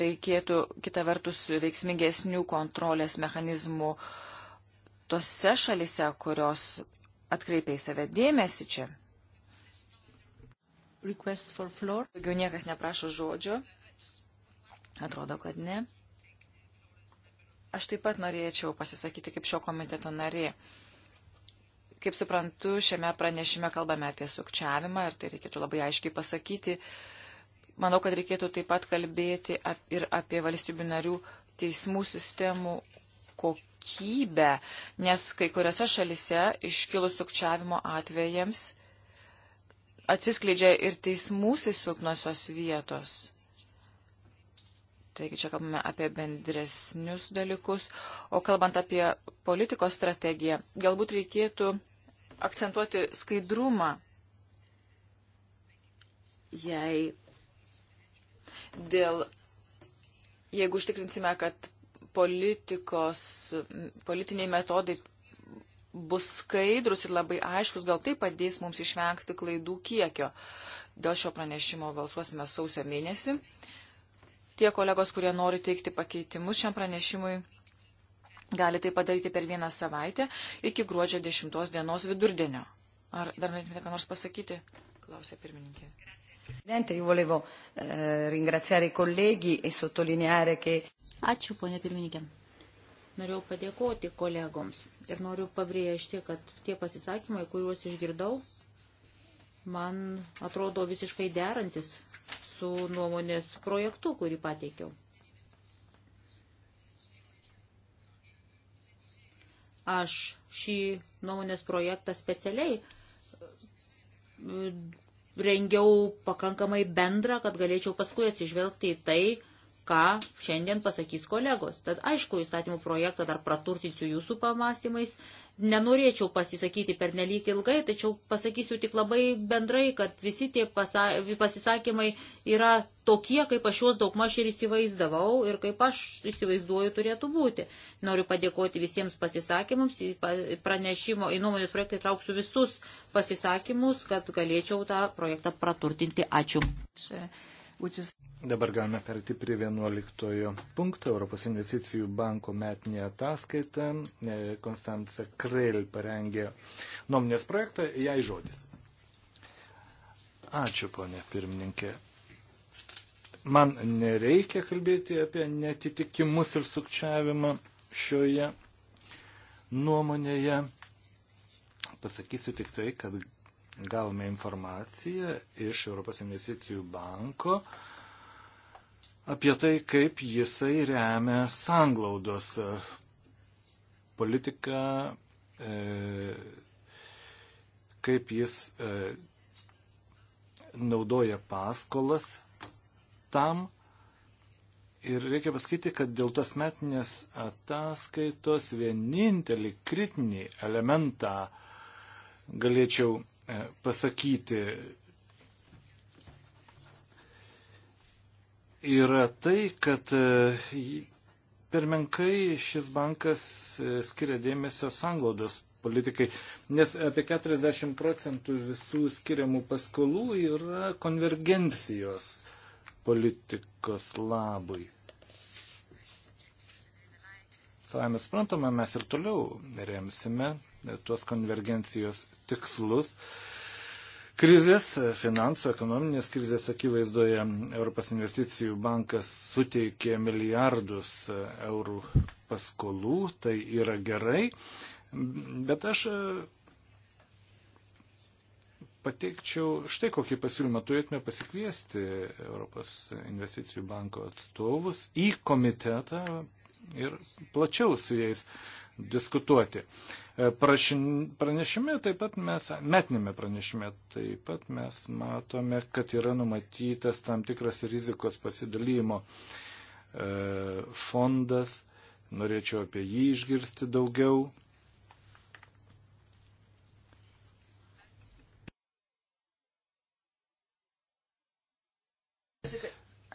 reikėtų kita vertus veiksmingesnių kontrolės mechanizmų tose šalise, kurios atkreipia į save dėmesį čia. Daugiau niekas neprašo žodžio. Atrodo, kad ne. Aš taip pat norėčiau pasisakyti kaip šio komiteto narė. Kaip suprantu, šiame pranešime kalbame apie sukčiavimą ir tai reikėtų labai aiškiai pasakyti. Manau, kad reikėtų taip pat kalbėti ir apie valstybių narių teismų sistemų kokybę, nes kai kuriuose šalise iškilus sukčiavimo atvejams atsiskleidžia ir teismų įsilpnosios vietos. Taigi čia kalbame apie bendresnius dalykus. O kalbant apie politikos strategiją, galbūt reikėtų akcentuoti skaidrumą, jei dėl, jeigu užtikrinsime, kad politikos, politiniai metodai bus skaidrus ir labai aiškus, gal tai padės mums išvengti klaidų kiekio. Dėl šio pranešimo balsuosime sausio mėnesį. Uh, Tie kolegos, kurie nori teikti pakeitimus šiam pranešimui, gali tai padaryti per vieną savaitę iki gruodžio 10 dienos vidurdienio. Ar dar norėtumėte ką nors pasakyti? Klausė pirmininkė. Presidente, io volevo eh, ringraziare i colleghi e sottolineare che. Ačiū, ponė pirmininkė. Norėjau padėkoti kolegoms ir noriu pabrėžti, kad tie pasisakymai, kuriuos išgirdau, man atrodo visiškai derantis su nuomonės projektu, kurį pateikiau. Aš šį nuomonės projektą specialiai e, rengiau pakankamai bendrą, kad galėčiau paskui atsižvelgti į tai, ką šiandien pasakys kolegos. Tad aišku, įstatymų projektą dar praturtinsiu jūsų pamastymais, Nenorėčiau pasisakyti per nelik ilgai, tačiau pasakysiu tik labai bendrai, kad visi tie pasisakymai yra tokie, kaip aš juos daugmaž ir įsivaizdavau ir kaip aš įsivaizduoju turėtų būti. Noriu padėkoti visiems pasisakymams, pranešimo į nuomonės projektą trauksiu visus pasisakymus, kad galėčiau tą projektą praturtinti. Ačiū. Čia is... Dabar galime perti prie 11 punkto Europos investicijų banko metinė ataskaita. E, Konstantas Krell parengė nuomonės projektą, jai žodis. Ačiū, ponė pirmininkė. Man nereikia kalbėti apie netitikimus ir sukčiavimą šioje nuomonėje. Pasakysiu tik tai, kad Gavome informaciją iš Europos investicijų banko apie tai, kaip jisai remia sanglaudos politiką, e, kaip jis e, naudoja paskolas tam, Ir reikia pasakyti, kad dėl tos metinės ataskaitos vienintelį kritinį elementą galėčiau e, pasakyti, yra tai, kad e, per menkai šis bankas e, skiria dėmesio sanglaudos politikai, nes apie 40 procentų visų skiriamų paskolų yra konvergencijos politikos labui. Savame suprantama, mes ir toliau remsime tuos konvergencijos tikslus. Krizės, finansų, ekonominės krizės akivaizdoje Europos investicijų bankas suteikė milijardus eurų paskolų, tai yra gerai, bet aš e, pateikčiau štai kokį pasiūlymą. Turėtume pasikviesti Europos investicijų banko atstovus į komitetą ir plačiau su jais diskutuoti. E, pranešime taip pat mes, metinėme pranešime taip pat mes matome, kad yra numatytas tam tikras rizikos pasidalymo e, fondas. Norėčiau apie jį išgirsti daugiau.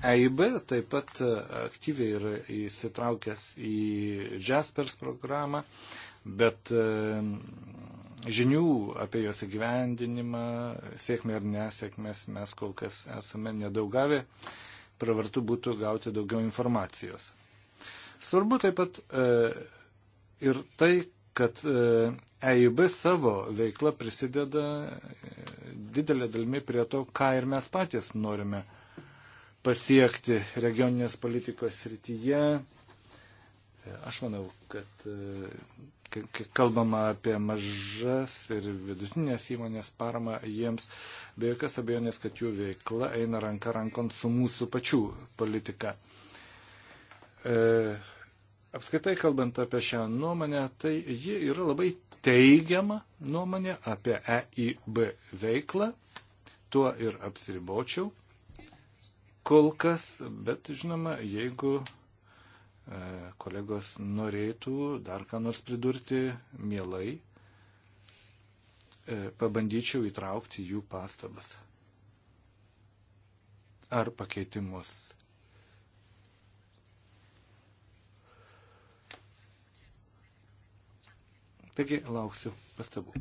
EIB taip pat e, aktyviai yra įsitraukęs į Jaspers programą, bet e, žinių apie jos įgyvendinimą, sėkmę ar nesėkmės mes kol kas esame nedaug gavę, pravartu būtų gauti daugiau informacijos. Svarbu taip pat e, ir tai, kad EIB savo veiklą prisideda didelė dalimi prie to, ką ir mes patys norime pasiekti regioninės politikos srityje. Aš manau, kad e, kai kalbama apie mažas ir vidutinės įmonės paramą jiems, be jokios abejonės, kad jų veikla eina ranka rankon su mūsų pačių politika. E, apskaitai kalbant apie šią nuomonę, tai ji yra labai teigiama nuomonė apie EIB veiklą. Tuo ir apsiribočiau kol kas, bet žinoma, jeigu e, kolegos norėtų dar ką nors pridurti, mielai e, pabandyčiau įtraukti jų pastabas ar pakeitimus. Taigi lauksiu pastabų.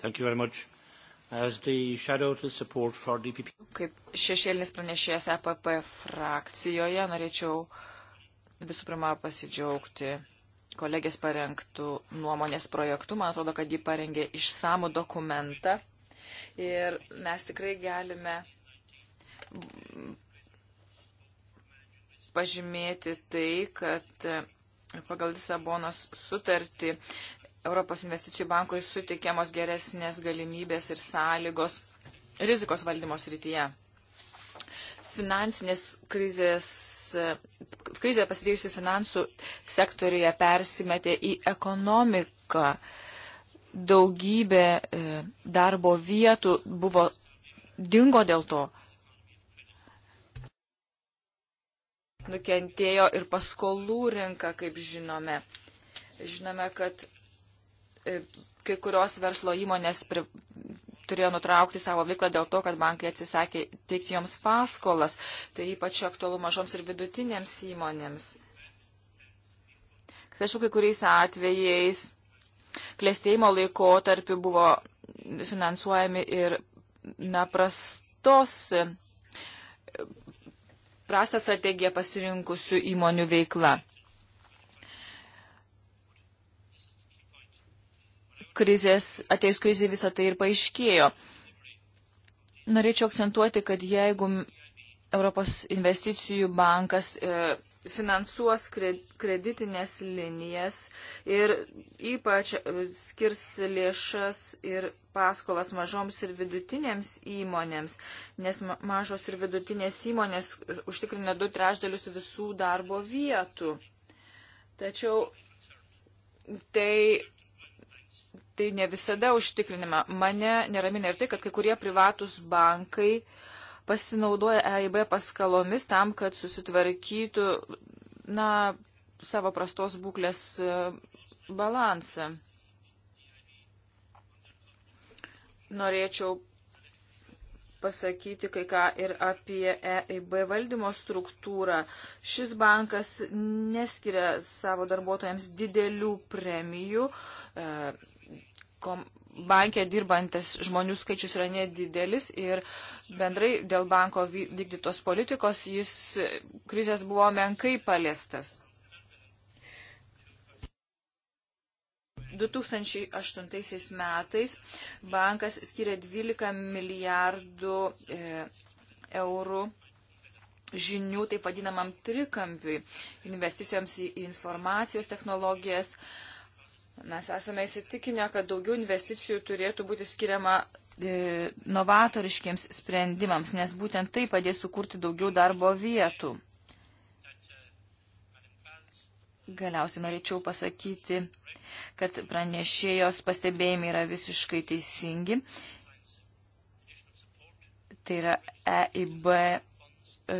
Thank you very much. Kaip šešėlinis pranešėjas EPP frakcijoje norėčiau visų pirma pasidžiaugti kolegės parengtų nuomonės projektų. Man atrodo, kad ji parengė išsamų dokumentą ir mes tikrai galime pažymėti tai, kad pagal Lisabonos sutartį Europos investicijų bankui suteikiamos geresnės galimybės ir sąlygos rizikos valdymo srityje. Finansinės krizės, krizė pasidėjusių finansų sektoriuje persimetė į ekonomiką. Daugybė e, darbo vietų buvo dingo dėl to. Nukentėjo ir paskolų rinka, kaip žinome. Žinome, kad kai kurios verslo įmonės pri, turėjo nutraukti savo veiklą dėl to, kad bankai atsisakė teikti joms paskolas. Tai ypač aktualu mažoms ir vidutinėms įmonėms. Tačiau kai kuriais atvejais klėstėjimo laikotarpiu buvo finansuojami ir na, prastos, prastą strategiją pasirinkusių įmonių veikla. krizės, ateis krizė visą tai ir paaiškėjo. Norėčiau akcentuoti, kad jeigu Europos investicijų bankas e, finansuos kreditinės linijas ir ypač e, skirs lėšas ir paskolas mažoms ir vidutinėms įmonėms, nes mažos ir vidutinės įmonės e, užtikrina du trešdalius visų darbo vietų. Tačiau tai tai ne visada užtikrinima. Mane neramina ir tai, kad kai kurie privatus bankai pasinaudoja EIB paskalomis tam, kad susitvarkytų na, savo prastos būklės e, balansą. Norėčiau pasakyti kai ką ir apie EIB valdymo struktūrą. Šis bankas neskiria savo darbuotojams didelių premijų. E, kom, bankė dirbantis žmonių skaičius yra nedidelis ir bendrai dėl banko vykdytos politikos jis krizės buvo menkai paliestas. 2008 metais bankas skiria 12 milijardų e, eurų žinių, taip vadinamam trikampiui, investicijoms į informacijos technologijas, e, Mes esame įsitikinę, kad daugiau investicijų turėtų būti skiriama e, novatoriškiams sprendimams, nes būtent tai padės sukurti daugiau darbo vietų. Galiausiai norėčiau pasakyti, kad pranešėjos pastebėjimai yra visiškai teisingi. Tai yra EIB e, e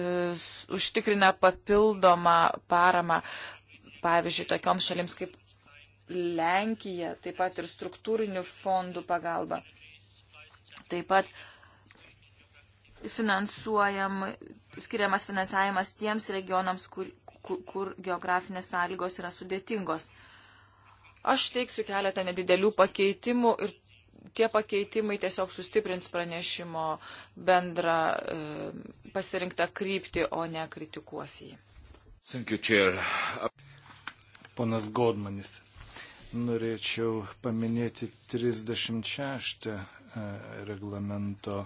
užtikrina papildomą paramą, pavyzdžiui, tokioms šalims kaip Lenkija, taip pat ir struktūrinių fondų pagalba. Taip pat finansuojam, skiriamas finansavimas tiems regionams, kur, kur, kur geografinės sąlygos yra sudėtingos. Aš teiksiu keletą nedidelių pakeitimų ir tie pakeitimai tiesiog sustiprins pranešimo bendrą e, pasirinktą kryptį, o ne kritikuos jį. Sunkiu čia ir. Ponas Godmanis norėčiau paminėti 36 e, reglamento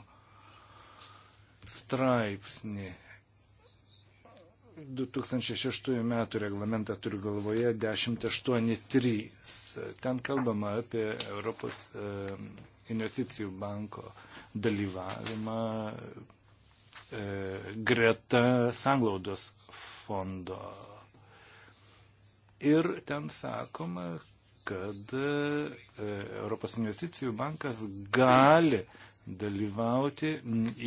straipsnį. 2006 metų reglamentą turiu galvoje 1083. Ten kalbama apie Europos e, investicijų banko dalyvavimą e, greta sanglaudos fondo. Ir ten sakoma, kad e, Europos investicijų bankas gali dalyvauti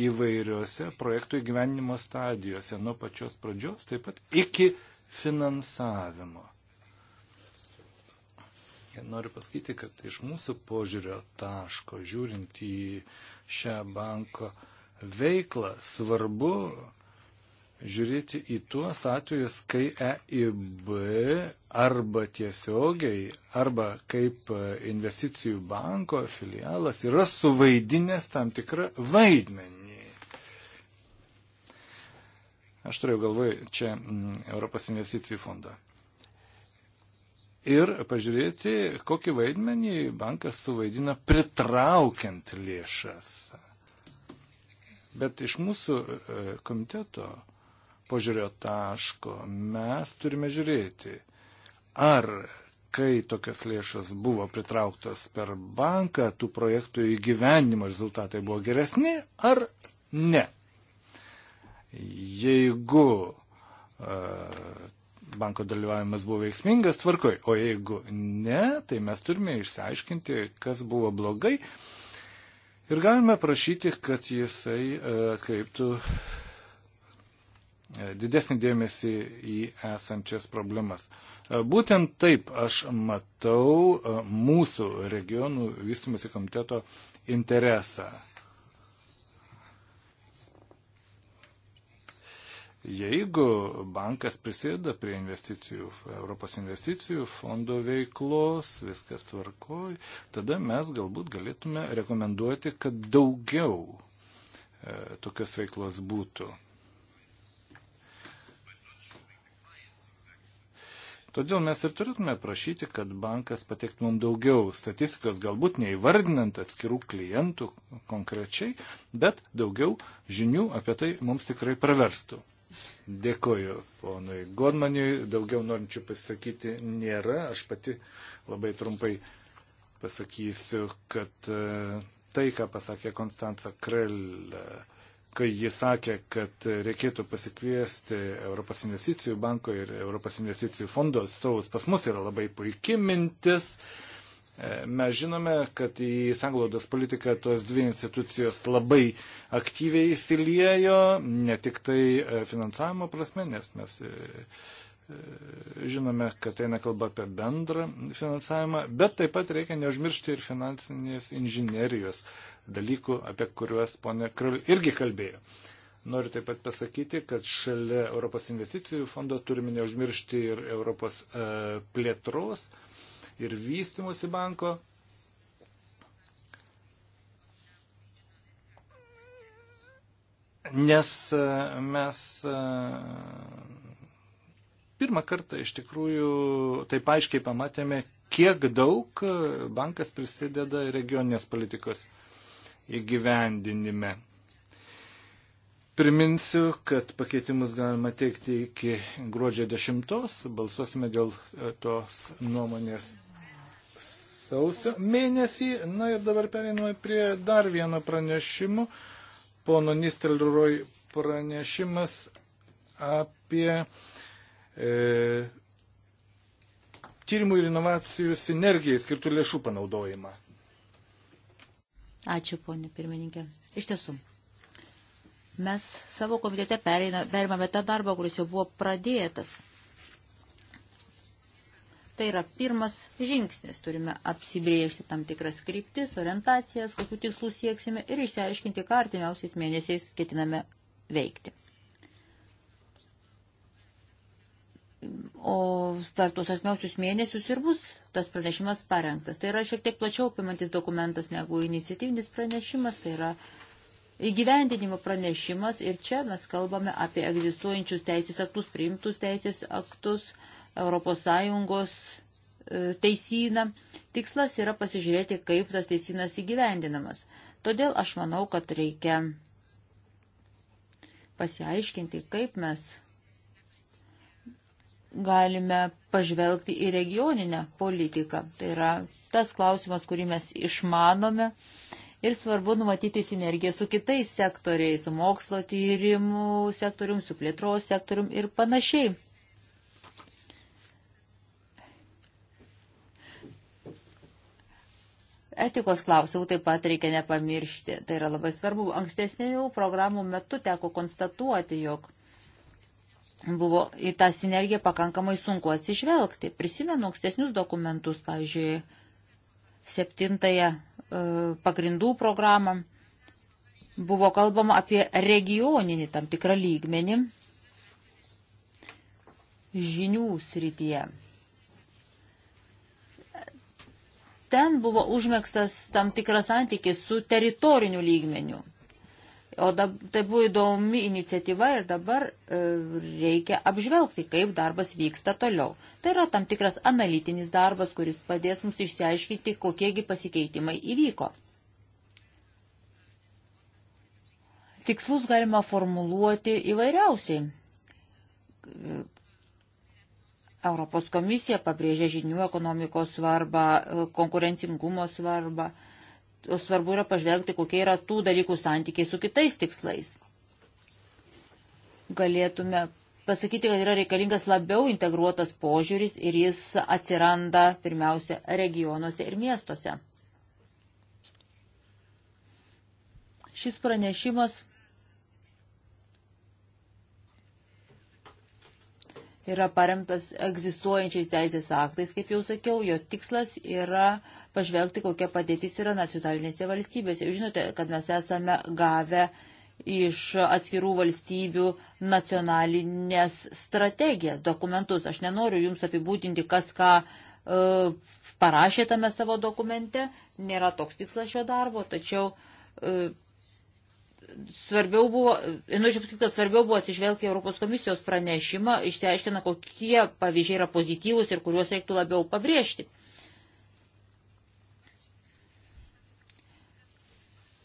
įvairiose projektų įgyvenimo stadijose nuo pačios pradžios, taip pat iki finansavimo. Ir noriu pasakyti, kad iš mūsų požiūrio taško, žiūrint į šią banko veiklą, svarbu žiūrėti į tuos atvejus, kai EIB arba tiesiogiai, arba kaip investicijų banko filialas yra suvaidinęs tam tikrą vaidmenį. Aš turėjau galvoje čia mm, Europos investicijų fondą. Ir pažiūrėti, kokį vaidmenį bankas suvaidina pritraukiant lėšas. Bet iš mūsų e, komiteto požiūrio taško mes turime žiūrėti, ar kai tokios lėšas buvo pritrauktos per banką, tų projektų įgyvenimo rezultatai buvo geresni ar ne. Jeigu e, banko dalyvavimas buvo veiksmingas, tvarkoj, o jeigu ne, tai mes turime išsiaiškinti, kas buvo blogai ir galime prašyti, kad jisai atkreiptų e, E, didesnį dėmesį į esančias problemas. E, būtent taip aš matau e, mūsų regionų vystimasi komiteto interesą. Jeigu bankas prisėda prie investicijų, Europos investicijų fondo veiklos, viskas tvarkoj, tada mes galbūt galėtume rekomenduoti, kad daugiau e, tokios veiklos būtų. Todėl mes ir turėtume prašyti, kad bankas pateiktų mums daugiau statistikos, galbūt neįvardinant atskirų klientų konkrečiai, bet daugiau žinių apie tai mums tikrai praverstų. Dėkoju ponui Godmaniui, daugiau norinčių pasakyti nėra. Aš pati labai trumpai pasakysiu, kad e, tai, ką pasakė Konstanca Krell, e, kai jis sakė, kad reikėtų pasikviesti Europos investicijų banko ir Europos investicijų fondo atstovus, pas mus yra labai puikia mintis. E, mes žinome, kad į sanglaudos politiką tos dvi institucijos labai aktyviai įsiliejo, ne tik tai e, finansavimo prasme, nes mes e, žinome, kad eina kalba apie bendrą finansavimą, bet taip pat reikia neužmiršti ir finansinės inžinerijos dalykų, apie kuriuos ponė Krul irgi kalbėjo. Noriu taip pat pasakyti, kad šalia Europos investicijų fondo turime neužmiršti ir Europos e, plėtros ir vystimosi banko. Nes e, mes e, pirmą kartą iš tikrųjų taip aiškiai pamatėme, kiek daug e, bankas prisideda regioninės politikos įgyvendinime. Priminsiu, kad pakeitimus galima teikti iki gruodžio 10. Balsuosime dėl e, tos nuomonės sausio mėnesį. Na ir dabar pereiname prie dar vieno pranešimo. Pono Nistelroj pranešimas apie e, tyrimų ir inovacijų sinergijai skirtų lėšų panaudojimą. Ačiū, ponė pirmininkė. Iš tiesų, mes savo komitete perimame tą darbą, kuris jau buvo pradėtas. Tai yra pirmas žingsnis. Turime apsibriežti tam tikras kryptis, orientacijas, kokiu tikslu sieksime ir išsiaiškinti, ką artimiausiais mėnesiais ketiname veikti. O per tuos asmiausius mėnesius ir bus tas pranešimas parengtas. Tai yra šiek tiek plačiau apimantis dokumentas negu iniciatyvinis pranešimas, tai yra įgyvendinimo pranešimas ir čia mes kalbame apie egzistuojančius teisės aktus, priimtus teisės aktus, ES e, teisyną. Tikslas yra pasižiūrėti, kaip tas teisynas įgyvendinamas. Todėl aš manau, kad reikia pasiaiškinti, kaip mes galime pažvelgti į regioninę politiką. Tai yra tas klausimas, kurį mes išmanome ir svarbu numatyti sinergiją su kitais sektoriais, su mokslo tyrimų sektorium, su plėtros sektorium ir panašiai. Etikos klausimų taip pat reikia nepamiršti. Tai yra labai svarbu. Ankstesnių programų metu teko konstatuoti, jog buvo į tą sinergiją pakankamai sunku atsižvelgti. Prisimenu ankstesnius dokumentus, pavyzdžiui, septintąją e, pagrindų programą. Buvo kalbama apie regioninį tam tikrą lygmenį žinių srityje. Ten buvo užmėgstas tam tikras santykis su teritoriniu lygmeniu. O dab, tai buvo įdomi iniciatyva ir dabar e, reikia apžvelgti, kaip darbas vyksta toliau. Tai yra tam tikras analitinis darbas, kuris padės mums išsiaiškinti, kokiegi pasikeitimai įvyko. Tikslus galima formuluoti įvairiausiai. Europos komisija pabrėžia žinių ekonomikos svarbą, konkurencingumo svarbą. E, svarbu yra pažvelgti, kokie yra tų dalykų santykiai su kitais tikslais. Galėtume pasakyti, kad yra reikalingas labiau integruotas požiūris ir jis atsiranda pirmiausia regionuose ir miestuose. Šis pranešimas yra paremtas egzistuojančiais teisės aktais, kaip jau sakiau, jo tikslas yra uh, pažvelgti, kokia padėtis yra nacionalinėse valstybėse. Jūs žinote, kad mes esame gavę iš atskirų valstybių nacionalinės strategijas, dokumentus. Aš nenoriu jums apibūdinti, kas ką e, parašė tame savo dokumente, nėra toks tikslas šio darbo, tačiau e, svarbiau buvo, e, norėčiau pasakyti, kad svarbiau buvo atsižvelgti Europos komisijos pranešimą, išsiaiškina, kokie pavyzdžiai yra pozityvūs ir kuriuos reiktų labiau pabrėžti.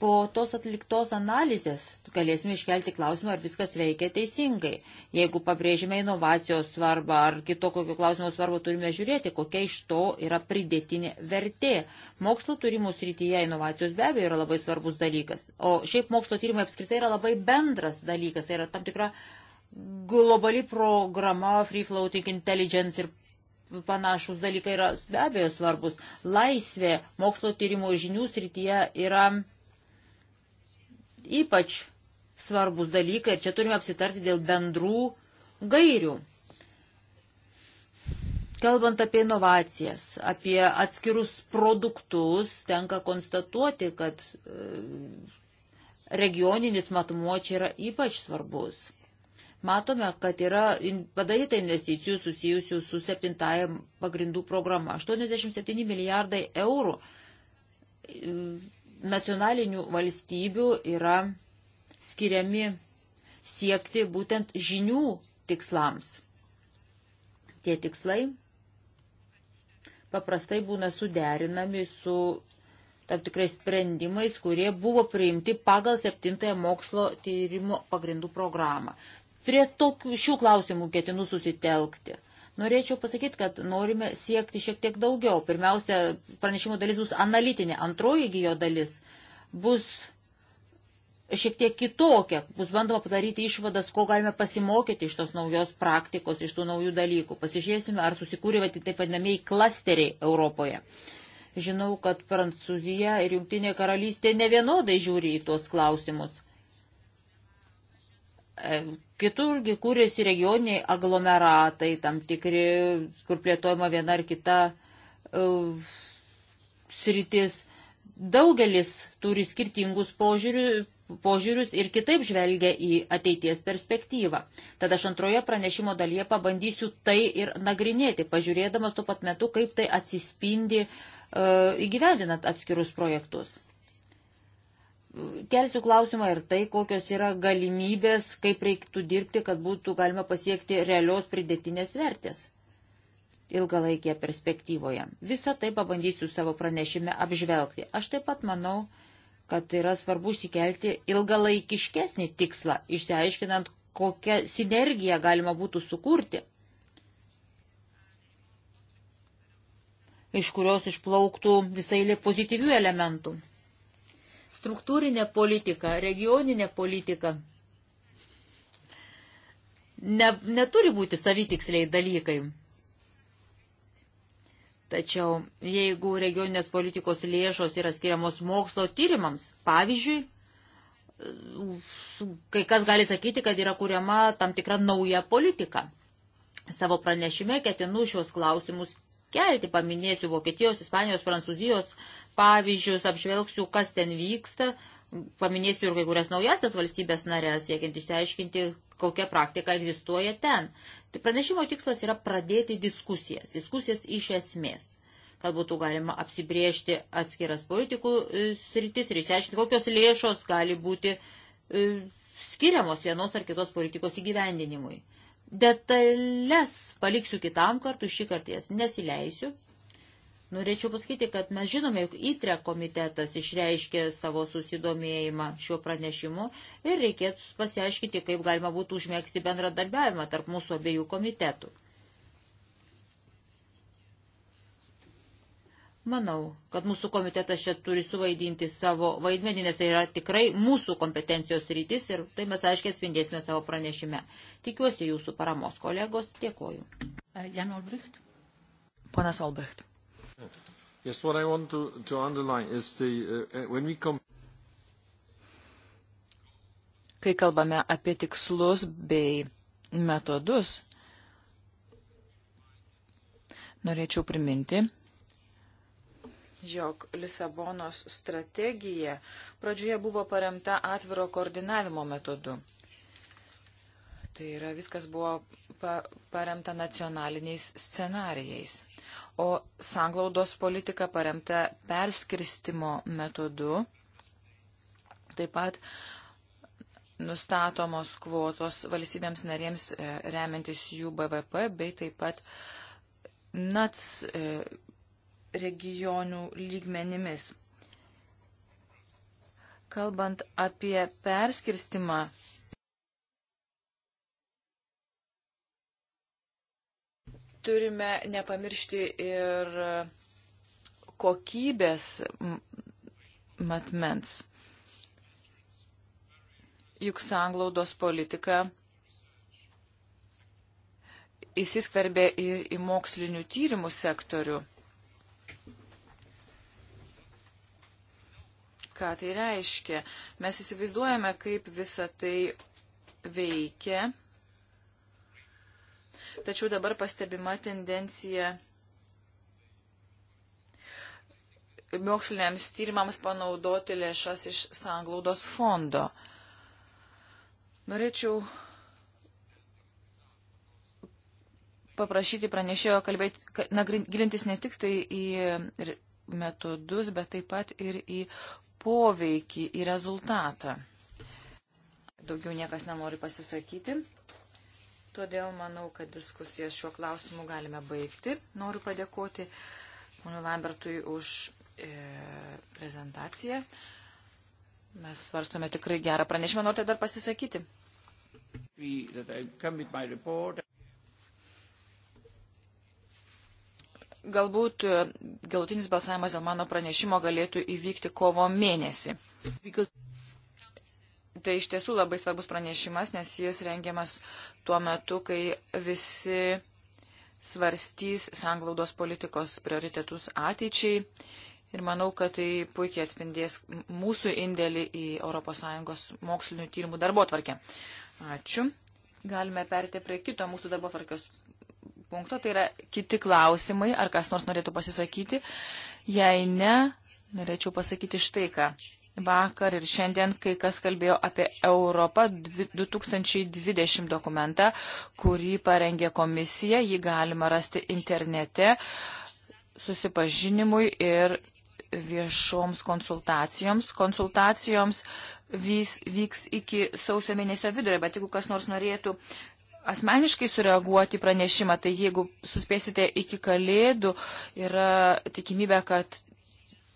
Po tos atliktos analizės galėsime iškelti klausimą, ar viskas veikia teisingai. Jeigu pabrėžime inovacijos svarbą ar kito kokio klausimo svarbą, turime žiūrėti, kokia iš to yra pridėtinė vertė. Mokslo turimų srityje inovacijos be abejo yra labai svarbus dalykas. O šiaip mokslo tyrimai apskritai yra labai bendras dalykas. Tai yra tam tikra globali programa Free Floating Intelligence ir panašus dalykai yra be abejo svarbus. Laisvė mokslo tyrimų žinių srityje yra ypač svarbus dalykai ir čia turime apsitarti dėl bendrų gairių. Kalbant apie inovacijas, apie atskirus produktus, tenka konstatuoti, kad e, regioninis matmuo čia yra ypač svarbus. Matome, kad yra padaryta investicijų susijusių su septintaja pagrindų programa. 87 milijardai eurų e, nacionalinių valstybių yra skiriami siekti būtent žinių tikslams. Tie tikslai paprastai būna suderinami su tam tikrais sprendimais, kurie buvo priimti pagal septintąją mokslo tyrimo pagrindų programą. Prie tokių šių klausimų ketinu susitelkti. Norėčiau pasakyti, kad norime siekti šiek tiek daugiau. Pirmiausia, pranešimo dalis bus analitinė, antroji gyjo dalis bus šiek tiek kitokia, bus bandoma padaryti išvadas, ko galime pasimokyti iš tos naujos praktikos, iš tų naujų dalykų. Pasižiūrėsime, ar susikūrė taip vadinamieji klasteriai Europoje. Žinau, kad Prancūzija ir Junktinė karalystė nevienodai žiūri į tuos klausimus. E, Kiturgi kūrėsi regioniai aglomeratai, tam tikri, kur plėtojama viena ar kita uh, sritis. Daugelis turi skirtingus požiūrius, požiūrius ir kitaip žvelgia į ateities perspektyvą. Tad aš antroje pranešimo dalyje pabandysiu tai ir nagrinėti, pažiūrėdamas tuo pat metu, kaip tai atsispindi uh, įgyvendinant atskirus projektus. Kelsiu klausimą ir tai, kokios yra galimybės, kaip reiktų dirbti, kad būtų galima pasiekti realios pridėtinės vertės ilgalaikėje perspektyvoje. Visą tai pabandysiu savo pranešime apžvelgti. Aš taip pat manau, kad yra svarbu įsikelti ilgalaikiškesnį tikslą, išsiaiškinant, kokią sinergiją galima būtų sukurti, iš kurios išplauktų visai pozityvių elementų struktūrinė politika, regioninė politika ne, neturi būti savitiksliai dalykai. Tačiau jeigu regioninės politikos lėšos yra skiriamos mokslo tyrimams, pavyzdžiui, kai kas gali sakyti, kad yra kuriama tam tikra nauja politika. Savo pranešime ketinu šios klausimus kelti, paminėsiu Vokietijos, Ispanijos, Prancūzijos pavyzdžius, apžvelgsiu, kas ten vyksta, paminėsiu ir kai kurias naujasias valstybės narės, siekiant išsiaiškinti, kokia praktika egzistuoja ten. Tai pranešimo tikslas yra pradėti diskusijas, diskusijas iš esmės kad būtų galima apsibriežti atskiras politikų e, sritis ir išsiaiškinti, kokios lėšos gali būti e, skiriamos vienos ar kitos politikos įgyvendinimui. Detalės paliksiu kitam kartu, šį kartą jas nesileisiu, Norėčiau pasakyti, kad mes žinome, jog ITRE komitetas išreiškė savo susidomėjimą šiuo pranešimu ir reikėtų pasiaiškinti, kaip galima būtų užmėgsti bendradarbiavimą tarp mūsų abiejų komitetų. Manau, kad mūsų komitetas čia turi suvaidinti savo vaidmenį, nes tai yra tikrai mūsų kompetencijos rytis ir tai mes aiškiai atspindėsime savo pranešime. Tikiuosi jūsų paramos, kolegos. Dėkoju. Jan Olbricht. Ponas Olbricht. Yes, what I want to, to underline is the, uh, uh, when we come... Kai kalbame apie tikslus bei metodus, norėčiau priminti, jog Lisabonos strategija pradžioje buvo paremta atviro koordinavimo metodu. Tai yra viskas buvo pa paremta nacionaliniais scenarijais o sanglaudos politika paremta perskirstimo metodu. Taip pat nustatomos kvotos valstybėms narėms e, remiantis jų BVP, bei taip pat NATS e, regionų lygmenimis. Kalbant apie perskirstimą, turime nepamiršti ir kokybės matmens. Juk sanglaudos politika įsiskverbė ir į mokslinių tyrimų sektorių. Ką tai reiškia? Mes įsivaizduojame, kaip visa tai veikia tačiau dabar pastebima tendencija moksliniams tyrimams panaudoti lėšas iš sanglaudos fondo. Norėčiau paprašyti pranešėjo kalbėti, na, gilintis ne tik tai į metodus, bet taip pat ir į poveikį, į rezultatą. Daugiau niekas nenori pasisakyti. Todėl manau, kad diskusijas šiuo klausimu galime baigti. Noriu padėkoti ponui Lambertui už e, prezentaciją. Mes svarstome tikrai gerą pranešimą, norite dar pasisakyti. Galbūt e, galutinis balsavimas dėl mano pranešimo galėtų įvykti kovo mėnesį. Because Tai iš tiesų labai svarbus pranešimas, nes jis rengiamas tuo metu, kai visi svarstys sanglaudos politikos prioritetus ateičiai. Ir manau, kad tai puikiai atspindės mūsų indėlį į ES mokslinių tyrimų darbo tvarkę. Ačiū. Galime perėti prie kito mūsų darbo tvarkės punkto. Tai yra kiti klausimai. Ar kas nors norėtų pasisakyti? Jei ne, norėčiau pasakyti štai ką. Vakar ir šiandien kai kas kalbėjo apie Europą 2020 dokumentą, kurį parengė komisija, jį galima rasti internete susipažinimui ir viešoms konsultacijoms. Konsultacijoms vys, vyks iki sausio mėnesio vidurio, bet jeigu kas nors norėtų asmeniškai sureaguoti pranešimą, tai jeigu suspėsite iki kalėdų, yra tikimybė, kad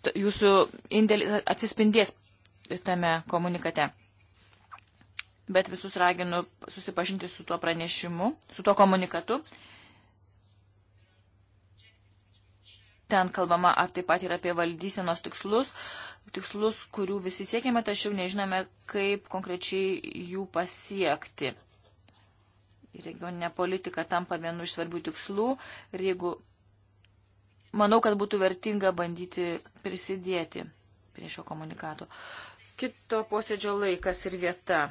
jūsų indėlis atsispindės tame komunikate. Bet visus raginu susipažinti su tuo pranešimu, su tuo komunikatu. Ten kalbama ar taip pat ir apie valdysenos tikslus, tikslus, kurių visi siekiame, tačiau nežinome, kaip konkrečiai jų pasiekti. Regioninė politika tampa vienu iš svarbių tikslų ir jeigu manau, kad būtų vertinga bandyti prisidėti prie šio komunikato. Kito posėdžio laikas ir vieta.